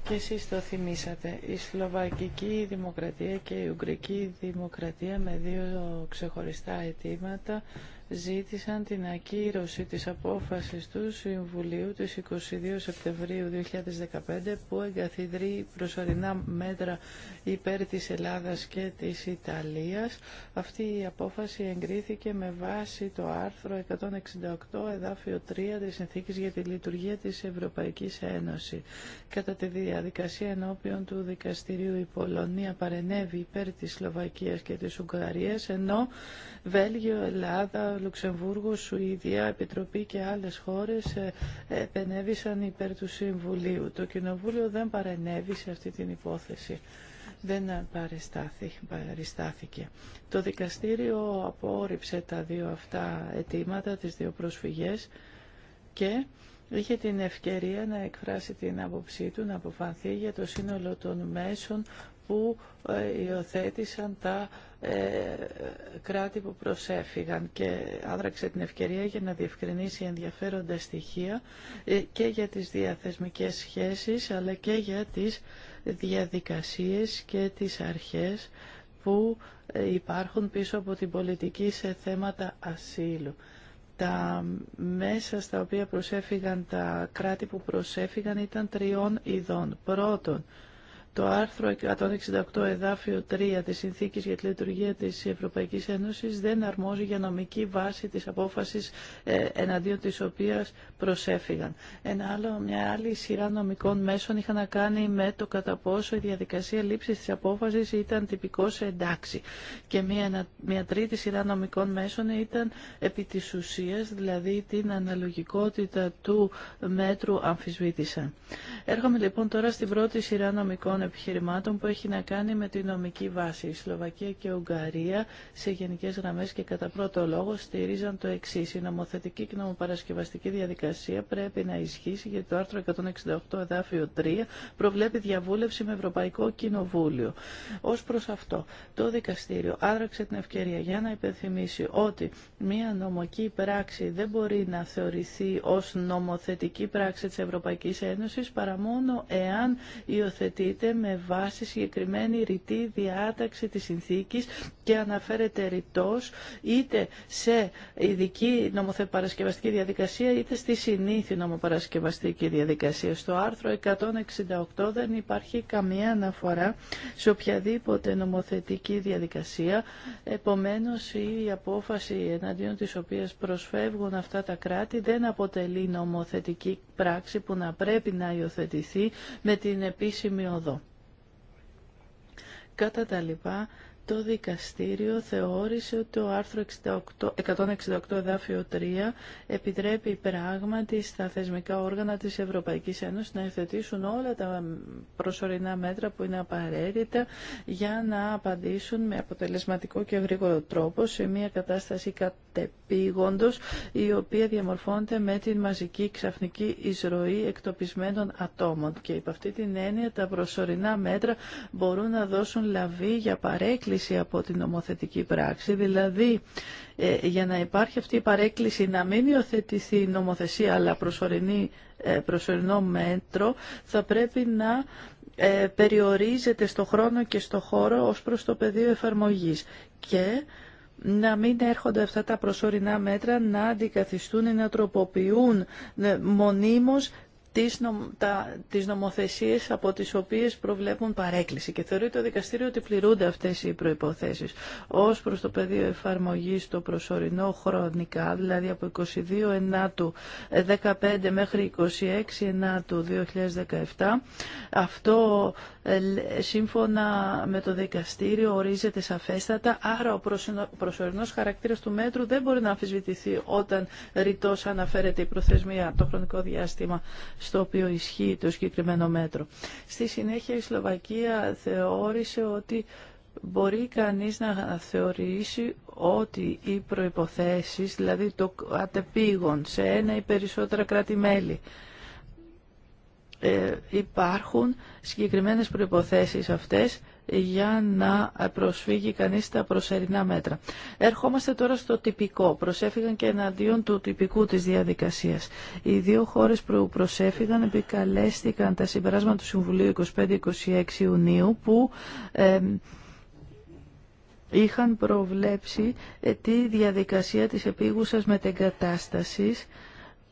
Και εσείς το θυμήσατε. Η Σλοβακική Δημοκρατία και η Ουγγρική Δημοκρατία με δύο ξεχωριστά αιτήματα ζήτησαν την ακύρωση της απόφασης του Συμβουλίου της 22 Σεπτεμβρίου 2015 που εγκαθιδρεί προσωρινά μέτρα υπέρ της Ελλάδας και της Ιταλίας. Αυτή η απόφαση εγκρίθηκε με βάση το άρθρο 168 εδάφιο 3 της Συνθήκης για τη Λειτουργία της Ευρωπαϊκής Ένωσης. Κατά τη διαδικασία ενώπιον του δικαστηρίου η Πολωνία παρενέβη υπέρ της Σλοβακίας και της Ουγγαρίας ενώ Βέλγιο, Ελλάδα, Λουξεμβούργο, Σουηδία, Επιτροπή και άλλες χώρες ε, επενέβησαν υπέρ του Συμβουλίου. Το Κοινοβούλιο δεν παρενέβη σε αυτή την υπόθεση. Δεν παριστάθηκε. Το δικαστήριο απόρριψε τα δύο αυτά αιτήματα, τις δύο προσφυγές και είχε την ευκαιρία να εκφράσει την άποψή του, να αποφανθεί για το σύνολο των μέσων που ε, υιοθέτησαν τα ε, κράτη που προσέφυγαν και άδραξε την ευκαιρία για να διευκρινίσει ενδιαφέροντα στοιχεία ε, και για τις διαθεσμικές σχέσεις αλλά και για τις διαδικασίες και τις αρχές που ε, υπάρχουν πίσω από την πολιτική σε θέματα ασύλου. Τα μέσα στα οποία προσέφηγαν τα κράτη που προσέφυγαν ήταν τριών ειδών. Πρώτον, το άρθρο 168 εδάφιο 3 της Συνθήκης για τη Λειτουργία της Ευρωπαϊκής Ένωσης δεν αρμόζει για νομική βάση της απόφασης ε, εναντίον της οποίας προσέφηγαν. Ένα άλλο, μια άλλη σειρά νομικών μέσων είχαν να κάνει με το κατά πόσο η διαδικασία λήψης της απόφασης ήταν σε εντάξει. Και μια, μια τρίτη σειρά νομικών μέσων ήταν επί της ουσίας, δηλαδή την αναλογικότητα του μέτρου αμφισβήτησαν. Έρχομαι λοιπόν τώρα στην πρώτη σειρά νομικών επιχειρημάτων που έχει να κάνει με τη νομική βάση. Η Σλοβακία και η Ουγγαρία σε γενικές γραμμές και κατά πρώτο λόγο στηρίζαν το εξή. Η νομοθετική και νομοπαρασκευαστική διαδικασία πρέπει να ισχύσει γιατί το άρθρο 168 εδάφιο 3 προβλέπει διαβούλευση με Ευρωπαϊκό Κοινοβούλιο. Ως προς αυτό, το δικαστήριο άδραξε την ευκαιρία για να υπενθυμίσει ότι μία νομική πράξη δεν μπορεί να θεωρηθεί ω νομοθετική πράξη της Ευρωπαϊκής Ένωσης παρά μόνο εάν υιοθετείται με βάση συγκεκριμένη ρητή διάταξη της συνθήκης και αναφέρεται ρητός είτε σε ειδική νομοθεπαρασκευαστική διαδικασία είτε στη συνήθη νομοπαρασκευαστική διαδικασία. Στο άρθρο 168 δεν υπάρχει καμία αναφορά σε οποιαδήποτε νομοθετική διαδικασία. Επομένως η απόφαση εναντίον της οποίας προσφεύγουν αυτά τα κράτη δεν αποτελεί νομοθετική πράξη που να πρέπει να υιοθετηθεί με την επίσημη οδό κατά τα λοιπά το δικαστήριο θεώρησε ότι το άρθρο 168 εδάφιο 3 επιτρέπει πράγματι στα θεσμικά όργανα της Ευρωπαϊκής Ένωσης να εθετήσουν όλα τα προσωρινά μέτρα που είναι απαραίτητα για να απαντήσουν με αποτελεσματικό και γρήγορο τρόπο σε μια κατάσταση κατεπήγοντος η οποία διαμορφώνεται με την μαζική ξαφνική εισρωή εκτοπισμένων ατόμων και υπ' αυτή την έννοια τα προσωρινά μέτρα μπορούν να δώσουν λαβή για παρέκκληση παρέκκληση από την νομοθετική πράξη. Δηλαδή, ε, για να υπάρχει αυτή η παρέκκληση να μην υιοθετηθεί η νομοθεσία αλλά προσωρινή, ε, προσωρινό μέτρο, θα πρέπει να ε, περιορίζεται στο χρόνο και στο χώρο ως προς το πεδίο εφαρμογής. Και να μην έρχονται αυτά τα προσωρινά μέτρα να αντικαθιστούν ή να τροποποιούν μονίμως τις, νομ, τα, τις νομοθεσίες από τις οποίες προβλέπουν παρέκκληση και θεωρεί το δικαστήριο ότι πληρούνται αυτές οι προϋποθέσεις ως προς το πεδίο εφαρμογής το προσωρινό χρονικά, δηλαδή από 22 Ενάτου 15 μέχρι 26 Ενάτου 2017. Αυτό ε, σύμφωνα με το δικαστήριο ορίζεται σαφέστατα, άρα ο προσωρινός χαρακτήρας του μέτρου δεν μπορεί να αμφισβητηθεί όταν ρητός αναφέρεται η προθεσμία, το χρονικό διάστημα στο οποίο ισχύει το συγκεκριμένο μέτρο. Στη συνέχεια η Σλοβακία θεώρησε ότι μπορεί κανείς να θεωρήσει ότι οι προϋποθέσεις, δηλαδή το κατεπήγον σε ένα ή περισσότερα κράτη-μέλη, ε, υπάρχουν συγκεκριμένες προϋποθέσεις αυτές για να προσφύγει κανείς τα προσερινά μέτρα. Ερχόμαστε τώρα στο τυπικό. Προσέφηγαν και εναντίον του τυπικού της διαδικασίας. Οι δύο χώρες που προσέφυγαν επικαλέστηκαν τα συμπεράσματα του Συμβουλίου 25-26 Ιουνίου που είχαν προβλέψει ε, τη διαδικασία της επίγουσας μετεγκατάστασης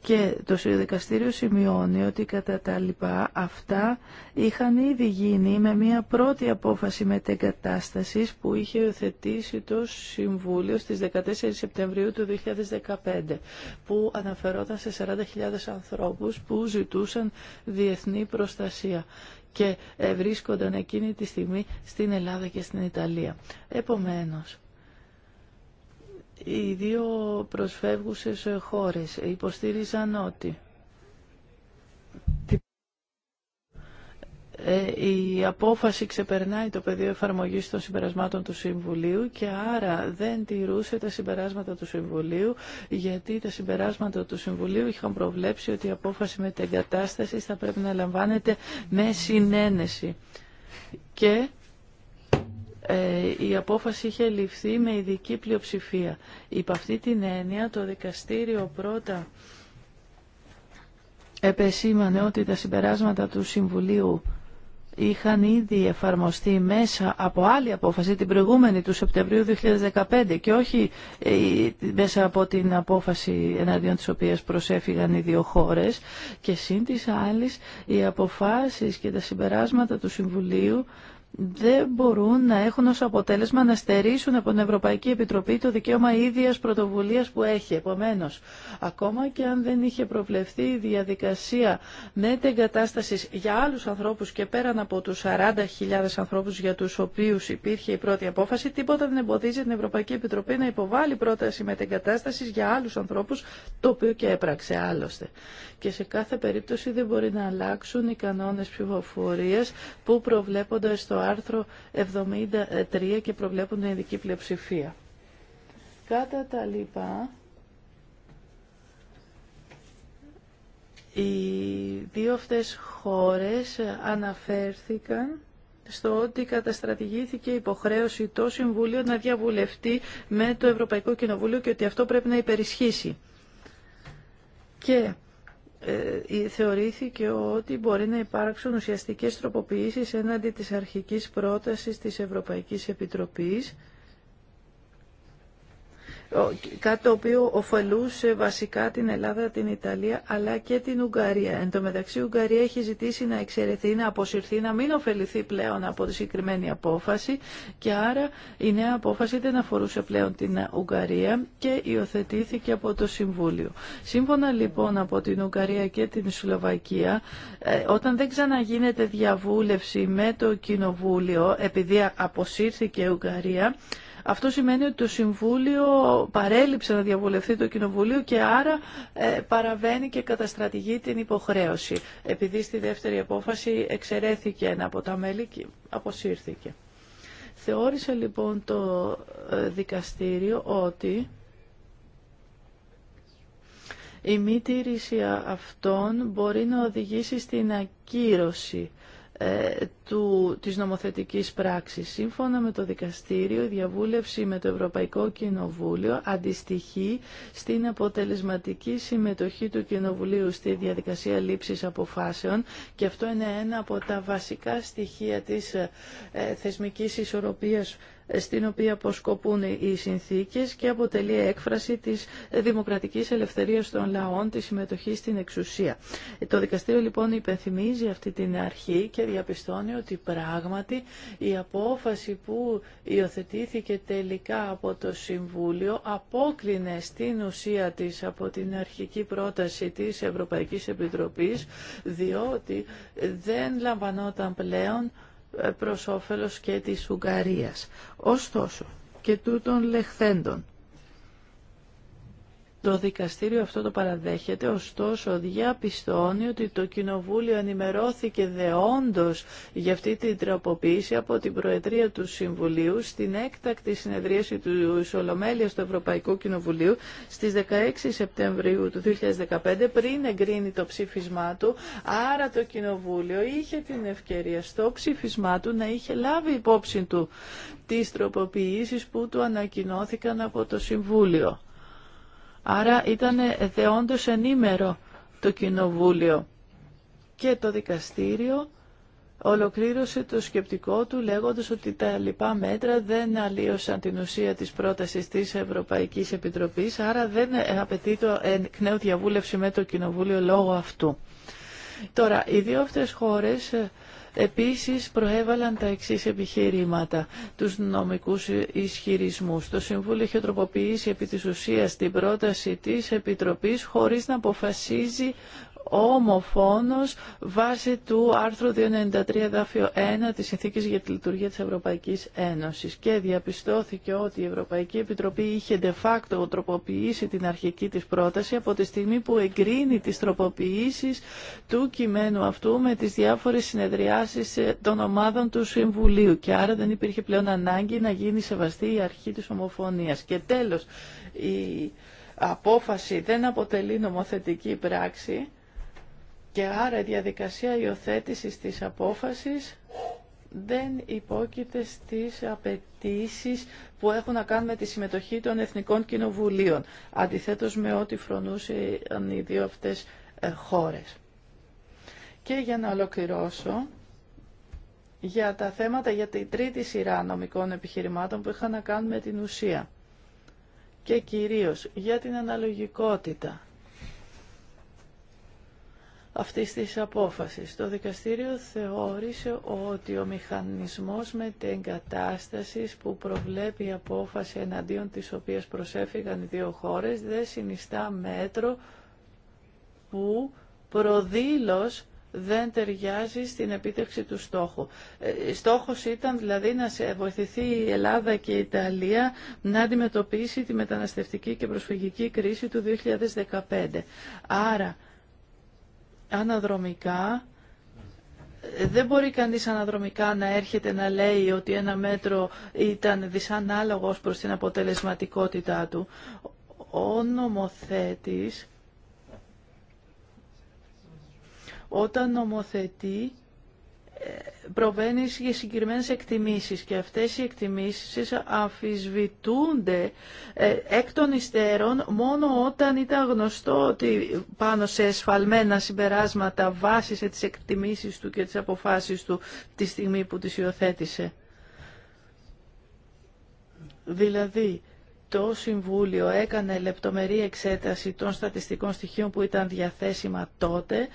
και το Συνδικαστήριο σημειώνει ότι κατά τα λοιπά αυτά είχαν ήδη γίνει με μια πρώτη απόφαση μετεγκατάστασης που είχε υιοθετήσει το Συμβούλιο στις 14 Σεπτεμβρίου του 2015 που αναφερόταν σε 40.000 ανθρώπους που ζητούσαν διεθνή προστασία και ε, βρίσκονταν εκείνη τη στιγμή στην Ελλάδα και στην Ιταλία. Επομένως, οι δύο προσφεύγουσες χώρες υποστήριζαν ότι ε, η απόφαση ξεπερνάει το πεδίο εφαρμογής των συμπερασμάτων του Συμβουλίου και άρα δεν τηρούσε τα συμπεράσματα του Συμβουλίου γιατί τα συμπεράσματα του Συμβουλίου είχαν προβλέψει ότι η απόφαση εγκατάσταση θα πρέπει να λαμβάνεται με συνένεση. Και ε, η απόφαση είχε ληφθεί με ειδική πλειοψηφία. Υπ' αυτή την έννοια το δικαστήριο πρώτα επεσήμανε ότι τα συμπεράσματα του Συμβουλίου είχαν ήδη εφαρμοστεί μέσα από άλλη απόφαση την προηγούμενη του Σεπτεμβρίου 2015 και όχι ε, μέσα από την απόφαση εναντίον της οποίας προσέφυγαν οι δύο χώρες και σύν της άλλης οι αποφάσεις και τα συμπεράσματα του Συμβουλίου δεν μπορούν να έχουν ως αποτέλεσμα να στερήσουν από την Ευρωπαϊκή Επιτροπή το δικαίωμα ίδιας πρωτοβουλίας που έχει. Επομένως, ακόμα και αν δεν είχε προβλεφθεί η διαδικασία μετεγκατάστασης για άλλους ανθρώπους και πέραν από τους 40.000 ανθρώπους για τους οποίους υπήρχε η πρώτη απόφαση, τίποτα δεν εμποδίζει την Ευρωπαϊκή Επιτροπή να υποβάλει πρόταση με την κατάσταση για άλλους ανθρώπους, το οποίο και έπραξε άλλωστε. Και σε κάθε περίπτωση δεν μπορεί να αλλάξουν οι κανόνες ψηφοφορίας που προβλέπονται στο άρθρο 73 και προβλέπουν την ειδική πλειοψηφία. Κατά τα λοιπά, οι δύο αυτές χώρες αναφέρθηκαν στο ότι καταστρατηγήθηκε η υποχρέωση το Συμβούλιο να διαβουλευτεί με το Ευρωπαϊκό Κοινοβούλιο και ότι αυτό πρέπει να υπερισχύσει. Και ε, θεωρήθηκε ότι μπορεί να υπάρξουν ουσιαστικές τροποποιήσεις έναντι της αρχικής πρότασης της Ευρωπαϊκής Επιτροπής κάτι το οποίο ωφελούσε βασικά την Ελλάδα, την Ιταλία αλλά και την Ουγγαρία. Εν τω μεταξύ η Ουγγαρία έχει ζητήσει να εξαιρεθεί, να αποσυρθεί, να μην ωφεληθεί πλέον από τη συγκεκριμένη απόφαση και άρα η νέα απόφαση δεν αφορούσε πλέον την Ουγγαρία και υιοθετήθηκε από το Συμβούλιο. Σύμφωνα λοιπόν από την Ουγγαρία και την Σλοβακία, ε, όταν δεν ξαναγίνεται διαβούλευση με το Κοινοβούλιο, επειδή αποσύρθηκε η Ουγγαρία, αυτό σημαίνει ότι το Συμβούλιο παρέλειψε να διαβουλευτεί το Κοινοβούλιο και άρα ε, παραβαίνει και καταστρατηγεί την υποχρέωση. Επειδή στη δεύτερη απόφαση εξαιρέθηκε ένα από τα μέλη και αποσύρθηκε. Θεώρησε λοιπόν το ε, δικαστήριο ότι η μη τήρηση αυτών μπορεί να οδηγήσει στην ακύρωση ε, του, της νομοθετικής πράξης. Σύμφωνα με το Δικαστήριο, η διαβούλευση με το Ευρωπαϊκό Κοινοβούλιο αντιστοιχεί στην αποτελεσματική συμμετοχή του Κοινοβουλίου στη διαδικασία λήψης αποφάσεων και αυτό είναι ένα από τα βασικά στοιχεία της ε, θεσμικής ισορροπίας στην οποία αποσκοπούν οι συνθήκες και αποτελεί έκφραση της δημοκρατικής ελευθερίας των λαών, τη συμμετοχή στην εξουσία. Το δικαστήριο λοιπόν υπενθυμίζει αυτή την αρχή και διαπιστώνει ότι πράγματι η απόφαση που υιοθετήθηκε τελικά από το Συμβούλιο απόκλινε στην ουσία της από την αρχική πρόταση της Ευρωπαϊκής Επιτροπής διότι δεν λαμβανόταν πλέον ε, προς όφελος και της Ουγγαρίας. Ωστόσο, και τούτων λεχθέντων, το δικαστήριο αυτό το παραδέχεται, ωστόσο διαπιστώνει ότι το Κοινοβούλιο ενημερώθηκε δεόντως για αυτή την τροποποίηση από την Προεδρία του Συμβουλίου στην έκτακτη συνεδρίαση του Ισολομέλειας του Ευρωπαϊκού Κοινοβουλίου στις 16 Σεπτεμβρίου του 2015 πριν εγκρίνει το ψήφισμά του. Άρα το Κοινοβούλιο είχε την ευκαιρία στο ψήφισμά του να είχε λάβει υπόψη του τις τροποποιήσεις που του ανακοινώθηκαν από το Συμβούλιο. Άρα ήταν δεόντως ενήμερο το Κοινοβούλιο και το δικαστήριο ολοκλήρωσε το σκεπτικό του λέγοντας ότι τα λοιπά μέτρα δεν αλλίωσαν την ουσία της πρότασης της Ευρωπαϊκής Επιτροπής, άρα δεν απαιτεί το εκ νέου διαβούλευση με το Κοινοβούλιο λόγω αυτού. Τώρα, οι δύο αυτές χώρες ε, Επίσης προέβαλαν τα εξής επιχειρήματα, τους νομικούς ισχυρισμούς. Το Συμβούλιο είχε τροποποιήσει επί της ουσίας την πρόταση της Επιτροπής χωρίς να αποφασίζει ομοφόνος βάσει του άρθρου 293 δάφιο 1 της Συνθήκης για τη Λειτουργία της Ευρωπαϊκής Ένωσης και διαπιστώθηκε ότι η Ευρωπαϊκή Επιτροπή είχε de facto τροποποιήσει την αρχική της πρόταση από τη στιγμή που εγκρίνει τις τροποποιήσεις του κειμένου αυτού με τις διάφορες συνεδριάσεις ε, των ομάδων του Συμβουλίου και άρα δεν υπήρχε πλέον ανάγκη να γίνει σεβαστή η αρχή της ομοφωνίας. Και τέλος, η απόφαση δεν αποτελεί νομοθετική πράξη και άρα η διαδικασία υιοθέτησης της απόφασης δεν υπόκειται στις απαιτήσει που έχουν να κάνουν με τη συμμετοχή των Εθνικών Κοινοβουλίων, αντιθέτως με ό,τι φρονούσαν οι δύο αυτές ε, χώρες. Και για να ολοκληρώσω, για τα θέματα για την τρίτη σειρά νομικών επιχειρημάτων που είχαν να κάνουν με την ουσία και κυρίως για την αναλογικότητα αυτής της απόφασης. Το δικαστήριο θεώρησε ότι ο μηχανισμός κατάσταση που προβλέπει η απόφαση εναντίον της οποίας προσέφηγαν οι δύο χώρες δεν συνιστά μέτρο που προδήλως δεν ταιριάζει στην επίτευξη του στόχου. Ε, στόχος ήταν δηλαδή να βοηθηθεί η Ελλάδα και η Ιταλία να αντιμετωπίσει τη μεταναστευτική και προσφυγική κρίση του 2015. Άρα αναδρομικά. Δεν μπορεί κανείς αναδρομικά να έρχεται να λέει ότι ένα μέτρο ήταν δυσανάλογο προς την αποτελεσματικότητά του. Ο νομοθέτης, όταν νομοθετεί, προβαίνει για συγκεκριμένες εκτιμήσεις και αυτές οι εκτιμήσεις αμφισβητούνται ε, εκ των υστέρων μόνο όταν ήταν γνωστό ότι πάνω σε εσφαλμένα συμπεράσματα βάσισε τις εκτιμήσεις του και τις αποφάσεις του τη στιγμή που τις υιοθέτησε. Δηλαδή, το Συμβούλιο έκανε λεπτομερή εξέταση των στατιστικών στοιχείων που ήταν διαθέσιμα τότε,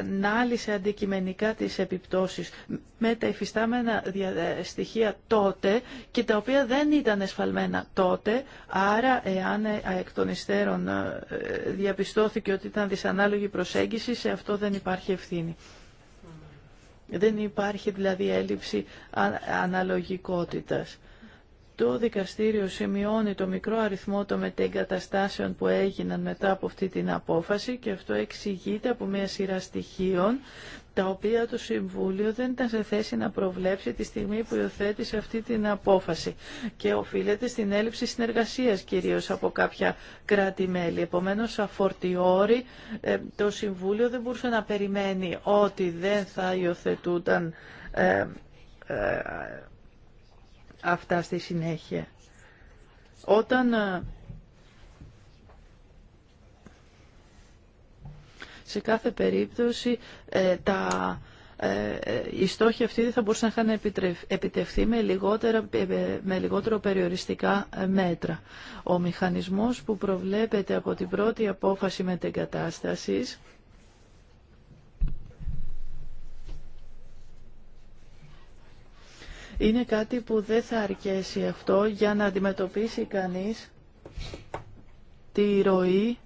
ανάλυσε αντικειμενικά τις επιπτώσεις με τα υφιστάμενα ε, στοιχεία τότε και τα οποία δεν ήταν εσφαλμένα τότε, άρα εάν ε, εκ των υστέρων ε, διαπιστώθηκε ότι ήταν δυσανάλογη προσέγγιση, σε αυτό δεν υπάρχει ευθύνη. Δεν υπάρχει δηλαδή έλλειψη αναλογικότητας το δικαστήριο σημειώνει το μικρό αριθμό των μετεγκαταστάσεων που έγιναν μετά από αυτή την απόφαση και αυτό εξηγείται από μια σειρά στοιχείων τα οποία το Συμβούλιο δεν ήταν σε θέση να προβλέψει τη στιγμή που υιοθέτησε αυτή την απόφαση και οφείλεται στην έλλειψη συνεργασίας κυρίως από κάποια κράτη-μέλη. Επομένως, αφορτιόρι, ε, το Συμβούλιο δεν μπορούσε να περιμένει ότι δεν θα υιοθετούνταν ε, ε, αυτά στη συνέχεια. Όταν ε, σε κάθε περίπτωση ε, τα ε, οι στόχοι αυτοί δεν θα μπορούσαν να είχαν επιτευχθεί με, λιγότερα, με λιγότερο περιοριστικά μέτρα. Ο μηχανισμός που προβλέπεται από την πρώτη απόφαση μετεγκατάστασης είναι κάτι που δεν θα αρκέσει αυτό για να αντιμετωπίσει κανείς τη ροή,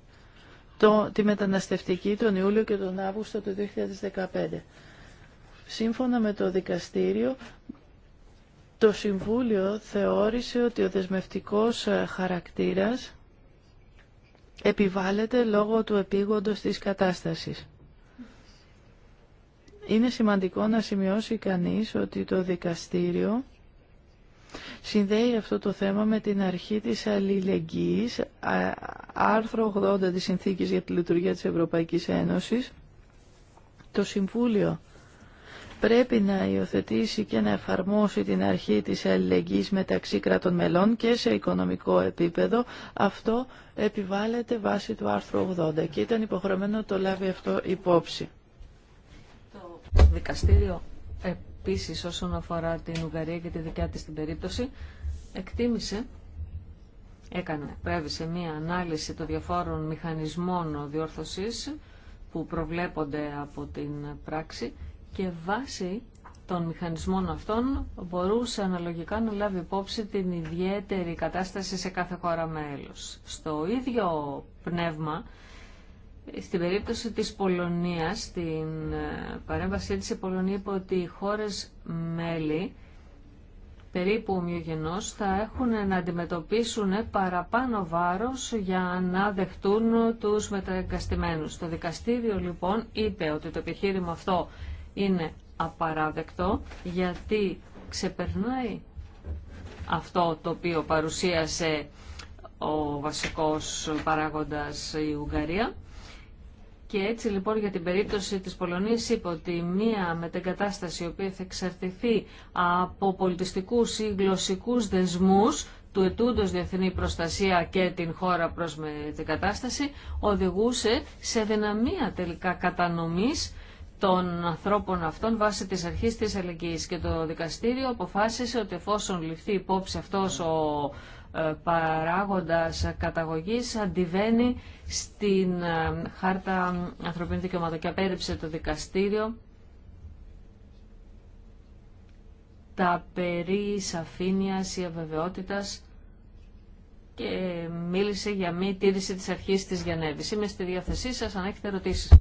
το, τη μεταναστευτική τον Ιούλιο και τον Αύγουστο του 2015. Σύμφωνα με το δικαστήριο, το Συμβούλιο θεώρησε ότι ο δεσμευτικός ε, χαρακτήρας επιβάλλεται λόγω του επίγοντος της κατάστασης. Είναι σημαντικό να σημειώσει κανείς ότι το δικαστήριο συνδέει αυτό το θέμα με την αρχή της αλληλεγγύης, άρθρο 80 της Συνθήκης για τη Λειτουργία της Ευρωπαϊκής Ένωσης, το Συμβούλιο πρέπει να υιοθετήσει και να εφαρμόσει την αρχή της αλληλεγγύης μεταξύ κρατών μελών και σε οικονομικό επίπεδο. Αυτό επιβάλλεται βάσει του άρθρου 80 και ήταν υποχρεωμένο να το λάβει αυτό υπόψη. Δικαστήριο επίσης όσον αφορά την Ουγγαρία και τη δικιά της την περίπτωση εκτίμησε έκανε, πρέβησε μία ανάλυση των διαφόρων μηχανισμών διόρθωσης που προβλέπονται από την πράξη και βάσει των μηχανισμών αυτών μπορούσε αναλογικά να λάβει υπόψη την ιδιαίτερη κατάσταση σε κάθε χώρα μέλος. Στο ίδιο πνεύμα στην περίπτωση της Πολωνίας, στην ε, παρέμβασή της η Πολωνία είπε ότι οι χώρες μέλη περίπου ομοιογενώς θα έχουν να αντιμετωπίσουν παραπάνω βάρος για να δεχτούν τους μεταγκαστημένους. Το δικαστήριο λοιπόν είπε ότι το επιχείρημα αυτό είναι απαράδεκτο γιατί ξεπερνάει αυτό το οποίο παρουσίασε ο βασικός παράγοντας η Ουγγαρία και έτσι λοιπόν για την περίπτωση της Πολωνίας είπε ότι μία μετεγκατάσταση η οποία θα εξαρτηθεί από πολιτιστικούς ή γλωσσικούς δεσμούς του ετούντος διεθνή προστασία και την χώρα προς μετεγκατάσταση οδηγούσε σε δυναμία τελικά κατανομής των ανθρώπων αυτών βάσει της αρχής της αλληλεγγύης και το δικαστήριο αποφάσισε ότι εφόσον ληφθεί υπόψη αυτός ο ε, παράγοντας καταγωγής αντιβαίνει στην ε, Χάρτα Ανθρωπίνων Δικαιωμάτων και απέρριψε το δικαστήριο τα περί σαφήνειας ή αβεβαιότητας και μίλησε για μη τήρηση της αρχής της Γενέβης. Είμαι στη διάθεσή σας αν έχετε ερωτήσεις.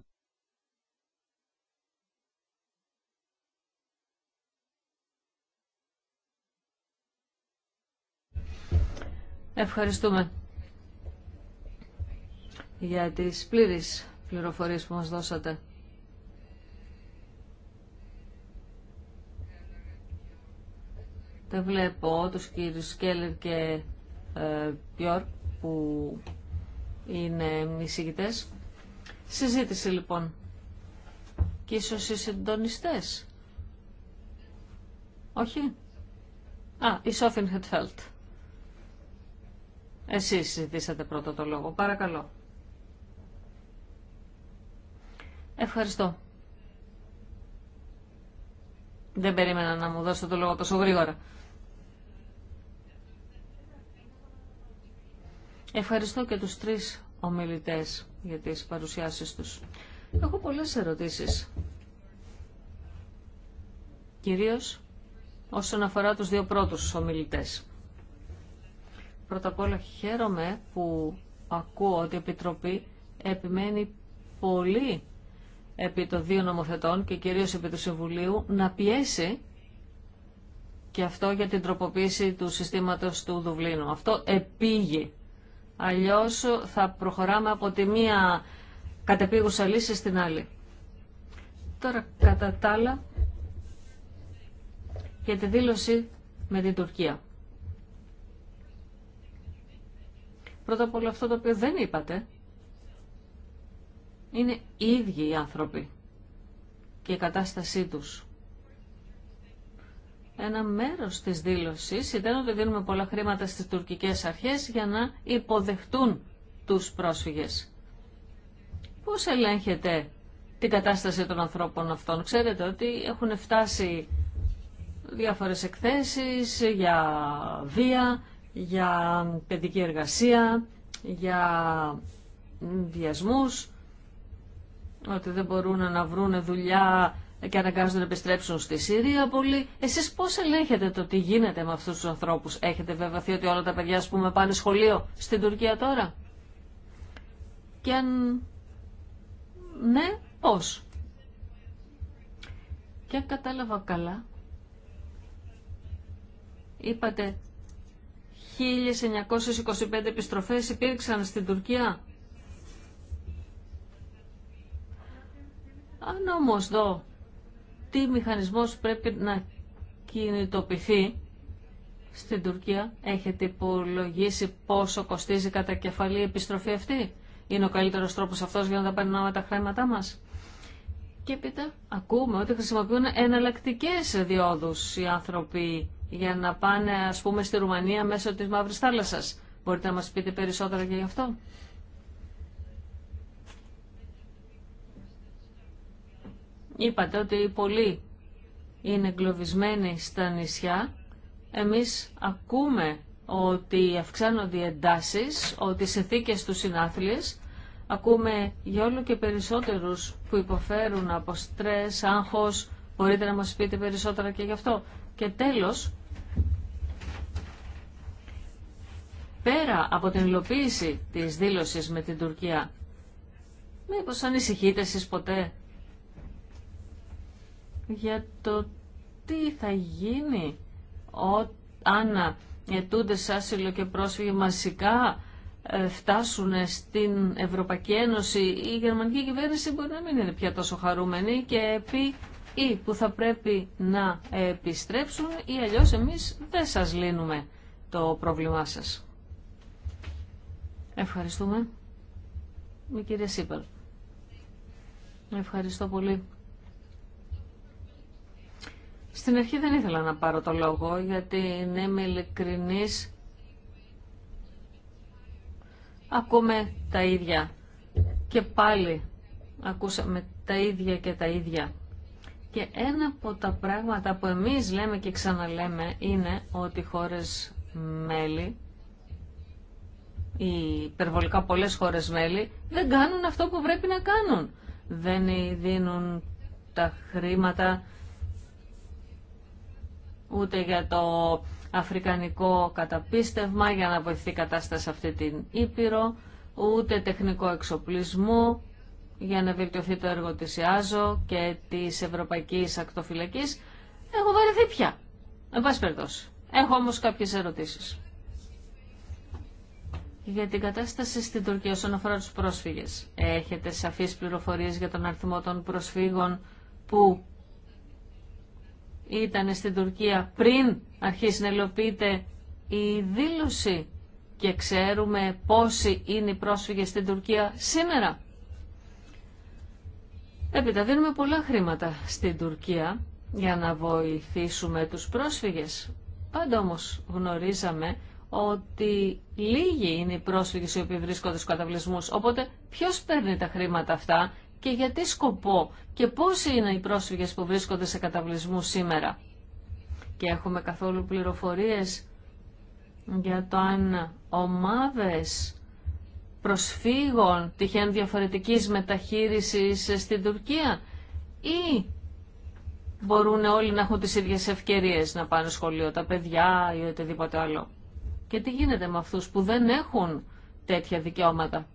Ευχαριστούμε για τις πλήρεις πληροφορίες που μας δώσατε. Δεν βλέπω τους κύριους Σκέλλερ και ε, Πιόρ που είναι εισηγητές. Συζήτηση λοιπόν. Και ίσως οι συντονιστές. Όχι. Α, η Σόφιν Χετφέλτ. Εσείς ζητήσατε πρώτο το λόγο. Παρακαλώ. Ευχαριστώ. Δεν περίμενα να μου δώσετε το λόγο τόσο γρήγορα. Ευχαριστώ και τους τρεις ομιλητές για τις παρουσιάσεις τους. Έχω πολλές ερωτήσεις. Κυρίως όσον αφορά τους δύο πρώτους ομιλητές. Πρώτα απ' όλα χαίρομαι που ακούω ότι η Επιτροπή επιμένει πολύ επί των δύο νομοθετών και κυρίως επί του Συμβουλίου να πιέσει και αυτό για την τροποποίηση του συστήματος του Δουβλίνου. Αυτό επίγει. Αλλιώς θα προχωράμε από τη μία κατεπίγουσα λύση στην άλλη. Τώρα κατά τα άλλα για τη δήλωση με την Τουρκία. Πρώτα απ' όλα αυτό το οποίο δεν είπατε είναι οι ίδιοι οι άνθρωποι και η κατάστασή τους. Ένα μέρος της δήλωσης ήταν ότι δίνουμε πολλά χρήματα στις τουρκικές αρχές για να υποδεχτούν τους πρόσφυγες. Πώς ελέγχεται την κατάσταση των ανθρώπων αυτών. Ξέρετε ότι έχουν φτάσει διάφορες εκθέσεις για βία, για παιδική εργασία, για διασμούς, ότι δεν μπορούν να βρουν δουλειά και αναγκάζονται να επιστρέψουν στη Συρία πολύ. Εσείς πώς ελέγχετε το τι γίνεται με αυτούς τους ανθρώπους. Έχετε βεβαθεί ότι όλα τα παιδιά, ας πούμε, πάνε σχολείο στην Τουρκία τώρα. Και αν... Ναι, πώς. Και αν κατάλαβα καλά, είπατε 1925 επιστροφές υπήρξαν στην Τουρκία. Αν όμως δω τι μηχανισμός πρέπει να κινητοποιηθεί στην Τουρκία, έχετε υπολογίσει πόσο κοστίζει κατά κεφαλή η επιστροφή αυτή. Είναι ο καλύτερος τρόπος αυτός για να τα περνάμε τα χρήματά μας. Και έπειτα ακούμε ότι χρησιμοποιούν εναλλακτικέ διόδους οι άνθρωποι για να πάνε ας πούμε στη Ρουμανία μέσω της Μαύρης Θάλασσας. Μπορείτε να μας πείτε περισσότερα και γι' αυτό. Είπατε ότι πολλοί είναι εγκλωβισμένοι στα νησιά. Εμείς ακούμε ότι αυξάνονται οι εντάσεις, ότι οι συνθήκες του συνάθλιες ακούμε για όλο και περισσότερους που υποφέρουν από στρες, άγχος. Μπορείτε να μας πείτε περισσότερα και γι' αυτό. Και τέλος, πέρα από την υλοποίηση της δήλωσης με την Τουρκία. Μήπως ανησυχείτε εσείς ποτέ για το τι θα γίνει αν ετούντε άσυλο και πρόσφυγε μαζικά ε, φτάσουν στην Ευρωπαϊκή Ένωση, η γερμανική κυβέρνηση μπορεί να μην είναι πια τόσο χαρούμενη και επί ή που θα πρέπει να επιστρέψουν ή αλλιώς εμείς δεν σας λύνουμε το πρόβλημά σας. Ευχαριστούμε. Με κύριε Σίπελ. Ευχαριστώ πολύ. Στην αρχή δεν ήθελα να πάρω το λόγο γιατί ναι με ειλικρινής ακούμε τα ίδια και πάλι ακούσαμε τα ίδια και τα ίδια. Και ένα από τα πράγματα που εμείς λέμε και ξαναλέμε είναι ότι χώρες μέλη οι υπερβολικά πολλές χώρες μέλη δεν κάνουν αυτό που πρέπει να κάνουν. Δεν δίνουν τα χρήματα ούτε για το αφρικανικό καταπίστευμα για να βοηθεί η κατάσταση αυτή την Ήπειρο, ούτε τεχνικό εξοπλισμό για να βελτιωθεί το έργο της ΙΑΖΟ και της Ευρωπαϊκής Ακτοφυλακής. Έχω βαρεθεί πια. Εν πάση Έχω όμως κάποιες ερωτήσεις για την κατάσταση στην Τουρκία όσον αφορά τους πρόσφυγες. Έχετε σαφείς πληροφορίες για τον αριθμό των προσφύγων που ήταν στην Τουρκία πριν αρχίσει να υλοποιείται η δήλωση και ξέρουμε πόσοι είναι οι πρόσφυγες στην Τουρκία σήμερα. Έπειτα δίνουμε πολλά χρήματα στην Τουρκία για να βοηθήσουμε τους πρόσφυγες. Πάντα όμως γνωρίζαμε ότι λίγοι είναι οι πρόσφυγες οι οποίοι βρίσκονται στους καταβλισμούς. Οπότε ποιος παίρνει τα χρήματα αυτά και για τι σκοπό και πόσοι είναι οι πρόσφυγες που βρίσκονται σε καταβλισμούς σήμερα. Και έχουμε καθόλου πληροφορίες για το αν ομάδες προσφύγων τυχαίνουν διαφορετικής μεταχείρισης στην Τουρκία ή μπορούν όλοι να έχουν τις ίδιες ευκαιρίες να πάνε σχολείο, τα παιδιά ή οτιδήποτε άλλο. Και τι γίνεται με αυτούς που δεν έχουν τέτοια δικαιώματα.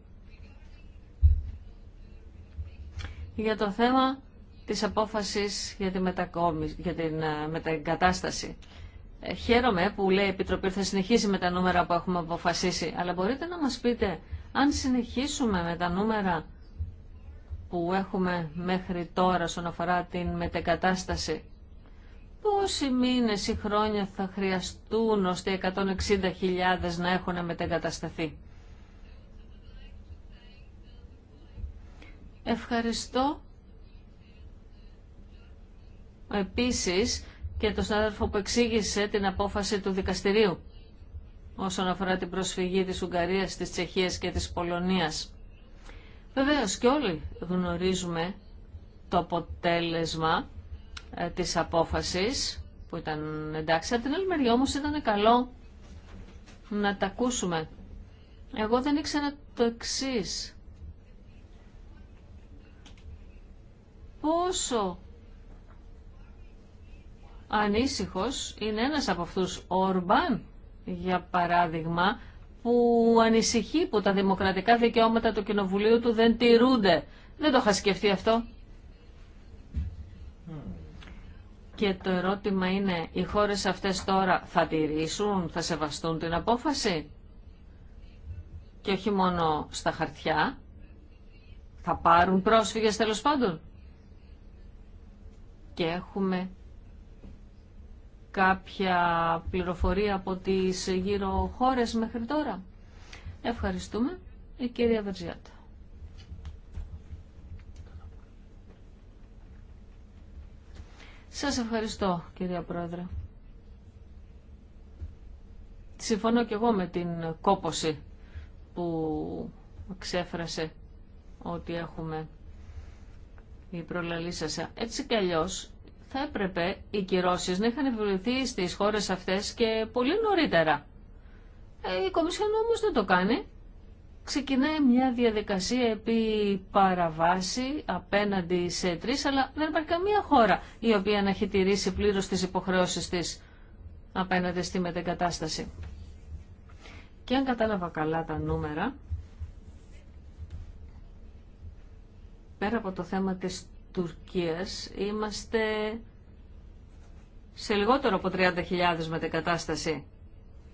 Για το θέμα της απόφασης για, τη μετακόμη, για την ε, μεταγκατάσταση. Ε, χαίρομαι που λέει η Επιτροπή θα συνεχίσει με τα νούμερα που έχουμε αποφασίσει, αλλά μπορείτε να μας πείτε αν συνεχίσουμε με τα νούμερα που έχουμε μέχρι τώρα στον αφορά την μετεγκατάσταση πόσοι μήνες ή χρόνια θα χρειαστούν ώστε 160.000 να έχουν μετεγκατασταθεί. Ευχαριστώ επίσης και τον συνάδελφο που εξήγησε την απόφαση του δικαστηρίου όσον αφορά την προσφυγή της Ουγγαρίας, της Τσεχίας και της Πολωνίας. Βεβαίως και όλοι γνωρίζουμε το αποτέλεσμα ε, της απόφασης που ήταν εντάξει. Από την άλλη μεριά όμως ήταν καλό να τα ακούσουμε. Εγώ δεν ήξερα το εξή. Πόσο ανήσυχος είναι ένας από αυτούς, ο Ορμπάν, για παράδειγμα, που ανησυχεί που τα δημοκρατικά δικαιώματα του Κοινοβουλίου του δεν τηρούνται. Δεν το είχα σκεφτεί αυτό. Και το ερώτημα είναι, οι χώρες αυτές τώρα θα τηρήσουν, θα σεβαστούν την απόφαση και όχι μόνο στα χαρτιά, θα πάρουν πρόσφυγες τέλος πάντων. Και έχουμε κάποια πληροφορία από τις γύρω χώρες μέχρι τώρα. Ευχαριστούμε. Η κυρία Βερζιάτα. Σας ευχαριστώ, κυρία Πρόεδρε. Συμφωνώ και εγώ με την κόποση που ξέφρασε ότι έχουμε η σας. Έτσι κι αλλιώς θα έπρεπε οι κυρώσεις να είχαν επιβληθεί στις χώρες αυτές και πολύ νωρίτερα. Ε, η Κομισιόν όμως δεν το κάνει ξεκινάει μια διαδικασία επί παραβάση απέναντι σε τρεις, αλλά δεν υπάρχει καμία χώρα η οποία να έχει τηρήσει πλήρως τις υποχρεώσεις της απέναντι στη μετεγκατάσταση. Και αν κατάλαβα καλά τα νούμερα, πέρα από το θέμα της Τουρκίας, είμαστε σε λιγότερο από 30.000 μετεγκατάσταση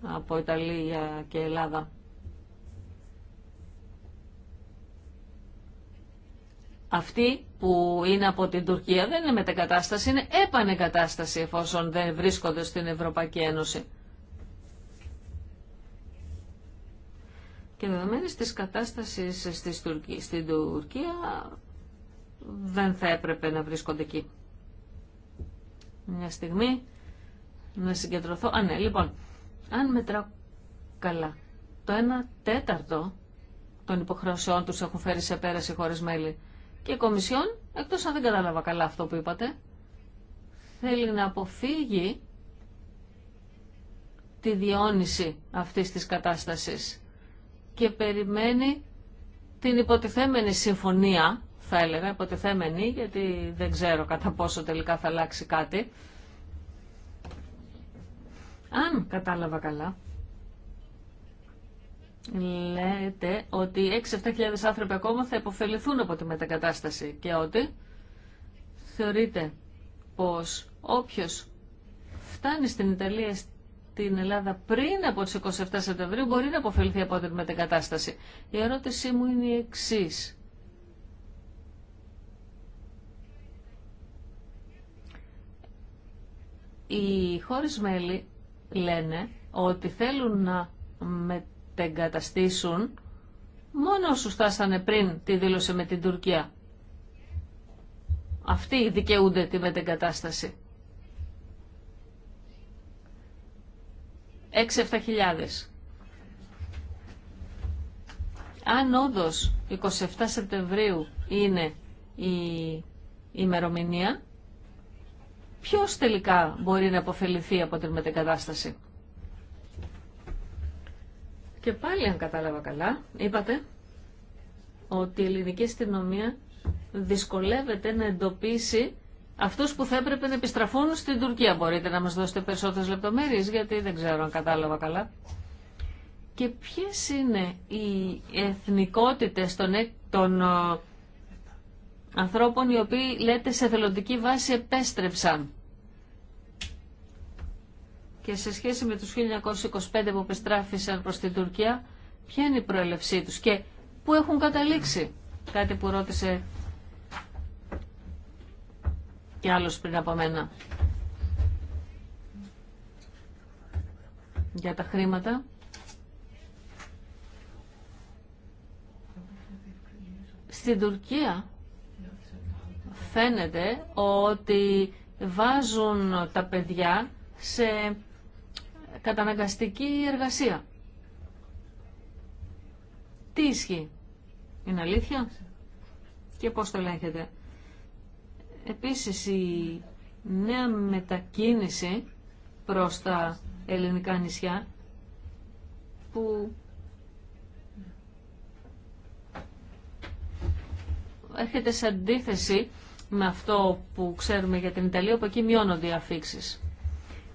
από Ιταλία και Ελλάδα. Αυτή που είναι από την Τουρκία δεν είναι μετακατάσταση, είναι επανεκατάσταση εφόσον δεν βρίσκονται στην Ευρωπαϊκή Ένωση. Και δεδομένη τη κατάσταση Τουρκία, στην Τουρκία δεν θα έπρεπε να βρίσκονται εκεί. Μια στιγμή να συγκεντρωθώ. Α, ναι, λοιπόν, αν μετράω καλά, το 1 τέταρτο των υποχρεώσεών του έχουν φέρει σε πέραση χωρί μέλη. Και η Κομισιόν, εκτός αν δεν κατάλαβα καλά αυτό που είπατε, θέλει να αποφύγει τη διόνυση αυτής της κατάστασης και περιμένει την υποτιθέμενη συμφωνία, θα έλεγα, υποτιθέμενη, γιατί δεν ξέρω κατά πόσο τελικά θα αλλάξει κάτι. Αν κατάλαβα καλά, λέτε ότι 6-7 άνθρωποι ακόμα θα υποφεληθούν από τη μετακατάσταση και ότι θεωρείτε πως όποιος φτάνει στην Ιταλία στην Ελλάδα πριν από τις 27 Σεπτεμβρίου μπορεί να υποφεληθεί από την μετακατάσταση. Η ερώτησή μου είναι η εξής. Οι χώρες μέλη λένε ότι θέλουν να μετακατάσταση εγκαταστήσουν μόνο όσους φτάσανε πριν τη δήλωση με την Τουρκία. Αυτοί δικαιούνται τη μετεγκατάσταση. 6-7 χιλιάδες. Αν όντω 27 Σεπτεμβρίου είναι η ημερομηνία, ποιος τελικά μπορεί να αποφεληθεί από την μετεγκατάσταση. Και πάλι, αν κατάλαβα καλά, είπατε ότι η ελληνική αστυνομία δυσκολεύεται να εντοπίσει αυτούς που θα έπρεπε να επιστραφούν στην Τουρκία. Μπορείτε να μας δώσετε περισσότερες λεπτομέρειες, γιατί δεν ξέρω αν κατάλαβα καλά. Και ποιες είναι οι εθνικότητες των, ε, των ε, ανθρώπων οι οποίοι, λέτε, σε θελοντική βάση επέστρεψαν και σε σχέση με τους 1925 που επιστράφησαν προς την Τουρκία, ποια είναι η προέλευσή τους και πού έχουν καταλήξει. Κάτι που ρώτησε και άλλος πριν από μένα. Για τα χρήματα. Στην Τουρκία φαίνεται ότι βάζουν τα παιδιά σε καταναγκαστική εργασία. Τι ισχύει. Είναι αλήθεια. Και πώς το ελέγχεται. Επίσης η νέα μετακίνηση προς τα ελληνικά νησιά που έρχεται σε αντίθεση με αυτό που ξέρουμε για την Ιταλία, που εκεί μειώνονται οι αφήξεις.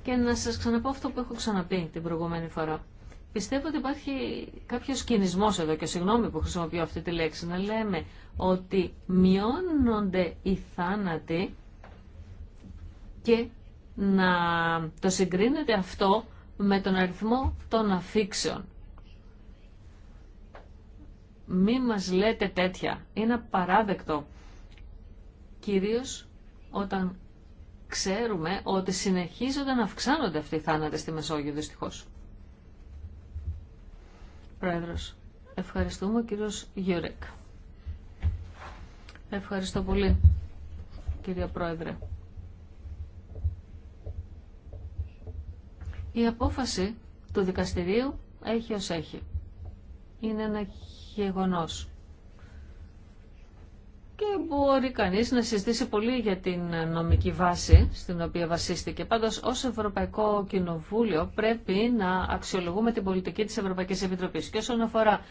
Και να σας ξαναπώ αυτό που έχω ξαναπεί την προηγούμενη φορά. Πιστεύω ότι υπάρχει κάποιος κινησμός εδώ και συγγνώμη που χρησιμοποιώ αυτή τη λέξη να λέμε ότι μειώνονται οι θάνατοι και να το συγκρίνεται αυτό με τον αριθμό των αφήξεων. Μη μας λέτε τέτοια. Είναι απαράδεκτο. Κυρίως όταν ξέρουμε ότι συνεχίζονται να αυξάνονται αυτοί οι θάνατοι στη Μεσόγειο δυστυχώς. Πρόεδρος, ευχαριστούμε ο κύριος Γιουρέκ. Ευχαριστώ πολύ, κύριε Πρόεδρε. Η απόφαση του δικαστηρίου έχει ως έχει. Είναι ένα γεγονός και μπορεί κανείς να συζητήσει πολύ για την νομική βάση στην οποία βασίστηκε. Πάντως, ως Ευρωπαϊκό Κοινοβούλιο πρέπει να αξιολογούμε την πολιτική της Ευρωπαϊκής Επιτροπής. Και όσον αφορά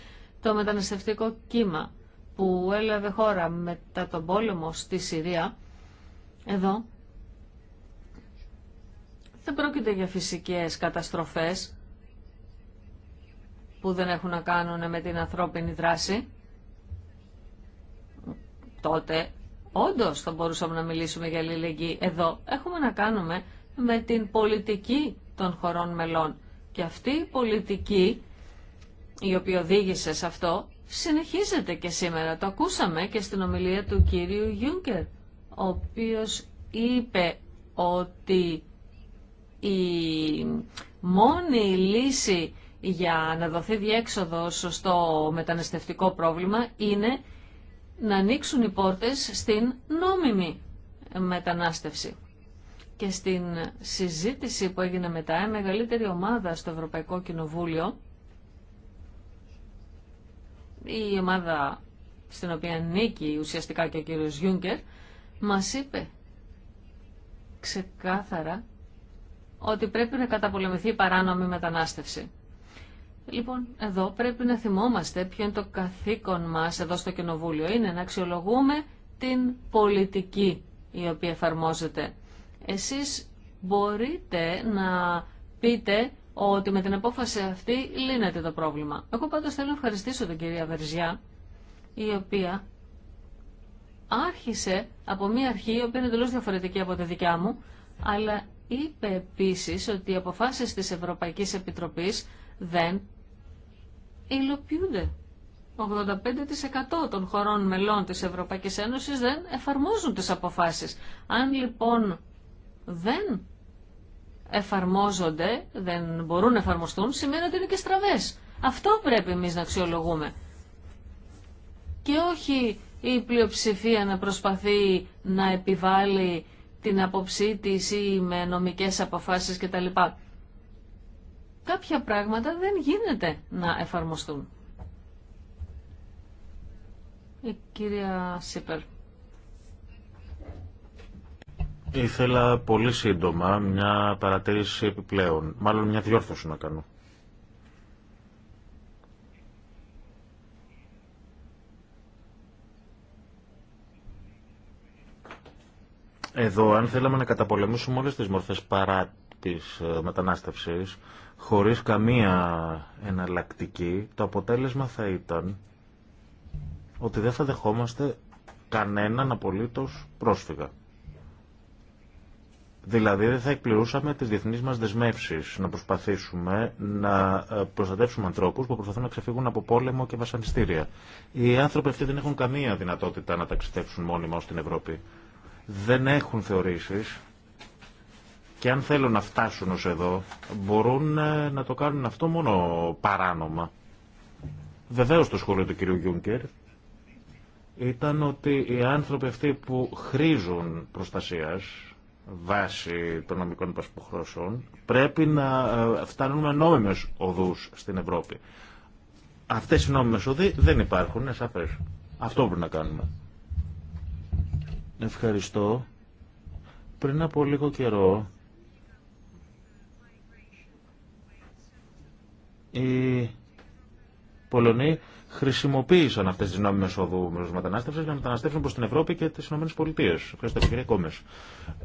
το μεταναστευτικό κύμα που έλαβε χώρα μετά τον πόλεμο στη Συρία, εδώ δεν πρόκειται για φυσικές καταστροφές που δεν έχουν να κάνουν με την ανθρώπινη δράση τότε όντω θα μπορούσαμε να μιλήσουμε για αλληλεγγύη. Εδώ έχουμε να κάνουμε με την πολιτική των χωρών μελών. Και αυτή η πολιτική η οποία οδήγησε σε αυτό συνεχίζεται και σήμερα. Το ακούσαμε και στην ομιλία του κύριου Γιούγκερ, ο οποίος είπε ότι η μόνη λύση για να δοθεί διέξοδος στο μεταναστευτικό πρόβλημα είναι να ανοίξουν οι πόρτες στην νόμιμη μετανάστευση. Και στην συζήτηση που έγινε μετά, η μεγαλύτερη ομάδα στο Ευρωπαϊκό Κοινοβούλιο, η ομάδα στην οποία νίκη ουσιαστικά και ο κύριος Γιούγκερ, μας είπε ξεκάθαρα ότι πρέπει να καταπολεμηθεί η παράνομη μετανάστευση. Λοιπόν, εδώ πρέπει να θυμόμαστε ποιο είναι το καθήκον μας εδώ στο Κοινοβούλιο. Είναι να αξιολογούμε την πολιτική η οποία εφαρμόζεται. Εσείς μπορείτε να πείτε ότι με την απόφαση αυτή λύνεται το πρόβλημα. Εγώ πάντως θέλω να ευχαριστήσω την κυρία Βερζιά, η οποία άρχισε από μια αρχή, η οποία είναι εντελώς διαφορετική από τη δικιά μου, αλλά είπε επίσης ότι οι αποφάσεις της Ευρωπαϊκής Επιτροπής δεν υλοποιούνται. 85% των χωρών μελών της Ευρωπαϊκής Ένωσης δεν εφαρμόζουν τις αποφάσεις. Αν λοιπόν δεν εφαρμόζονται, δεν μπορούν να εφαρμοστούν, σημαίνει ότι είναι και στραβές. Αυτό πρέπει εμείς να αξιολογούμε. Και όχι η πλειοψηφία να προσπαθεί να επιβάλλει την αποψή της ή με νομικές αποφάσεις κτλ κάποια πράγματα δεν γίνεται να εφαρμοστούν. Η ε, κυρία Σίπερ. Ήθελα πολύ σύντομα μια παρατήρηση επιπλέον, μάλλον μια διόρθωση να κάνω. Εδώ, αν θέλαμε να καταπολεμήσουμε όλες τις μορφές παρά της ε, μετανάστευσης, χωρίς καμία εναλλακτική, το αποτέλεσμα θα ήταν ότι δεν θα δεχόμαστε κανέναν απολύτως πρόσφυγα. Δηλαδή δεν θα εκπληρούσαμε τις διεθνείς μας δεσμεύσεις να προσπαθήσουμε να ε, προστατεύσουμε ανθρώπους που προσπαθούν να ξεφύγουν από πόλεμο και βασανιστήρια. Οι άνθρωποι αυτοί δεν έχουν καμία δυνατότητα να ταξιδέψουν μόνιμα ως την Ευρώπη. Δεν έχουν θεωρήσεις, και αν θέλουν να φτάσουν ως εδώ, μπορούν ε, να το κάνουν αυτό μόνο παράνομα. Βεβαίως το σχόλιο του κυρίου Γιούνκερ ήταν ότι οι άνθρωποι αυτοί που χρήζουν προστασίας βάσει των νομικών υποχρεώσεων πρέπει να ε, φτάνουν με νόμιμες οδούς στην Ευρώπη. Αυτές οι νόμιμες οδοί δεν υπάρχουν, είναι σαφές. Αυτό πρέπει να κάνουμε. Ευχαριστώ. Πριν από λίγο καιρό οι Πολωνοί χρησιμοποίησαν αυτές τις νόμιμες οδού μετανάστευση για να μεταναστεύσουν προς την Ευρώπη και τις ΗΠΑ. Ευχαριστώ κύριε Κόμε.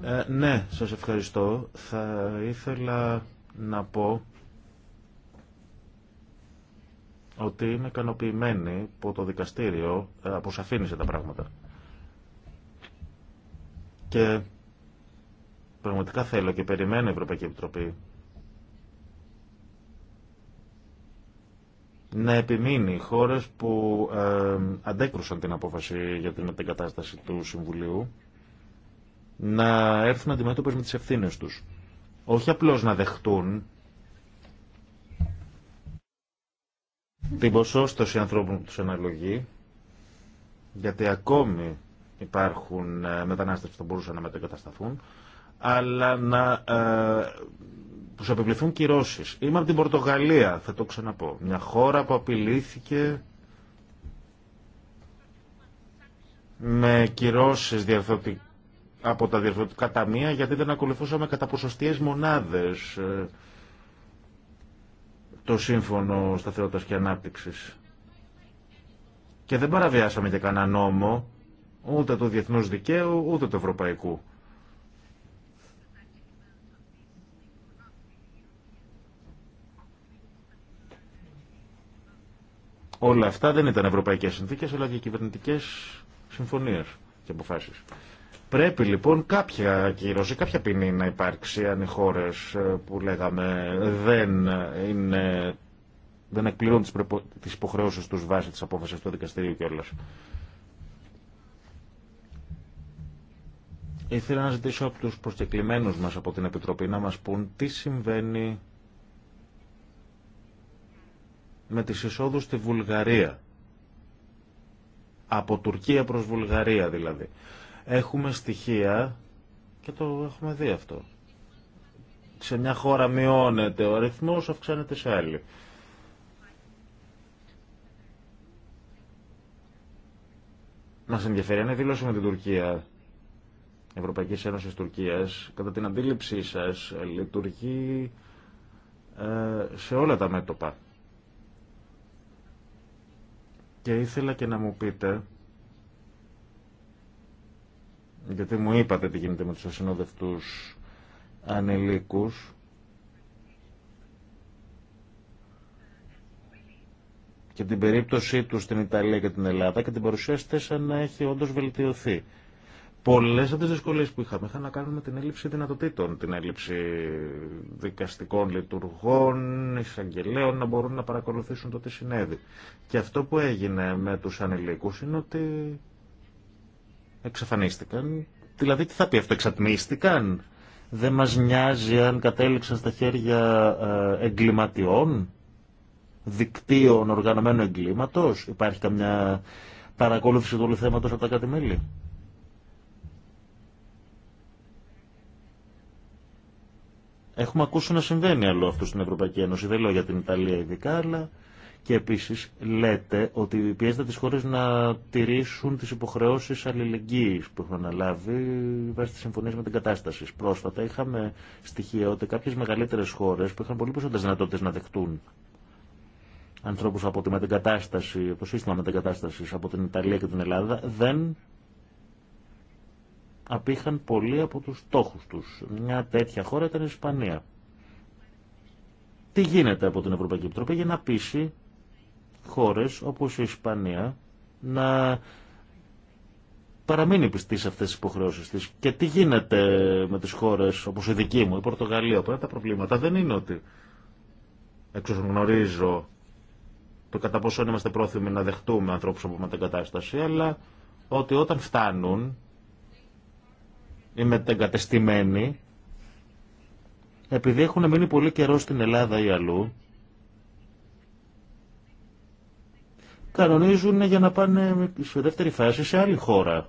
Ε, ναι, σας ευχαριστώ. Θα ήθελα να πω ότι είμαι ικανοποιημένη που το δικαστήριο ε, αποσαφήνισε τα πράγματα. Και πραγματικά θέλω και περιμένω η Ευρωπαϊκή Επιτροπή να επιμείνει οι χώρες που ε, αντέκρουσαν την απόφαση για την μετεγκατάσταση του Συμβουλίου να έρθουν αντιμέτωπες με τις ευθύνες τους. Όχι απλώς να δεχτούν την ποσόστοση ανθρώπων που τους αναλογεί, γιατί ακόμη υπάρχουν ε, μετανάστες που θα μπορούσαν να μετεγκατασταθούν, αλλά να ε, τους επιβληθούν κυρώσεις. Είμαι από την Πορτογαλία, θα το ξαναπώ. Μια χώρα που απειλήθηκε με κυρώσει από τα διευθυντικά ταμεία γιατί δεν ακολουθούσαμε κατά μονάδες ε, το σύμφωνο σταθερότητας και ανάπτυξης. Και δεν παραβιάσαμε για κανένα νόμο ούτε του διεθνούς δικαίου ούτε του ευρωπαϊκού. Όλα αυτά δεν ήταν ευρωπαϊκές συνθήκε αλλά και κυβερνητικές συμφωνίες και αποφάσεις. Πρέπει λοιπόν κάποια κύρωση, κάποια ποινή να υπάρξει αν οι χώρε ε, που λέγαμε δεν, είναι, δεν εκπληρώνουν τις, υποχρεώσεις τους βάσει τη απόφαση του δικαστηρίου κιόλα. Ήθελα να ζητήσω από τους προσκεκλημένους μας από την Επιτροπή να μας πούν τι συμβαίνει με τις εισόδους στη Βουλγαρία. Από Τουρκία προς Βουλγαρία δηλαδή. Έχουμε στοιχεία και το έχουμε δει αυτό. Σε μια χώρα μειώνεται ο αριθμός, αυξάνεται σε άλλη. Μα ενδιαφέρει αν δήλωση με την Τουρκία, Ευρωπαϊκή Ένωση Τουρκία, κατά την αντίληψή σα, λειτουργεί ε, σε όλα τα μέτωπα. Και ήθελα και να μου πείτε, γιατί μου είπατε τι γίνεται με τους ασυνόδευτούς ανηλίκους, και την περίπτωσή του στην Ιταλία και την Ελλάδα και την παρουσίασετε σαν να έχει όντως βελτιωθεί. Πολλέ από τι δυσκολίε που είχαμε είχαν να κάνουν με την έλλειψη δυνατοτήτων, την έλλειψη δικαστικών λειτουργών, εισαγγελέων να μπορούν να παρακολουθήσουν το τι συνέβη. Και αυτό που έγινε με του ανηλίκου είναι ότι εξαφανίστηκαν. Δηλαδή, τι θα πει αυτό, εξατμίστηκαν. Δεν μας νοιάζει αν κατέληξαν στα χέρια ε, εγκληματιών, δικτύων οργανωμένου εγκλήματο, Υπάρχει καμιά παρακολούθηση του όλου θέματο από τα κάτι μέλη. Έχουμε ακούσει να συμβαίνει άλλο αυτό στην Ευρωπαϊκή Ένωση. Δεν λέω για την Ιταλία ειδικά, αλλά και επίση λέτε ότι πιέζεται τι χώρε να τηρήσουν τι υποχρεώσει αλληλεγγύη που έχουν αναλάβει βάσει τη συμφωνία με την κατάσταση. Πρόσφατα είχαμε στοιχεία ότι κάποιε μεγαλύτερε χώρε που είχαν πολύ περισσότερε δυνατότητε να δεχτούν ανθρώπου από τη μετεγκατάσταση, το σύστημα μετεγκατάσταση από την Ιταλία και την Ελλάδα δεν απήχαν πολλοί από τους στόχους τους. Μια τέτοια χώρα ήταν η Ισπανία. Τι γίνεται από την Ευρωπαϊκή Επιτροπή για να πείσει χώρες όπως η Ισπανία να παραμείνει πιστή σε αυτές τις υποχρεώσεις της. Και τι γίνεται με τις χώρες όπως η δική μου, η Πορτογαλία, που τα προβλήματα δεν είναι ότι εξωσυγνωρίζω το κατά πόσο είμαστε πρόθυμοι να δεχτούμε ανθρώπους από κατάσταση, αλλά ότι όταν φτάνουν οι μετεγκατεστημένοι, επειδή έχουν μείνει πολύ καιρό στην Ελλάδα ή αλλού, κανονίζουν για να πάνε σε δεύτερη φάση σε άλλη χώρα.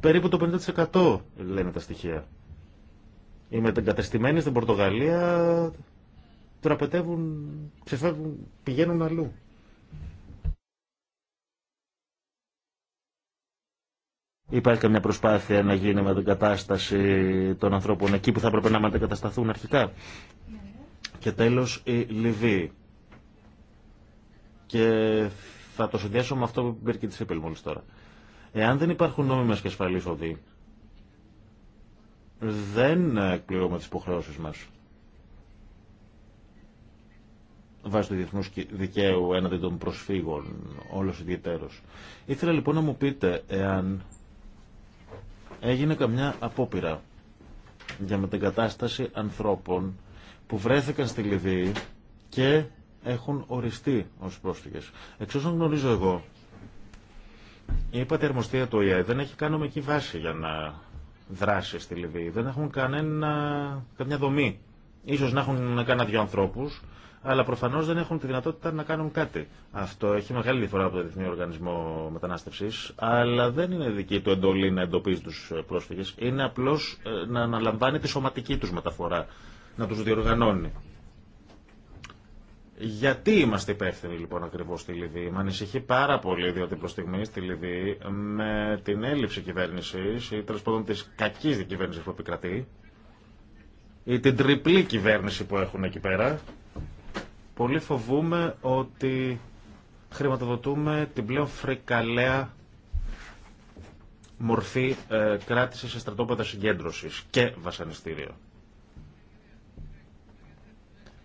Περίπου το 50% λένε τα στοιχεία. Οι μετεγκατεστημένοι στην Πορτογαλία τραπετεύουν, ξεφεύγουν, πηγαίνουν αλλού. Υπάρχει καμιά προσπάθεια να γίνει με την κατάσταση των ανθρώπων εκεί που θα έπρεπε να μετακατασταθούν αρχικά. Και τέλος η Λιβύη. Και θα το συνδυάσω με αυτό που είπε και τη Σίπελ μόλις τώρα. Εάν δεν υπάρχουν νόμιμες και ασφαλείς οδοί, δεν εκπληρώνουμε τις υποχρεώσεις μας. Βάσει του διεθνού δικαίου έναντι των προσφύγων, όλος ιδιαίτερος. Ήθελα λοιπόν να μου πείτε εάν έγινε καμιά απόπειρα για μετεγκατάσταση ανθρώπων που βρέθηκαν στη Λιβύη και έχουν οριστεί ως πρόσφυγες. Εξ όσων γνωρίζω εγώ, η υπατερμοστία του δεν έχει κάνει εκεί βάση για να δράσει στη Λιβύη. Δεν έχουν κανένα, καμιά δομή. Ίσως να έχουν κανένα δυο ανθρώπους, αλλά προφανώ δεν έχουν τη δυνατότητα να κάνουν κάτι. Αυτό έχει μεγάλη διαφορά από το Διεθνή Οργανισμό Μετανάστευση, αλλά δεν είναι δική του εντολή να εντοπίζει του ε, πρόσφυγε. Είναι απλώ ε, να αναλαμβάνει τη σωματική του μεταφορά, να του διοργανώνει. Γιατί είμαστε υπεύθυνοι λοιπόν ακριβώ στη Λιβύη. Με ανησυχεί πάρα πολύ διότι προ στιγμή στη Λιβύη με την έλλειψη κυβέρνηση ή τέλο πάντων τη κακή κυβέρνηση που επικρατεί ή την τριπλή κυβέρνηση που έχουν εκεί πέρα Πολύ φοβούμε ότι χρηματοδοτούμε την πλέον φρικαλέα μορφή ε, κράτηση σε στρατόπεδα συγκέντρωσης και βασανιστήριο.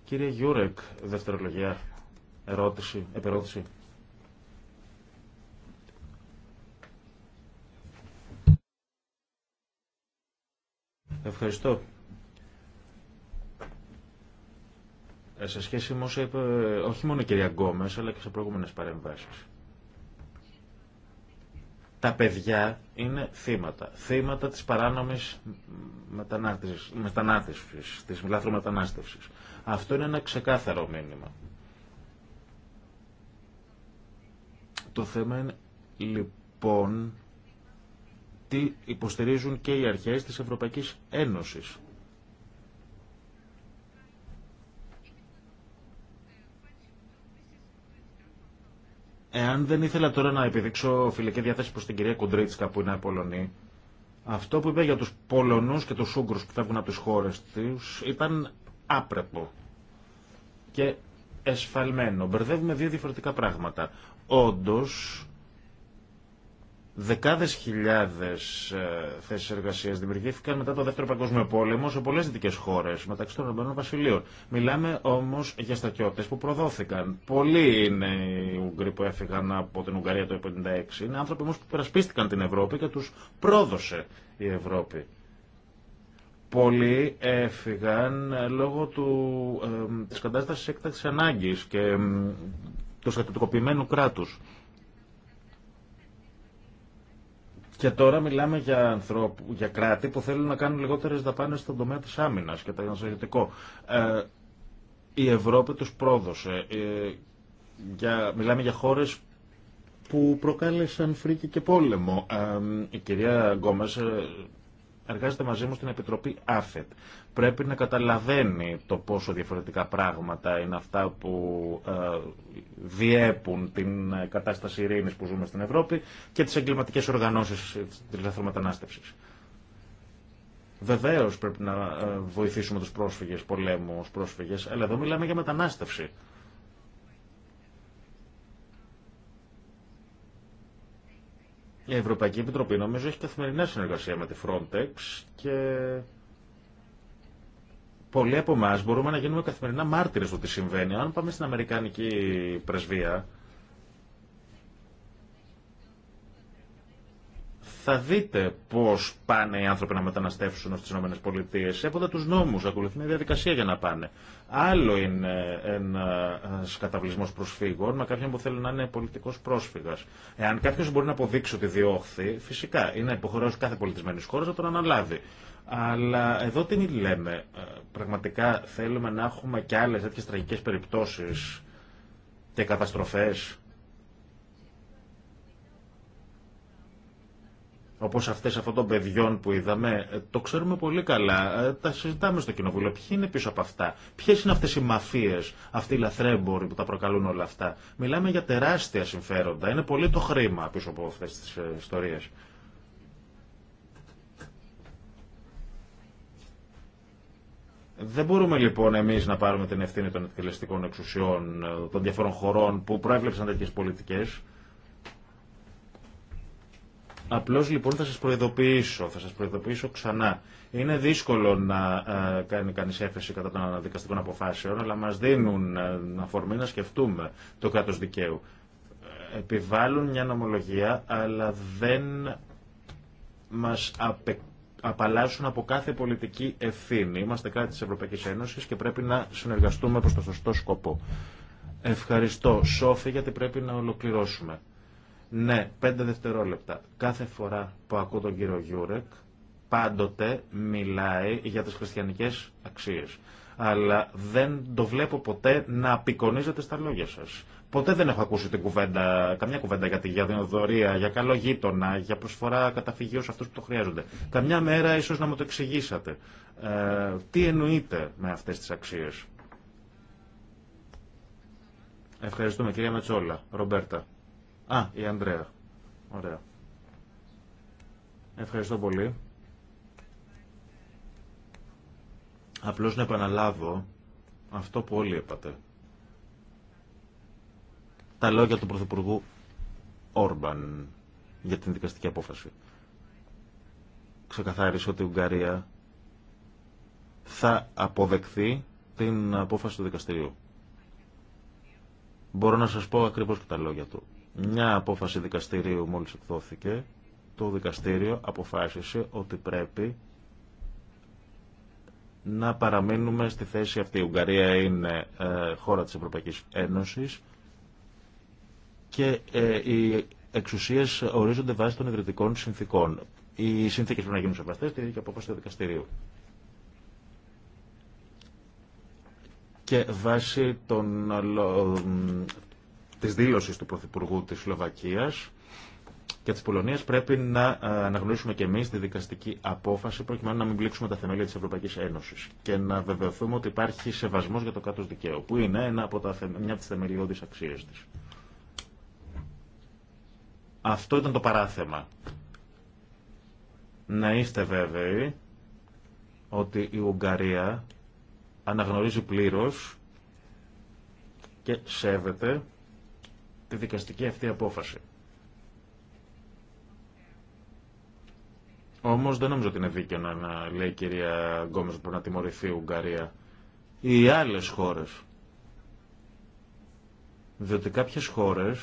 Κύριε Γιούρεκ, δευτερολογία, ερώτηση, επερώτηση. Ευχαριστώ. Ε, σε σχέση με όσα είπε ε, όχι μόνο η κυρία Γκόμες, αλλά και σε προηγούμενες παρεμβάσεις. Τα παιδιά είναι θύματα. Θύματα της παράνομης μετανάστευσης, της της μετανάστευσης. Αυτό είναι ένα ξεκάθαρο μήνυμα. Το θέμα είναι λοιπόν τι υποστηρίζουν και οι αρχές της Ευρωπαϊκής Ένωσης Εάν δεν ήθελα τώρα να επιδείξω φιλική διάθεση προς την κυρία Κοντρίτσκα που είναι Πολωνή, αυτό που είπε για τους Πολωνούς και τους Ούγκρους που φεύγουν από τις χώρες τους ήταν άπρεπο και εσφαλμένο. Μπερδεύουμε δύο διαφορετικά πράγματα. Όντως, Δεκάδες χιλιάδες ε, θέσεις εργασίας δημιουργήθηκαν μετά το Δεύτερο Παγκόσμιο Πόλεμο σε πολλές δυτικές χώρες, μεταξύ των Ηνωμένων Βασιλείων. Μιλάμε όμως για στρατιώτες που προδόθηκαν. Πολλοί είναι οι Ουγγροί που έφυγαν από την Ουγγαρία το 1956. Είναι άνθρωποι όμως που περασπίστηκαν την Ευρώπη και τους πρόδωσε η Ευρώπη. Πολλοί έφυγαν ε, λόγω του, ε, της κατάστασης έκταξης ανάγκης και ε, του στρατιωτικοποιημένου κράτους. Και τώρα μιλάμε για, ανθρώπου, για κράτη που θέλουν να κάνουν λιγότερες δαπάνες στον τομέα της άμυνας και το ενεργητικό. Ε, η Ευρώπη τους πρόδωσε. Ε, για, μιλάμε για χώρες που προκάλεσαν φρίκη και πόλεμο. Ε, η κυρία Γκόμες ε, εργάζεται μαζί μου στην Επιτροπή ΑΦΕΤ. Πρέπει να καταλαβαίνει το πόσο διαφορετικά πράγματα είναι αυτά που ε, διέπουν την ε, κατάσταση ειρήνη που ζούμε στην Ευρώπη και τις εγκληματικές οργανώσεις της λαθρομετανάστευση. Βεβαίω πρέπει να ε, βοηθήσουμε του πρόσφυγε πολέμου, πρόσφυγε, αλλά εδώ μιλάμε για μετανάστευση. Η Ευρωπαϊκή Επιτροπή νομίζω έχει καθημερινά συνεργασία με τη Frontex και πολλοί από εμά μπορούμε να γίνουμε καθημερινά μάρτυρες του τι συμβαίνει. Αν πάμε στην Αμερικανική πρεσβεία, θα δείτε πώ πάνε οι άνθρωποι να μεταναστεύσουν στις ΗΠΑ. Έποτε τους νόμους, ακολουθεί μια διαδικασία για να πάνε. Άλλο είναι ένα καταβλισμός προσφύγων με κάποιον που θέλει να είναι πολιτικό πρόσφυγα. Εάν κάποιο μπορεί να αποδείξει ότι διώχθη, φυσικά είναι υποχρεώσει κάθε πολιτισμένη χώρα, να τον αναλάβει. Αλλά εδώ τι λέμε. Ε, πραγματικά θέλουμε να έχουμε και άλλε τέτοιες τραγικέ περιπτώσει και καταστροφές όπως αυτές αυτών των παιδιών που είδαμε, ε, το ξέρουμε πολύ καλά, ε, τα συζητάμε στο κοινοβούλιο. Ποιοι είναι πίσω από αυτά, ποιες είναι αυτές οι μαφίες, αυτοί οι λαθρέμποροι που τα προκαλούν όλα αυτά. Μιλάμε για τεράστια συμφέροντα, είναι πολύ το χρήμα πίσω από αυτές τις ε, ιστορίες. Δεν μπορούμε λοιπόν εμεί να πάρουμε την ευθύνη των εκτελεστικών εξουσιών των διαφορών χωρών που προέβλεψαν τέτοιε πολιτικέ. Απλώς λοιπόν θα σας προειδοποιήσω, θα σας προειδοποιήσω ξανά. Είναι δύσκολο να ε, κάνει κανείς έφεση κατά των αναδικαστικών αποφάσεων, αλλά μας δίνουν ε, αφορμή να σκεφτούμε το κράτος δικαίου. Επιβάλλουν μια νομολογία, αλλά δεν μας απε, απαλλάσσουν από κάθε πολιτική ευθύνη. Είμαστε κράτη της Ευρωπαϊκής Ένωση και πρέπει να συνεργαστούμε προς το σωστό σκοπό. Ευχαριστώ, Σόφη, γιατί πρέπει να ολοκληρώσουμε. Ναι, πέντε δευτερόλεπτα. Κάθε φορά που ακούω τον κύριο Γιούρεκ, πάντοτε μιλάει για τις χριστιανικές αξίες. Αλλά δεν το βλέπω ποτέ να απεικονίζεται στα λόγια σας. Ποτέ δεν έχω ακούσει κουβέντα, καμιά κουβέντα για τη διαδεοδορία, για καλό γείτονα, για προσφορά καταφυγείου σε αυτούς που το χρειάζονται. Καμιά μέρα ίσως να μου το εξηγήσατε. Ε, τι εννοείτε με αυτές τις αξίες. Ευχαριστούμε κυρία Μετσόλα. Ρομπέρτα. Α, η Ανδρέα. Ωραία. Ευχαριστώ πολύ. Απλώς να επαναλάβω αυτό που όλοι είπατε. Τα λόγια του Πρωθυπουργού Όρμπαν για την δικαστική απόφαση. Ξεκαθάρισε ότι η Ουγγαρία θα αποδεχθεί την απόφαση του δικαστηρίου. Μπορώ να σας πω ακριβώς και τα λόγια του. Μια απόφαση δικαστηρίου μόλις εκδόθηκε. Το δικαστήριο αποφάσισε ότι πρέπει να παραμείνουμε στη θέση αυτή. Η Ουγγαρία είναι ε, χώρα της Ευρωπαϊκής Ένωσης και ε, οι εξουσίες ορίζονται βάσει των ιδρυτικών συνθήκων. Οι συνθήκες πρέπει να γίνουν σεβαστές, τη απόφαση του δικαστηρίου. Και βάσει των ε, της δήλωσης του Πρωθυπουργού της Σλοβακίας και της Πολωνίας πρέπει να ε, αναγνωρίσουμε και εμείς τη δικαστική απόφαση προκειμένου να μην πλήξουμε τα θεμέλια της Ευρωπαϊκής Ένωσης και να βεβαιωθούμε ότι υπάρχει σεβασμός για το κάτω δικαίου που είναι ένα από τα, μια από τις θεμελιώδεις αξίες της. Αυτό ήταν το παράθεμα. Να είστε βέβαιοι ότι η Ουγγαρία αναγνωρίζει πλήρως και σέβεται τη δικαστική αυτή απόφαση. Όμω δεν νομίζω ότι είναι δίκαιο να, λέει η κυρία Γκόμε που να τιμωρηθεί η Ουγγαρία ή οι άλλε χώρε. Διότι κάποιε χώρε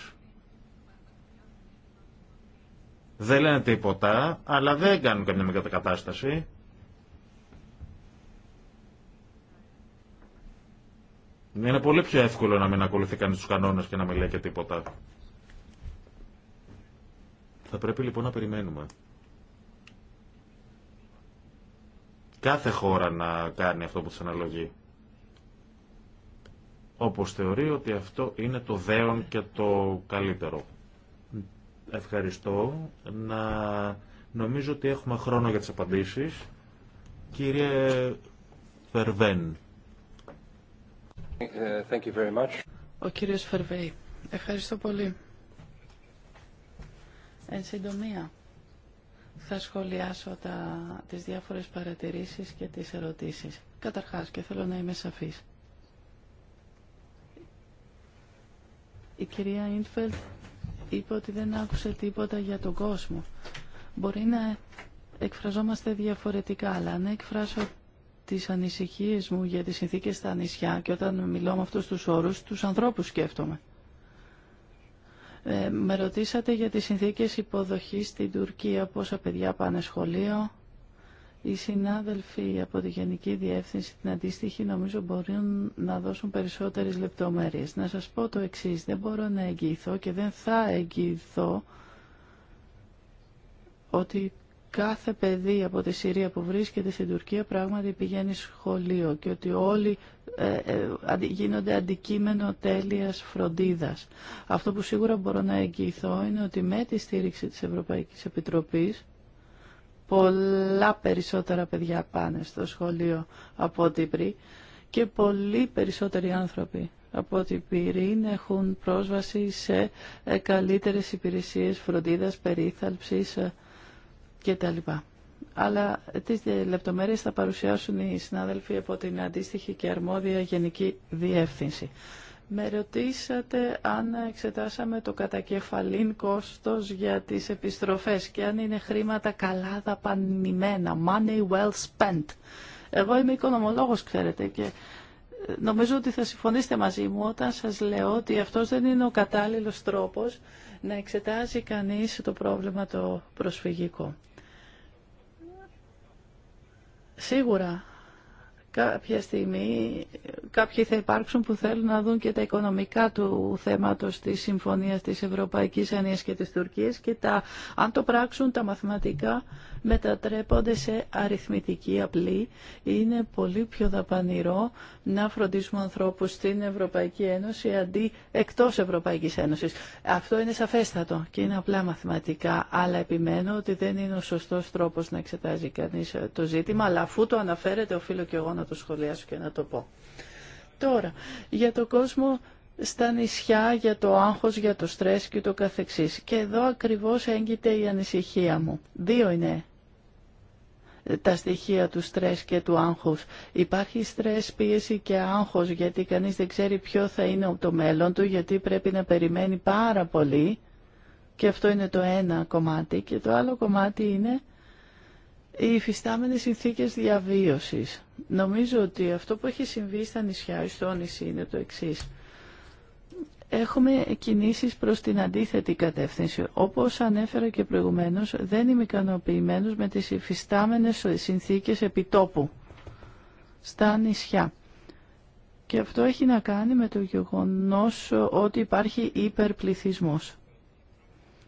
δεν λένε τίποτα, αλλά δεν κάνουν καμιά κατάσταση. Είναι πολύ πιο εύκολο να μην ακολουθεί κανείς τους κανόνες και να μην λέει και τίποτα. Θα πρέπει λοιπόν να περιμένουμε. Κάθε χώρα να κάνει αυτό που της αναλογεί. Όπως θεωρεί ότι αυτό είναι το δέον και το καλύτερο. Ευχαριστώ. Να... Νομίζω ότι έχουμε χρόνο για τις απαντήσεις. Κύριε Φερβέν. Uh, Ο κύριος Φερβέη. Ευχαριστώ πολύ. Εν συντομία, θα σχολιάσω τα, τις διάφορες παρατηρήσεις και τις ερωτήσεις. Καταρχάς, και θέλω να είμαι σαφής. Η κυρία Ίνφελτ είπε ότι δεν άκουσε τίποτα για τον κόσμο. Μπορεί να εκφραζόμαστε διαφορετικά, αλλά αν εκφράσω τις ανησυχίες μου για τις συνθήκες στα νησιά και όταν μιλώ με αυτούς τους όρους, τους ανθρώπους σκέφτομαι. Ε, με ρωτήσατε για τις συνθήκες υποδοχής στην Τουρκία, πόσα παιδιά πάνε σχολείο. Οι συνάδελφοι από τη Γενική Διεύθυνση, την αντίστοιχη, νομίζω μπορούν να δώσουν περισσότερες λεπτομέρειες. Να σας πω το εξής, δεν μπορώ να εγγυηθώ και δεν θα εγγυηθώ ότι κάθε παιδί από τη Συρία που βρίσκεται στην Τουρκία πράγματι πηγαίνει σχολείο και ότι όλοι ε, ε, γίνονται αντικείμενο τέλειας φροντίδας. Αυτό που σίγουρα μπορώ να εγγυηθώ είναι ότι με τη στήριξη της Ευρωπαϊκής Επιτροπής πολλά περισσότερα παιδιά πάνε στο σχολείο από ό,τι πριν και πολλοί περισσότεροι άνθρωποι από ό,τι πριν έχουν πρόσβαση σε ε, καλύτερες υπηρεσίες φροντίδας, περίθαλψης, λοιπά. Αλλά τις λεπτομέρειες θα παρουσιάσουν οι συνάδελφοι από την αντίστοιχη και αρμόδια Γενική Διεύθυνση. Με ρωτήσατε αν εξετάσαμε το κατακεφαλήν κόστος για τις επιστροφές και αν είναι χρήματα καλά δαπανημένα, money well spent. Εγώ είμαι οικονομολόγος, ξέρετε, και νομίζω ότι θα συμφωνήσετε μαζί μου όταν σας λέω ότι αυτός δεν είναι ο κατάλληλος τρόπος να εξετάζει κανείς το πρόβλημα το προσφυγικό. Σίγουρα κάποια στιγμή κάποιοι θα υπάρξουν που θέλουν να δουν και τα οικονομικά του θέματος της Συμφωνίας της Ευρωπαϊκής Ένωσης και της Τουρκίας και τα, αν το πράξουν τα μαθηματικά μετατρέπονται σε αριθμητική απλή. Είναι πολύ πιο δαπανηρό να φροντίσουμε ανθρώπους στην Ευρωπαϊκή Ένωση αντί εκτός Ευρωπαϊκής Ένωσης. Αυτό είναι σαφέστατο και είναι απλά μαθηματικά, αλλά επιμένω ότι δεν είναι ο σωστός τρόπος να εξετάζει κανείς το ζήτημα, αλλά αφού το αναφέρεται οφείλω και εγώ να το σχολιάσω και να το πω. Τώρα, για το κόσμο στα νησιά για το άγχος, για το στρες και το καθεξής. Και εδώ ακριβώς έγκυται η ανησυχία μου. Δύο είναι τα στοιχεία του στρες και του άγχους. Υπάρχει στρες, πίεση και άγχος γιατί κανείς δεν ξέρει ποιο θα είναι το μέλλον του γιατί πρέπει να περιμένει πάρα πολύ και αυτό είναι το ένα κομμάτι και το άλλο κομμάτι είναι οι υφιστάμενες συνθήκες διαβίωσης. Νομίζω ότι αυτό που έχει συμβεί στα νησιά, στο νησί είναι το εξής έχουμε κινήσεις προς την αντίθετη κατεύθυνση. Όπως ανέφερα και προηγουμένως, δεν είμαι ικανοποιημένο με τις υφιστάμενες συνθήκες επιτόπου στα νησιά. Και αυτό έχει να κάνει με το γεγονός ότι υπάρχει υπερπληθυσμός.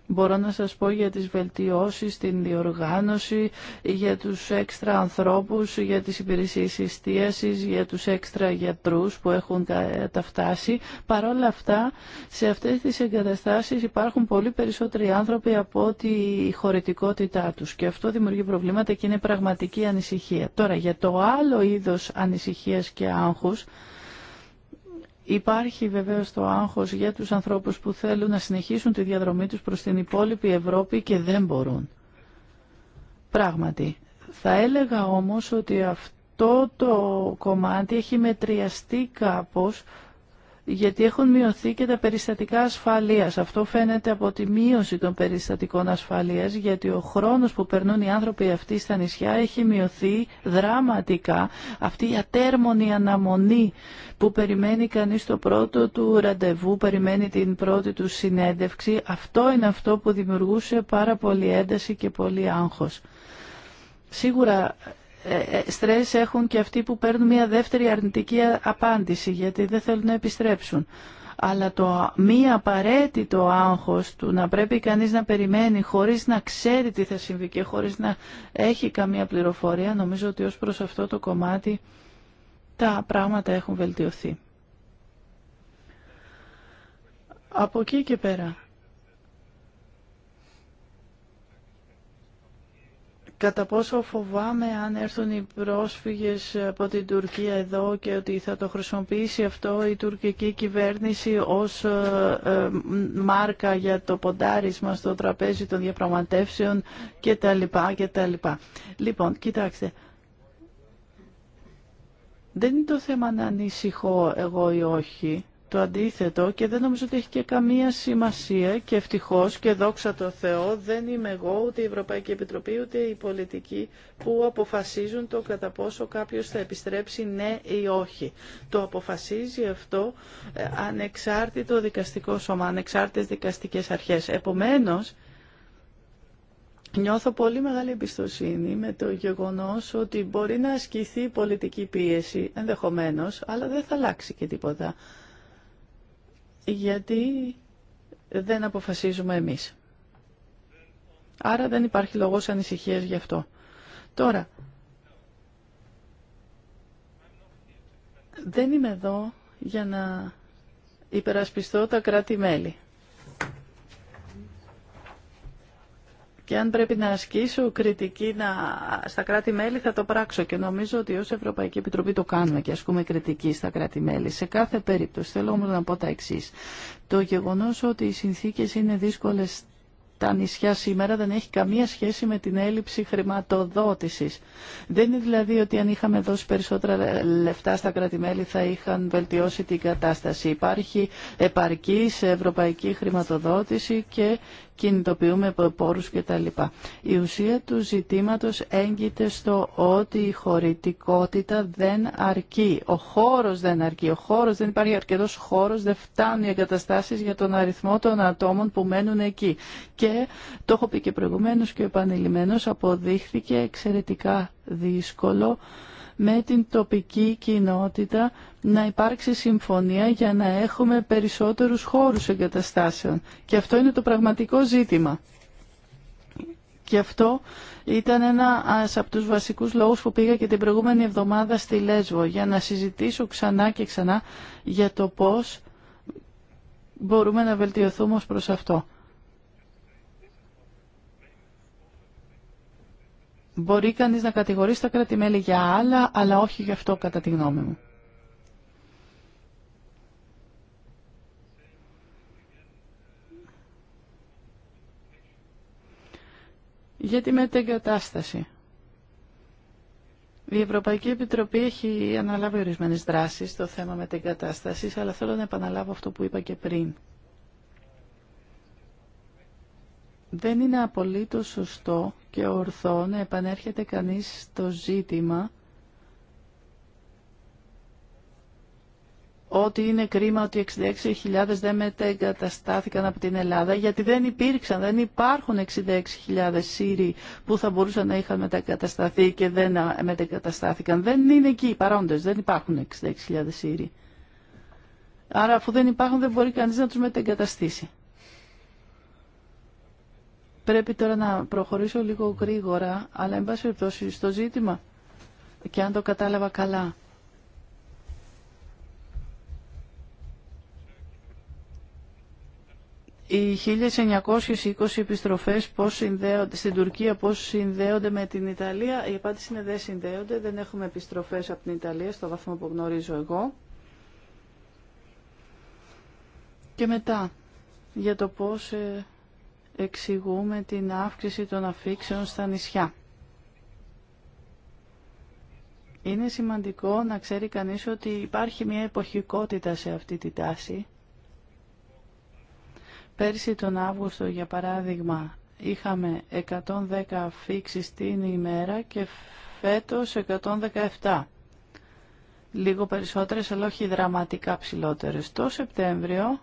Μπορώ να σας πω για τις βελτιώσεις, την διοργάνωση, για τους έξτρα ανθρώπους, για τις υπηρεσίες εστίασης, για τους έξτρα γιατρούς που έχουν καταφτάσει. Παρ' όλα αυτά, σε αυτές τις εγκαταστάσεις υπάρχουν πολύ περισσότεροι άνθρωποι από τη χωρητικότητά τους και αυτό δημιουργεί προβλήματα και είναι πραγματική ανησυχία. Τώρα, για το άλλο είδος ανησυχίας και άγχους, Υπάρχει βεβαίως το άγχος για τους ανθρώπους που θέλουν να συνεχίσουν τη διαδρομή τους προς την υπόλοιπη Ευρώπη και δεν μπορούν. Πράγματι, θα έλεγα όμως ότι αυτό το κομμάτι έχει μετριαστεί κάπως γιατί έχουν μειωθεί και τα περιστατικά ασφαλείας. Αυτό φαίνεται από τη μείωση των περιστατικών ασφαλείας, γιατί ο χρόνος που περνούν οι άνθρωποι αυτοί στα νησιά έχει μειωθεί δραματικά. Αυτή η ατέρμονη αναμονή που περιμένει κανείς το πρώτο του ραντεβού, περιμένει την πρώτη του συνέντευξη, αυτό είναι αυτό που δημιουργούσε πάρα πολύ ένταση και πολύ άγχος. Σίγουρα ε, ε, στρες έχουν και αυτοί που παίρνουν μια δεύτερη αρνητική απάντηση γιατί δεν θέλουν να επιστρέψουν. Αλλά το μη απαραίτητο άγχος του να πρέπει κανείς να περιμένει χωρίς να ξέρει τι θα συμβεί και χωρίς να έχει καμία πληροφορία, νομίζω ότι ως προς αυτό το κομμάτι τα πράγματα έχουν βελτιωθεί. Από εκεί και πέρα Κατά πόσο φοβάμαι αν έρθουν οι πρόσφυγες από την Τουρκία εδώ και ότι θα το χρησιμοποιήσει αυτό η τουρκική κυβέρνηση ως ε, ε, μάρκα για το ποντάρισμα στο τραπέζι των διαπραγματεύσεων κτλ. κτλ. Λοιπόν, κοιτάξτε, δεν είναι το θέμα να ανησυχώ εγώ ή όχι το αντίθετο και δεν νομίζω ότι έχει και καμία σημασία και ευτυχώς και δόξα τω Θεώ δεν είμαι εγώ ούτε η Ευρωπαϊκή Επιτροπή ούτε οι πολιτικοί που αποφασίζουν το κατά πόσο κάποιος θα επιστρέψει ναι ή όχι. Το αποφασίζει αυτό ε, ανεξάρτητο δικαστικό σώμα, ανεξάρτητες δικαστικές αρχές. Επομένως, Νιώθω πολύ μεγάλη εμπιστοσύνη με το γεγονός ότι μπορεί να ασκηθεί πολιτική πίεση, ενδεχομένως, αλλά δεν θα αλλάξει και τίποτα γιατί δεν αποφασίζουμε εμείς. Άρα δεν υπάρχει λόγος ανησυχίας γι' αυτό. Τώρα, δεν είμαι εδώ για να υπερασπιστώ τα κράτη-μέλη. Και αν πρέπει να ασκήσω κριτική να... στα κράτη-μέλη θα το πράξω και νομίζω ότι ως Ευρωπαϊκή Επιτροπή το κάνουμε και ασκούμε κριτική στα κράτη-μέλη. Σε κάθε περίπτωση θέλω όμως να πω τα εξή. Το γεγονός ότι οι συνθήκες είναι δύσκολες τα νησιά σήμερα δεν έχει καμία σχέση με την έλλειψη χρηματοδότησης. Δεν είναι δηλαδή ότι αν είχαμε δώσει περισσότερα λεφτά στα κρατημέλη θα είχαν βελτιώσει την κατάσταση. Υπάρχει επαρκή σε ευρωπαϊκή χρηματοδότηση και κινητοποιούμε πόρους κτλ. Η ουσία του ζητήματος έγκυται στο ότι η χωρητικότητα δεν αρκεί. Ο χώρος δεν αρκεί. Ο χώρος δεν υπάρχει αρκετός χώρος. Δεν φτάνουν οι εγκαταστάσεις για τον αριθμό των ατόμων που μένουν εκεί το έχω πει και προηγουμένως και επανειλημμένως αποδείχθηκε εξαιρετικά δύσκολο με την τοπική κοινότητα να υπάρξει συμφωνία για να έχουμε περισσότερους χώρους εγκαταστάσεων. Και αυτό είναι το πραγματικό ζήτημα. Και αυτό ήταν ένα από τους βασικούς λόγους που πήγα και την προηγούμενη εβδομάδα στη Λέσβο για να συζητήσω ξανά και ξανά για το πώς μπορούμε να βελτιωθούμε ως προς αυτό. Μπορεί κανείς να κατηγορήσει τα κρατη για άλλα, αλλά όχι γι' αυτό κατά τη γνώμη μου. Για τη μετεγκατάσταση. Η Ευρωπαϊκή Επιτροπή έχει αναλάβει ορισμένες δράσεις στο θέμα μετεγκατάστασης, αλλά θέλω να επαναλάβω αυτό που είπα και πριν. Δεν είναι απολύτως σωστό και ορθό να επανέρχεται κανείς στο ζήτημα ότι είναι κρίμα ότι 66.000 δεν μετεγκαταστάθηκαν από την Ελλάδα, γιατί δεν υπήρξαν, δεν υπάρχουν 66.000 Σύριοι που θα μπορούσαν να είχαν μετεγκατασταθεί και δεν μετεγκαταστάθηκαν. Δεν είναι εκεί παρόντες, δεν υπάρχουν 66.000 Σύριοι. Άρα αφού δεν υπάρχουν δεν μπορεί κανείς να τους μετεγκαταστήσει. Πρέπει τώρα να προχωρήσω λίγο γρήγορα, αλλά εν πάση περιπτώσει στο ζήτημα και αν το κατάλαβα καλά. Οι 1920 επιστροφές πώς συνδέονται, στην Τουρκία πώς συνδέονται με την Ιταλία. Η απάντηση είναι δεν συνδέονται, δεν έχουμε επιστροφές από την Ιταλία στο βαθμό που γνωρίζω εγώ. Και μετά, για το πώς ε, εξηγούμε την αύξηση των αφήξεων στα νησιά. Είναι σημαντικό να ξέρει κανείς ότι υπάρχει μια εποχικότητα σε αυτή τη τάση. Πέρσι τον Αύγουστο, για παράδειγμα, είχαμε 110 αφήξεις την ημέρα και φέτος 117. Λίγο περισσότερες, αλλά όχι δραματικά ψηλότερες. Το Σεπτέμβριο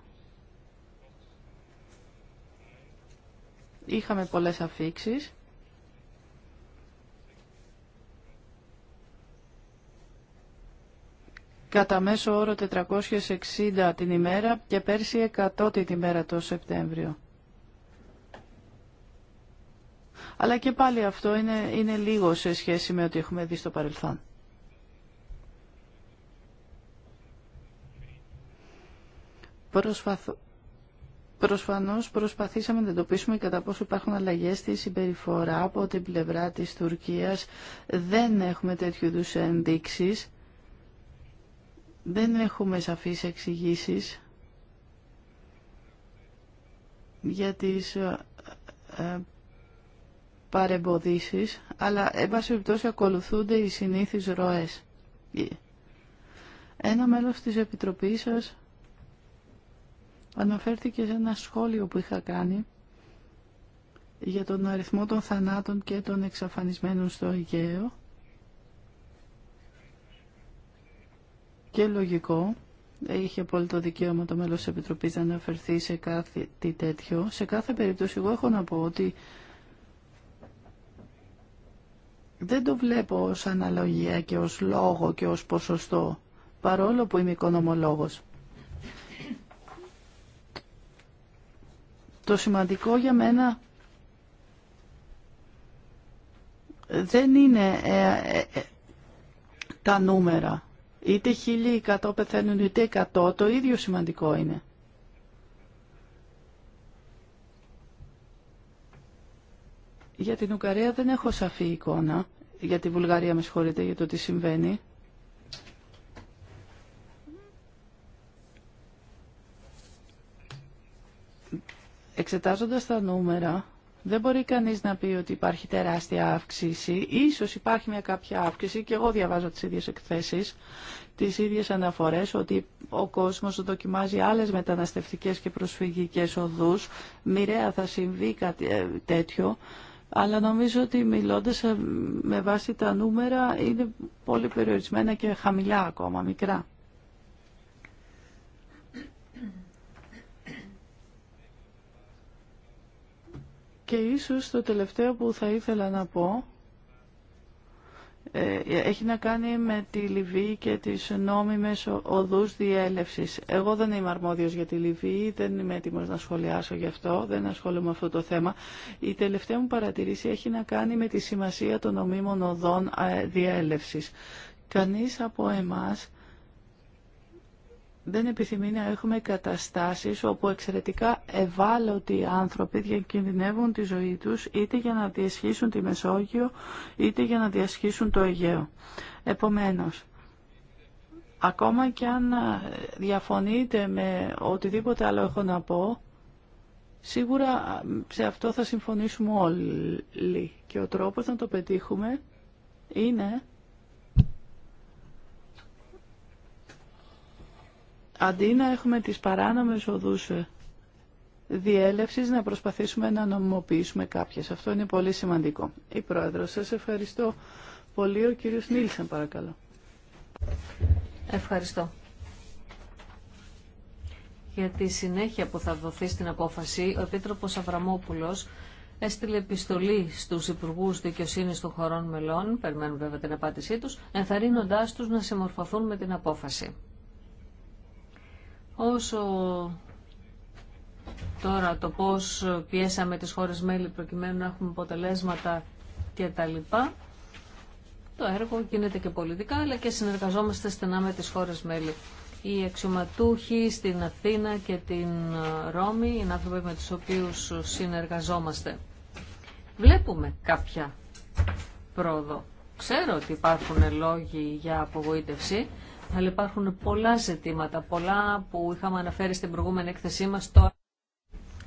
Είχαμε πολλές αφήξεις. Κατά μέσο όρο 460 την ημέρα και πέρσι 100 την ημέρα το Σεπτέμβριο. Αλλά και πάλι αυτό είναι, είναι λίγο σε σχέση με ό,τι έχουμε δει στο παρελθόν. Προσπαθώ, Προσφανώς προσπαθήσαμε να εντοπίσουμε κατά πόσο υπάρχουν αλλαγές στη συμπεριφορά από την πλευρά της Τουρκίας. Δεν έχουμε τέτοιου είδου ενδείξει. Δεν έχουμε σαφείς εξηγήσει για τις ε, ε, παρεμποδίσει, αλλά εν πάση περιπτώσει ακολουθούνται οι συνήθεις ροέ. Ε, ένα μέλος της Επιτροπής σας αναφέρθηκε σε ένα σχόλιο που είχα κάνει για τον αριθμό των θανάτων και των εξαφανισμένων στο Αιγαίο και λογικό είχε πολύ το δικαίωμα το μέλος της Επιτροπής να αναφερθεί σε κάθε τέτοιο. Σε κάθε περίπτωση εγώ έχω να πω ότι δεν το βλέπω ως αναλογία και ως λόγο και ως ποσοστό παρόλο που είμαι οικονομολόγος. Το σημαντικό για μένα δεν είναι ε, ε, ε, τα νούμερα. Είτε 1.100 πεθαίνουν είτε 100, το ίδιο σημαντικό είναι. Για την Ουγγαρία δεν έχω σαφή εικόνα. Για τη Βουλγαρία με συγχωρείτε για το τι συμβαίνει. Εξετάζοντας τα νούμερα, δεν μπορεί κανείς να πει ότι υπάρχει τεράστια αύξηση. Ίσως υπάρχει μια κάποια αύξηση και εγώ διαβάζω τις ίδιες εκθέσεις, τις ίδιες αναφορές ότι ο κόσμος δοκιμάζει άλλες μεταναστευτικές και προσφυγικές οδούς. Μοιραία θα συμβεί κάτι ε, τέτοιο. Αλλά νομίζω ότι μιλώντας ε, με βάση τα νούμερα είναι πολύ περιορισμένα και χαμηλά ακόμα, μικρά. Και ίσως το τελευταίο που θα ήθελα να πω ε, έχει να κάνει με τη Λιβύη και τις νόμιμες οδούς διέλευσης. Εγώ δεν είμαι αρμόδιος για τη Λιβύη, δεν είμαι έτοιμος να σχολιάσω γι' αυτό, δεν ασχολούμαι με αυτό το θέμα. Η τελευταία μου παρατηρήση έχει να κάνει με τη σημασία των νομίμων οδών ε, διέλευσης. Κανείς από εμάς δεν επιθυμεί να έχουμε καταστάσεις όπου εξαιρετικά ευάλωτοι άνθρωποι διακινδυνεύουν τη ζωή τους είτε για να διασχίσουν τη Μεσόγειο είτε για να διασχίσουν το Αιγαίο. Επομένως, ακόμα και αν διαφωνείτε με οτιδήποτε άλλο έχω να πω, σίγουρα σε αυτό θα συμφωνήσουμε όλοι και ο τρόπος να το πετύχουμε είναι Αντί να έχουμε τις παράνομες οδούς ε, διέλευσης, να προσπαθήσουμε να νομιμοποιήσουμε κάποιες. Αυτό είναι πολύ σημαντικό. Η Πρόεδρος, σας ευχαριστώ πολύ. Ο κύριος Νίλσεν, παρακαλώ. Ευχαριστώ. Για τη συνέχεια που θα δοθεί στην απόφαση, ο Επίτροπος Αβραμόπουλος έστειλε επιστολή στους Υπουργούς Δικαιοσύνης των χωρών μελών, περιμένουν βέβαια την απάντησή τους, ενθαρρύνοντάς τους να συμμορφωθούν με την απόφαση. Όσο τώρα το πώς πιέσαμε τις χώρες μέλη προκειμένου να έχουμε αποτελέσματα και τα λοιπά, το έργο γίνεται και πολιτικά, αλλά και συνεργαζόμαστε στενά με τις χώρες μέλη. Οι αξιωματούχοι στην Αθήνα και την Ρώμη είναι άνθρωποι με τους οποίους συνεργαζόμαστε. Βλέπουμε κάποια πρόοδο. Ξέρω ότι υπάρχουν λόγοι για απογοήτευση, αλλά υπάρχουν πολλά ζητήματα, πολλά που είχαμε αναφέρει στην προηγούμενη έκθεσή μας, τώρα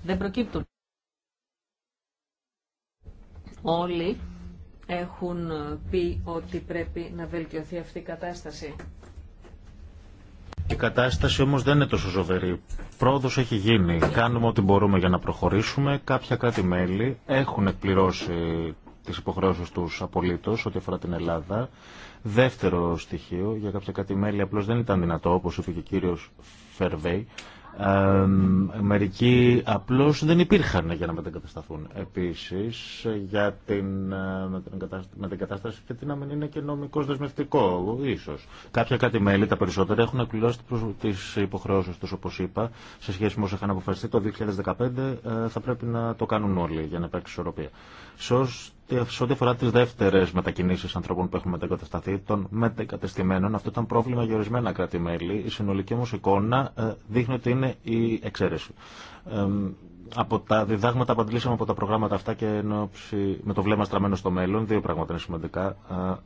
δεν προκύπτουν. Όλοι έχουν πει ότι πρέπει να βελτιωθεί αυτή η κατάσταση. Η κατάσταση όμως δεν είναι τόσο ζωβερή. Πρόοδος έχει γίνει. Κάνουμε ό,τι μπορούμε για να προχωρήσουμε. Κάποια κράτη-μέλη έχουν εκπληρώσει τις υποχρεώσεις τους απολύτως ό,τι αφορά την Ελλάδα. Δεύτερο στοιχείο, για κάποια κάτι μέλη απλώς δεν ήταν δυνατό, όπως είπε και ο κύριος Φερβέη, ε, μερικοί απλώς δεν υπήρχαν για να μετεγκατασταθούν. Επίσης, για την, ε, με την κατάσταση γιατί να μην είναι και νομικός δεσμευτικό, ίσως. Κάποια κάτι μέλη, τα περισσότερα, έχουν εκπληρώσει τις υποχρεώσεις τους, όπως είπα, σε σχέση με όσα είχαν αποφασιστεί το 2015, ε, θα πρέπει να το κάνουν όλοι για να υπάρξει ισορροπία. Σε ό,τι αφορά τι δεύτερε μετακινήσει ανθρώπων που έχουν μετακατασταθεί, των μετεγκατεστημένων, αυτό ήταν πρόβλημα για ορισμένα κράτη-μέλη. Η συνολική όμω εικόνα ε, δείχνει ότι είναι η εξαίρεση. Από τα διδάγματα που αντλήσαμε από τα προγράμματα αυτά και με το βλέμμα στραμμένο στο μέλλον, δύο πράγματα είναι σημαντικά ε,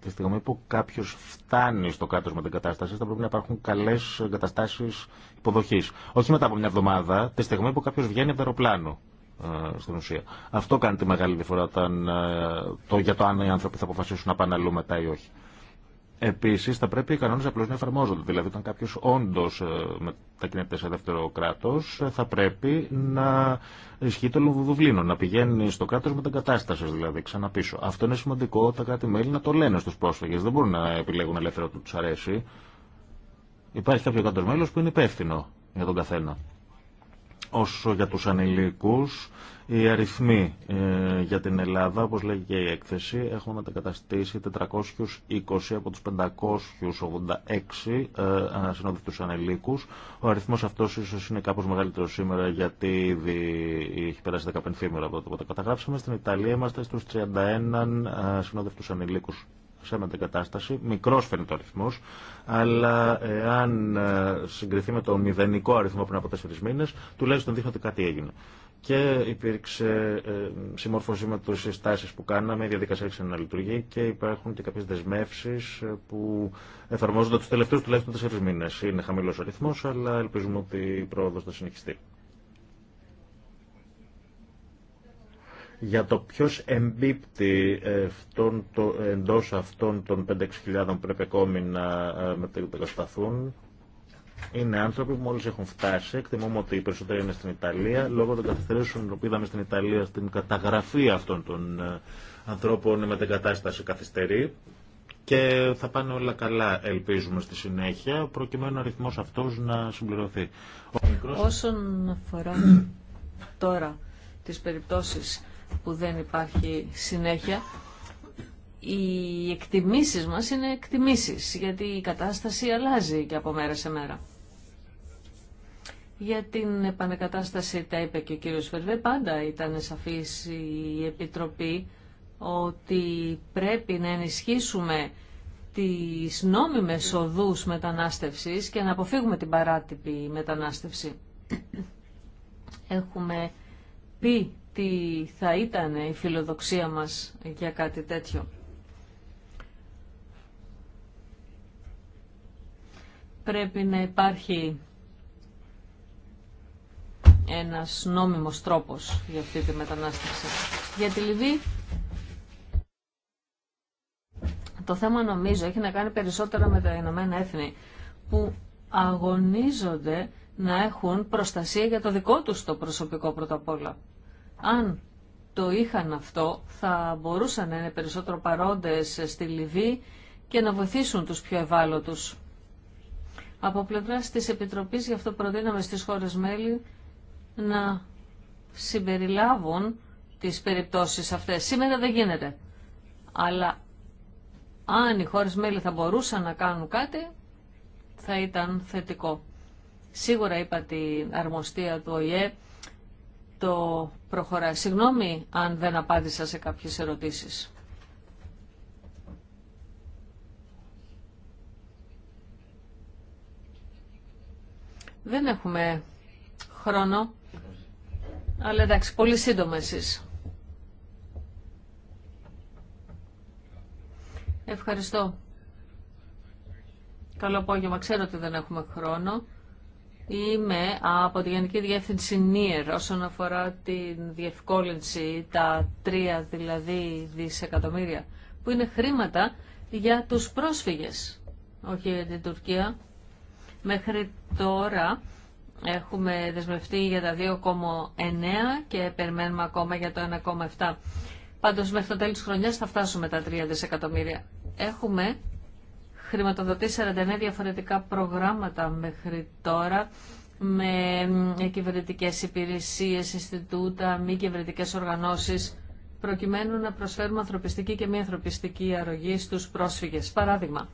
τη στιγμή που κάποιο φτάνει στο κράτο με την κατάσταση, θα πρέπει να υπάρχουν καλέ εγκαταστάσει υποδοχή. Όχι μετά από μια εβδομάδα, τη στιγμή που κάποιο βγαίνει από αεροπλάνο. Ε, στην ουσία. Αυτό κάνει τη μεγάλη διαφορά ε, το, για το αν οι άνθρωποι θα αποφασίσουν να πάνε αλλού μετά ή όχι. Επίση, θα πρέπει οι κανόνε απλώ να εφαρμόζονται. Δηλαδή, όταν κάποιο όντω ε, μετακινείται σε δεύτερο κράτο, θα πρέπει να ισχύει το Λουβουβλίνο, να πηγαίνει στο κράτο με κατάσταση, δηλαδή ξαναπίσω. Αυτό είναι σημαντικό τα κάτι μελη να το λένε στου πρόσφυγε. Δεν μπορούν να επιλέγουν ελεύθερο ό,τι του αρέσει. Υπάρχει κάποιο κράτο μέλο που είναι υπεύθυνο για τον καθένα. Όσο για τους ανηλίκους, οι αριθμοί ε, για την Ελλάδα, όπως λέγει και η έκθεση, έχουν μετακαταστήσει 420 από τους 586 ε, ανασυνόδευτους ανελίκους. Ο αριθμός αυτός ίσως είναι κάπως μεγαλύτερο σήμερα γιατί ήδη έχει περάσει 15 φήμερα από το που τα καταγράψαμε. Στην Ιταλία είμαστε στους 31 ε, συνόδευτους ανελίκους σε αντικατάσταση. Μικρό φαίνεται ο αριθμό, αλλά εάν ε, συγκριθεί με το μηδενικό αριθμό πριν από τέσσερι μήνε, τουλάχιστον δείχνει ότι κάτι έγινε. Και υπήρξε ε, συμμόρφωση με τι συστάσει που κάναμε, η διαδικασία έρχεται να λειτουργεί και υπάρχουν και κάποιε δεσμεύσει ε, που εφαρμόζονται του τελευταίου τουλάχιστον τέσσερι μήνε. Είναι χαμηλό αριθμό, αλλά ελπίζουμε ότι η πρόοδο θα συνεχιστεί. για το ποιο εμπίπτει το, εντός αυτών των 5-6 που πρέπει ακόμη να ε, μετεγκατασταθούν είναι άνθρωποι που μόλι έχουν φτάσει. Εκτιμούμε ότι οι περισσότεροι είναι στην Ιταλία. Λόγω των καθυστερήσεων που είδαμε στην Ιταλία στην καταγραφή αυτών των ε, ανθρώπων με την κατάσταση καθυστερεί. Και θα πάνε όλα καλά, ελπίζουμε, στη συνέχεια, προκειμένου ο αριθμό αυτό να συμπληρωθεί. Όσον αφορά τώρα τι περιπτώσει που δεν υπάρχει συνέχεια. Οι εκτιμήσεις μας είναι εκτιμήσεις, γιατί η κατάσταση αλλάζει και από μέρα σε μέρα. Για την επανεκατάσταση τα είπε και ο κύριος Φερβέ, πάντα ήταν σαφής η Επιτροπή ότι πρέπει να ενισχύσουμε τις νόμιμες οδούς μετανάστευσης και να αποφύγουμε την παράτυπη μετανάστευση. Έχουμε πει τι θα ήταν η φιλοδοξία μας για κάτι τέτοιο. Πρέπει να υπάρχει ένας νόμιμος τρόπος για αυτή τη μετανάστευση. Για τη Λιβύη, το θέμα νομίζω έχει να κάνει περισσότερα με τα Ηνωμένα Έθνη, που αγωνίζονται να έχουν προστασία για το δικό τους το προσωπικό πρώτα απ' όλα. Αν το είχαν αυτό, θα μπορούσαν να είναι περισσότερο παρόντες στη Λιβύη και να βοηθήσουν τους πιο ευάλωτους. Από πλευρά της Επιτροπής, γι' αυτό προτείναμε στις χώρες μέλη να συμπεριλάβουν τις περιπτώσεις αυτές. Σήμερα δεν γίνεται. Αλλά αν οι χώρες μέλη θα μπορούσαν να κάνουν κάτι, θα ήταν θετικό. Σίγουρα είπα την αρμοστία του ΟΗΕ το προχωράει. Συγγνώμη αν δεν απάντησα σε κάποιες ερωτήσεις. Δεν έχουμε χρόνο, αλλά εντάξει, πολύ σύντομα εσείς. Ευχαριστώ. Καλό απόγευμα. Ξέρω ότι δεν έχουμε χρόνο. Είμαι από τη Γενική Διεύθυνση ΝΙΕΡ όσον αφορά τη διευκόλυνση, τα 3 δηλαδή δισεκατομμύρια, που είναι χρήματα για τους πρόσφυγες, όχι για την Τουρκία. Μέχρι τώρα έχουμε δεσμευτεί για τα 2,9 και περιμένουμε ακόμα για το 1,7. Πάντως μέχρι το τέλος της χρονιάς θα φτάσουμε τα 3 δισεκατομμύρια. Έχουμε χρηματοδοτεί 49 διαφορετικά προγράμματα μέχρι τώρα με κυβερνητικέ υπηρεσίες, Ινστιτούτα, μη κυβερνητικέ οργανώσεις προκειμένου να προσφέρουμε ανθρωπιστική και μη ανθρωπιστική αρρωγή στους πρόσφυγες. Παράδειγμα,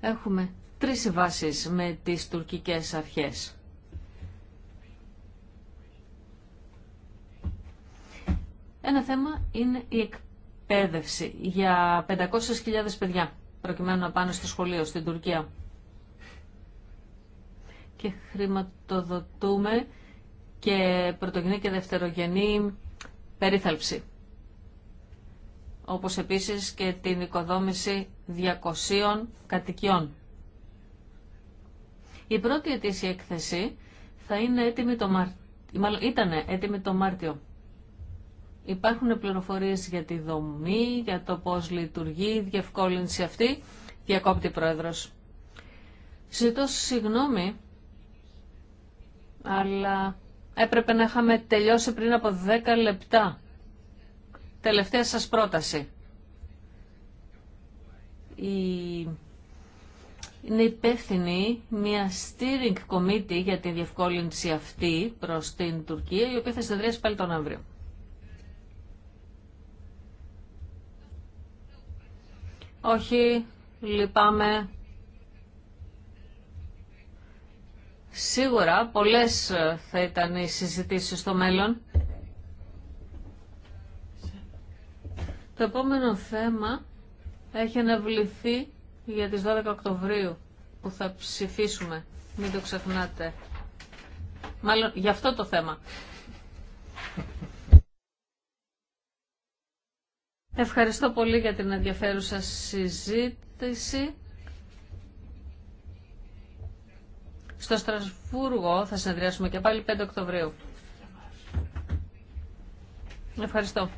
έχουμε τρεις συμβάσεις με τις τουρκικές αρχές. Ένα θέμα είναι η εκπαίδευση για 500.000 παιδιά προκειμένου να πάνε στο σχολείο στην Τουρκία. Και χρηματοδοτούμε και πρωτογενή και δευτερογενή περίθαλψη. Όπως επίσης και την οικοδόμηση 200 κατοικιών. Η πρώτη ετήσια έκθεση θα είναι έτοιμη το Μάρτιο. ήταν έτοιμη το Μάρτιο. Υπάρχουν πληροφορίες για τη δομή, για το πώς λειτουργεί η διευκόλυνση αυτή. Διακόπτη Πρόεδρος. Ζητώ συγγνώμη, αλλά έπρεπε να είχαμε τελειώσει πριν από 10 λεπτά. Τελευταία σας πρόταση. Είναι υπεύθυνη μια steering committee για τη διευκόλυνση αυτή προς την Τουρκία, η οποία θα συνεδρίασει πάλι τον Αύριο. Όχι, λυπάμαι. Σίγουρα πολλές ε, θα ήταν οι συζητήσεις στο μέλλον. Το επόμενο θέμα έχει αναβληθεί για τις 12 Οκτωβρίου που θα ψηφίσουμε. Μην το ξεχνάτε. Μάλλον για αυτό το θέμα. Ευχαριστώ πολύ για την ενδιαφέρουσα συζήτηση. Στο Στρασβούργο θα συνεδριάσουμε και πάλι 5 Οκτωβρίου. Ευχαριστώ.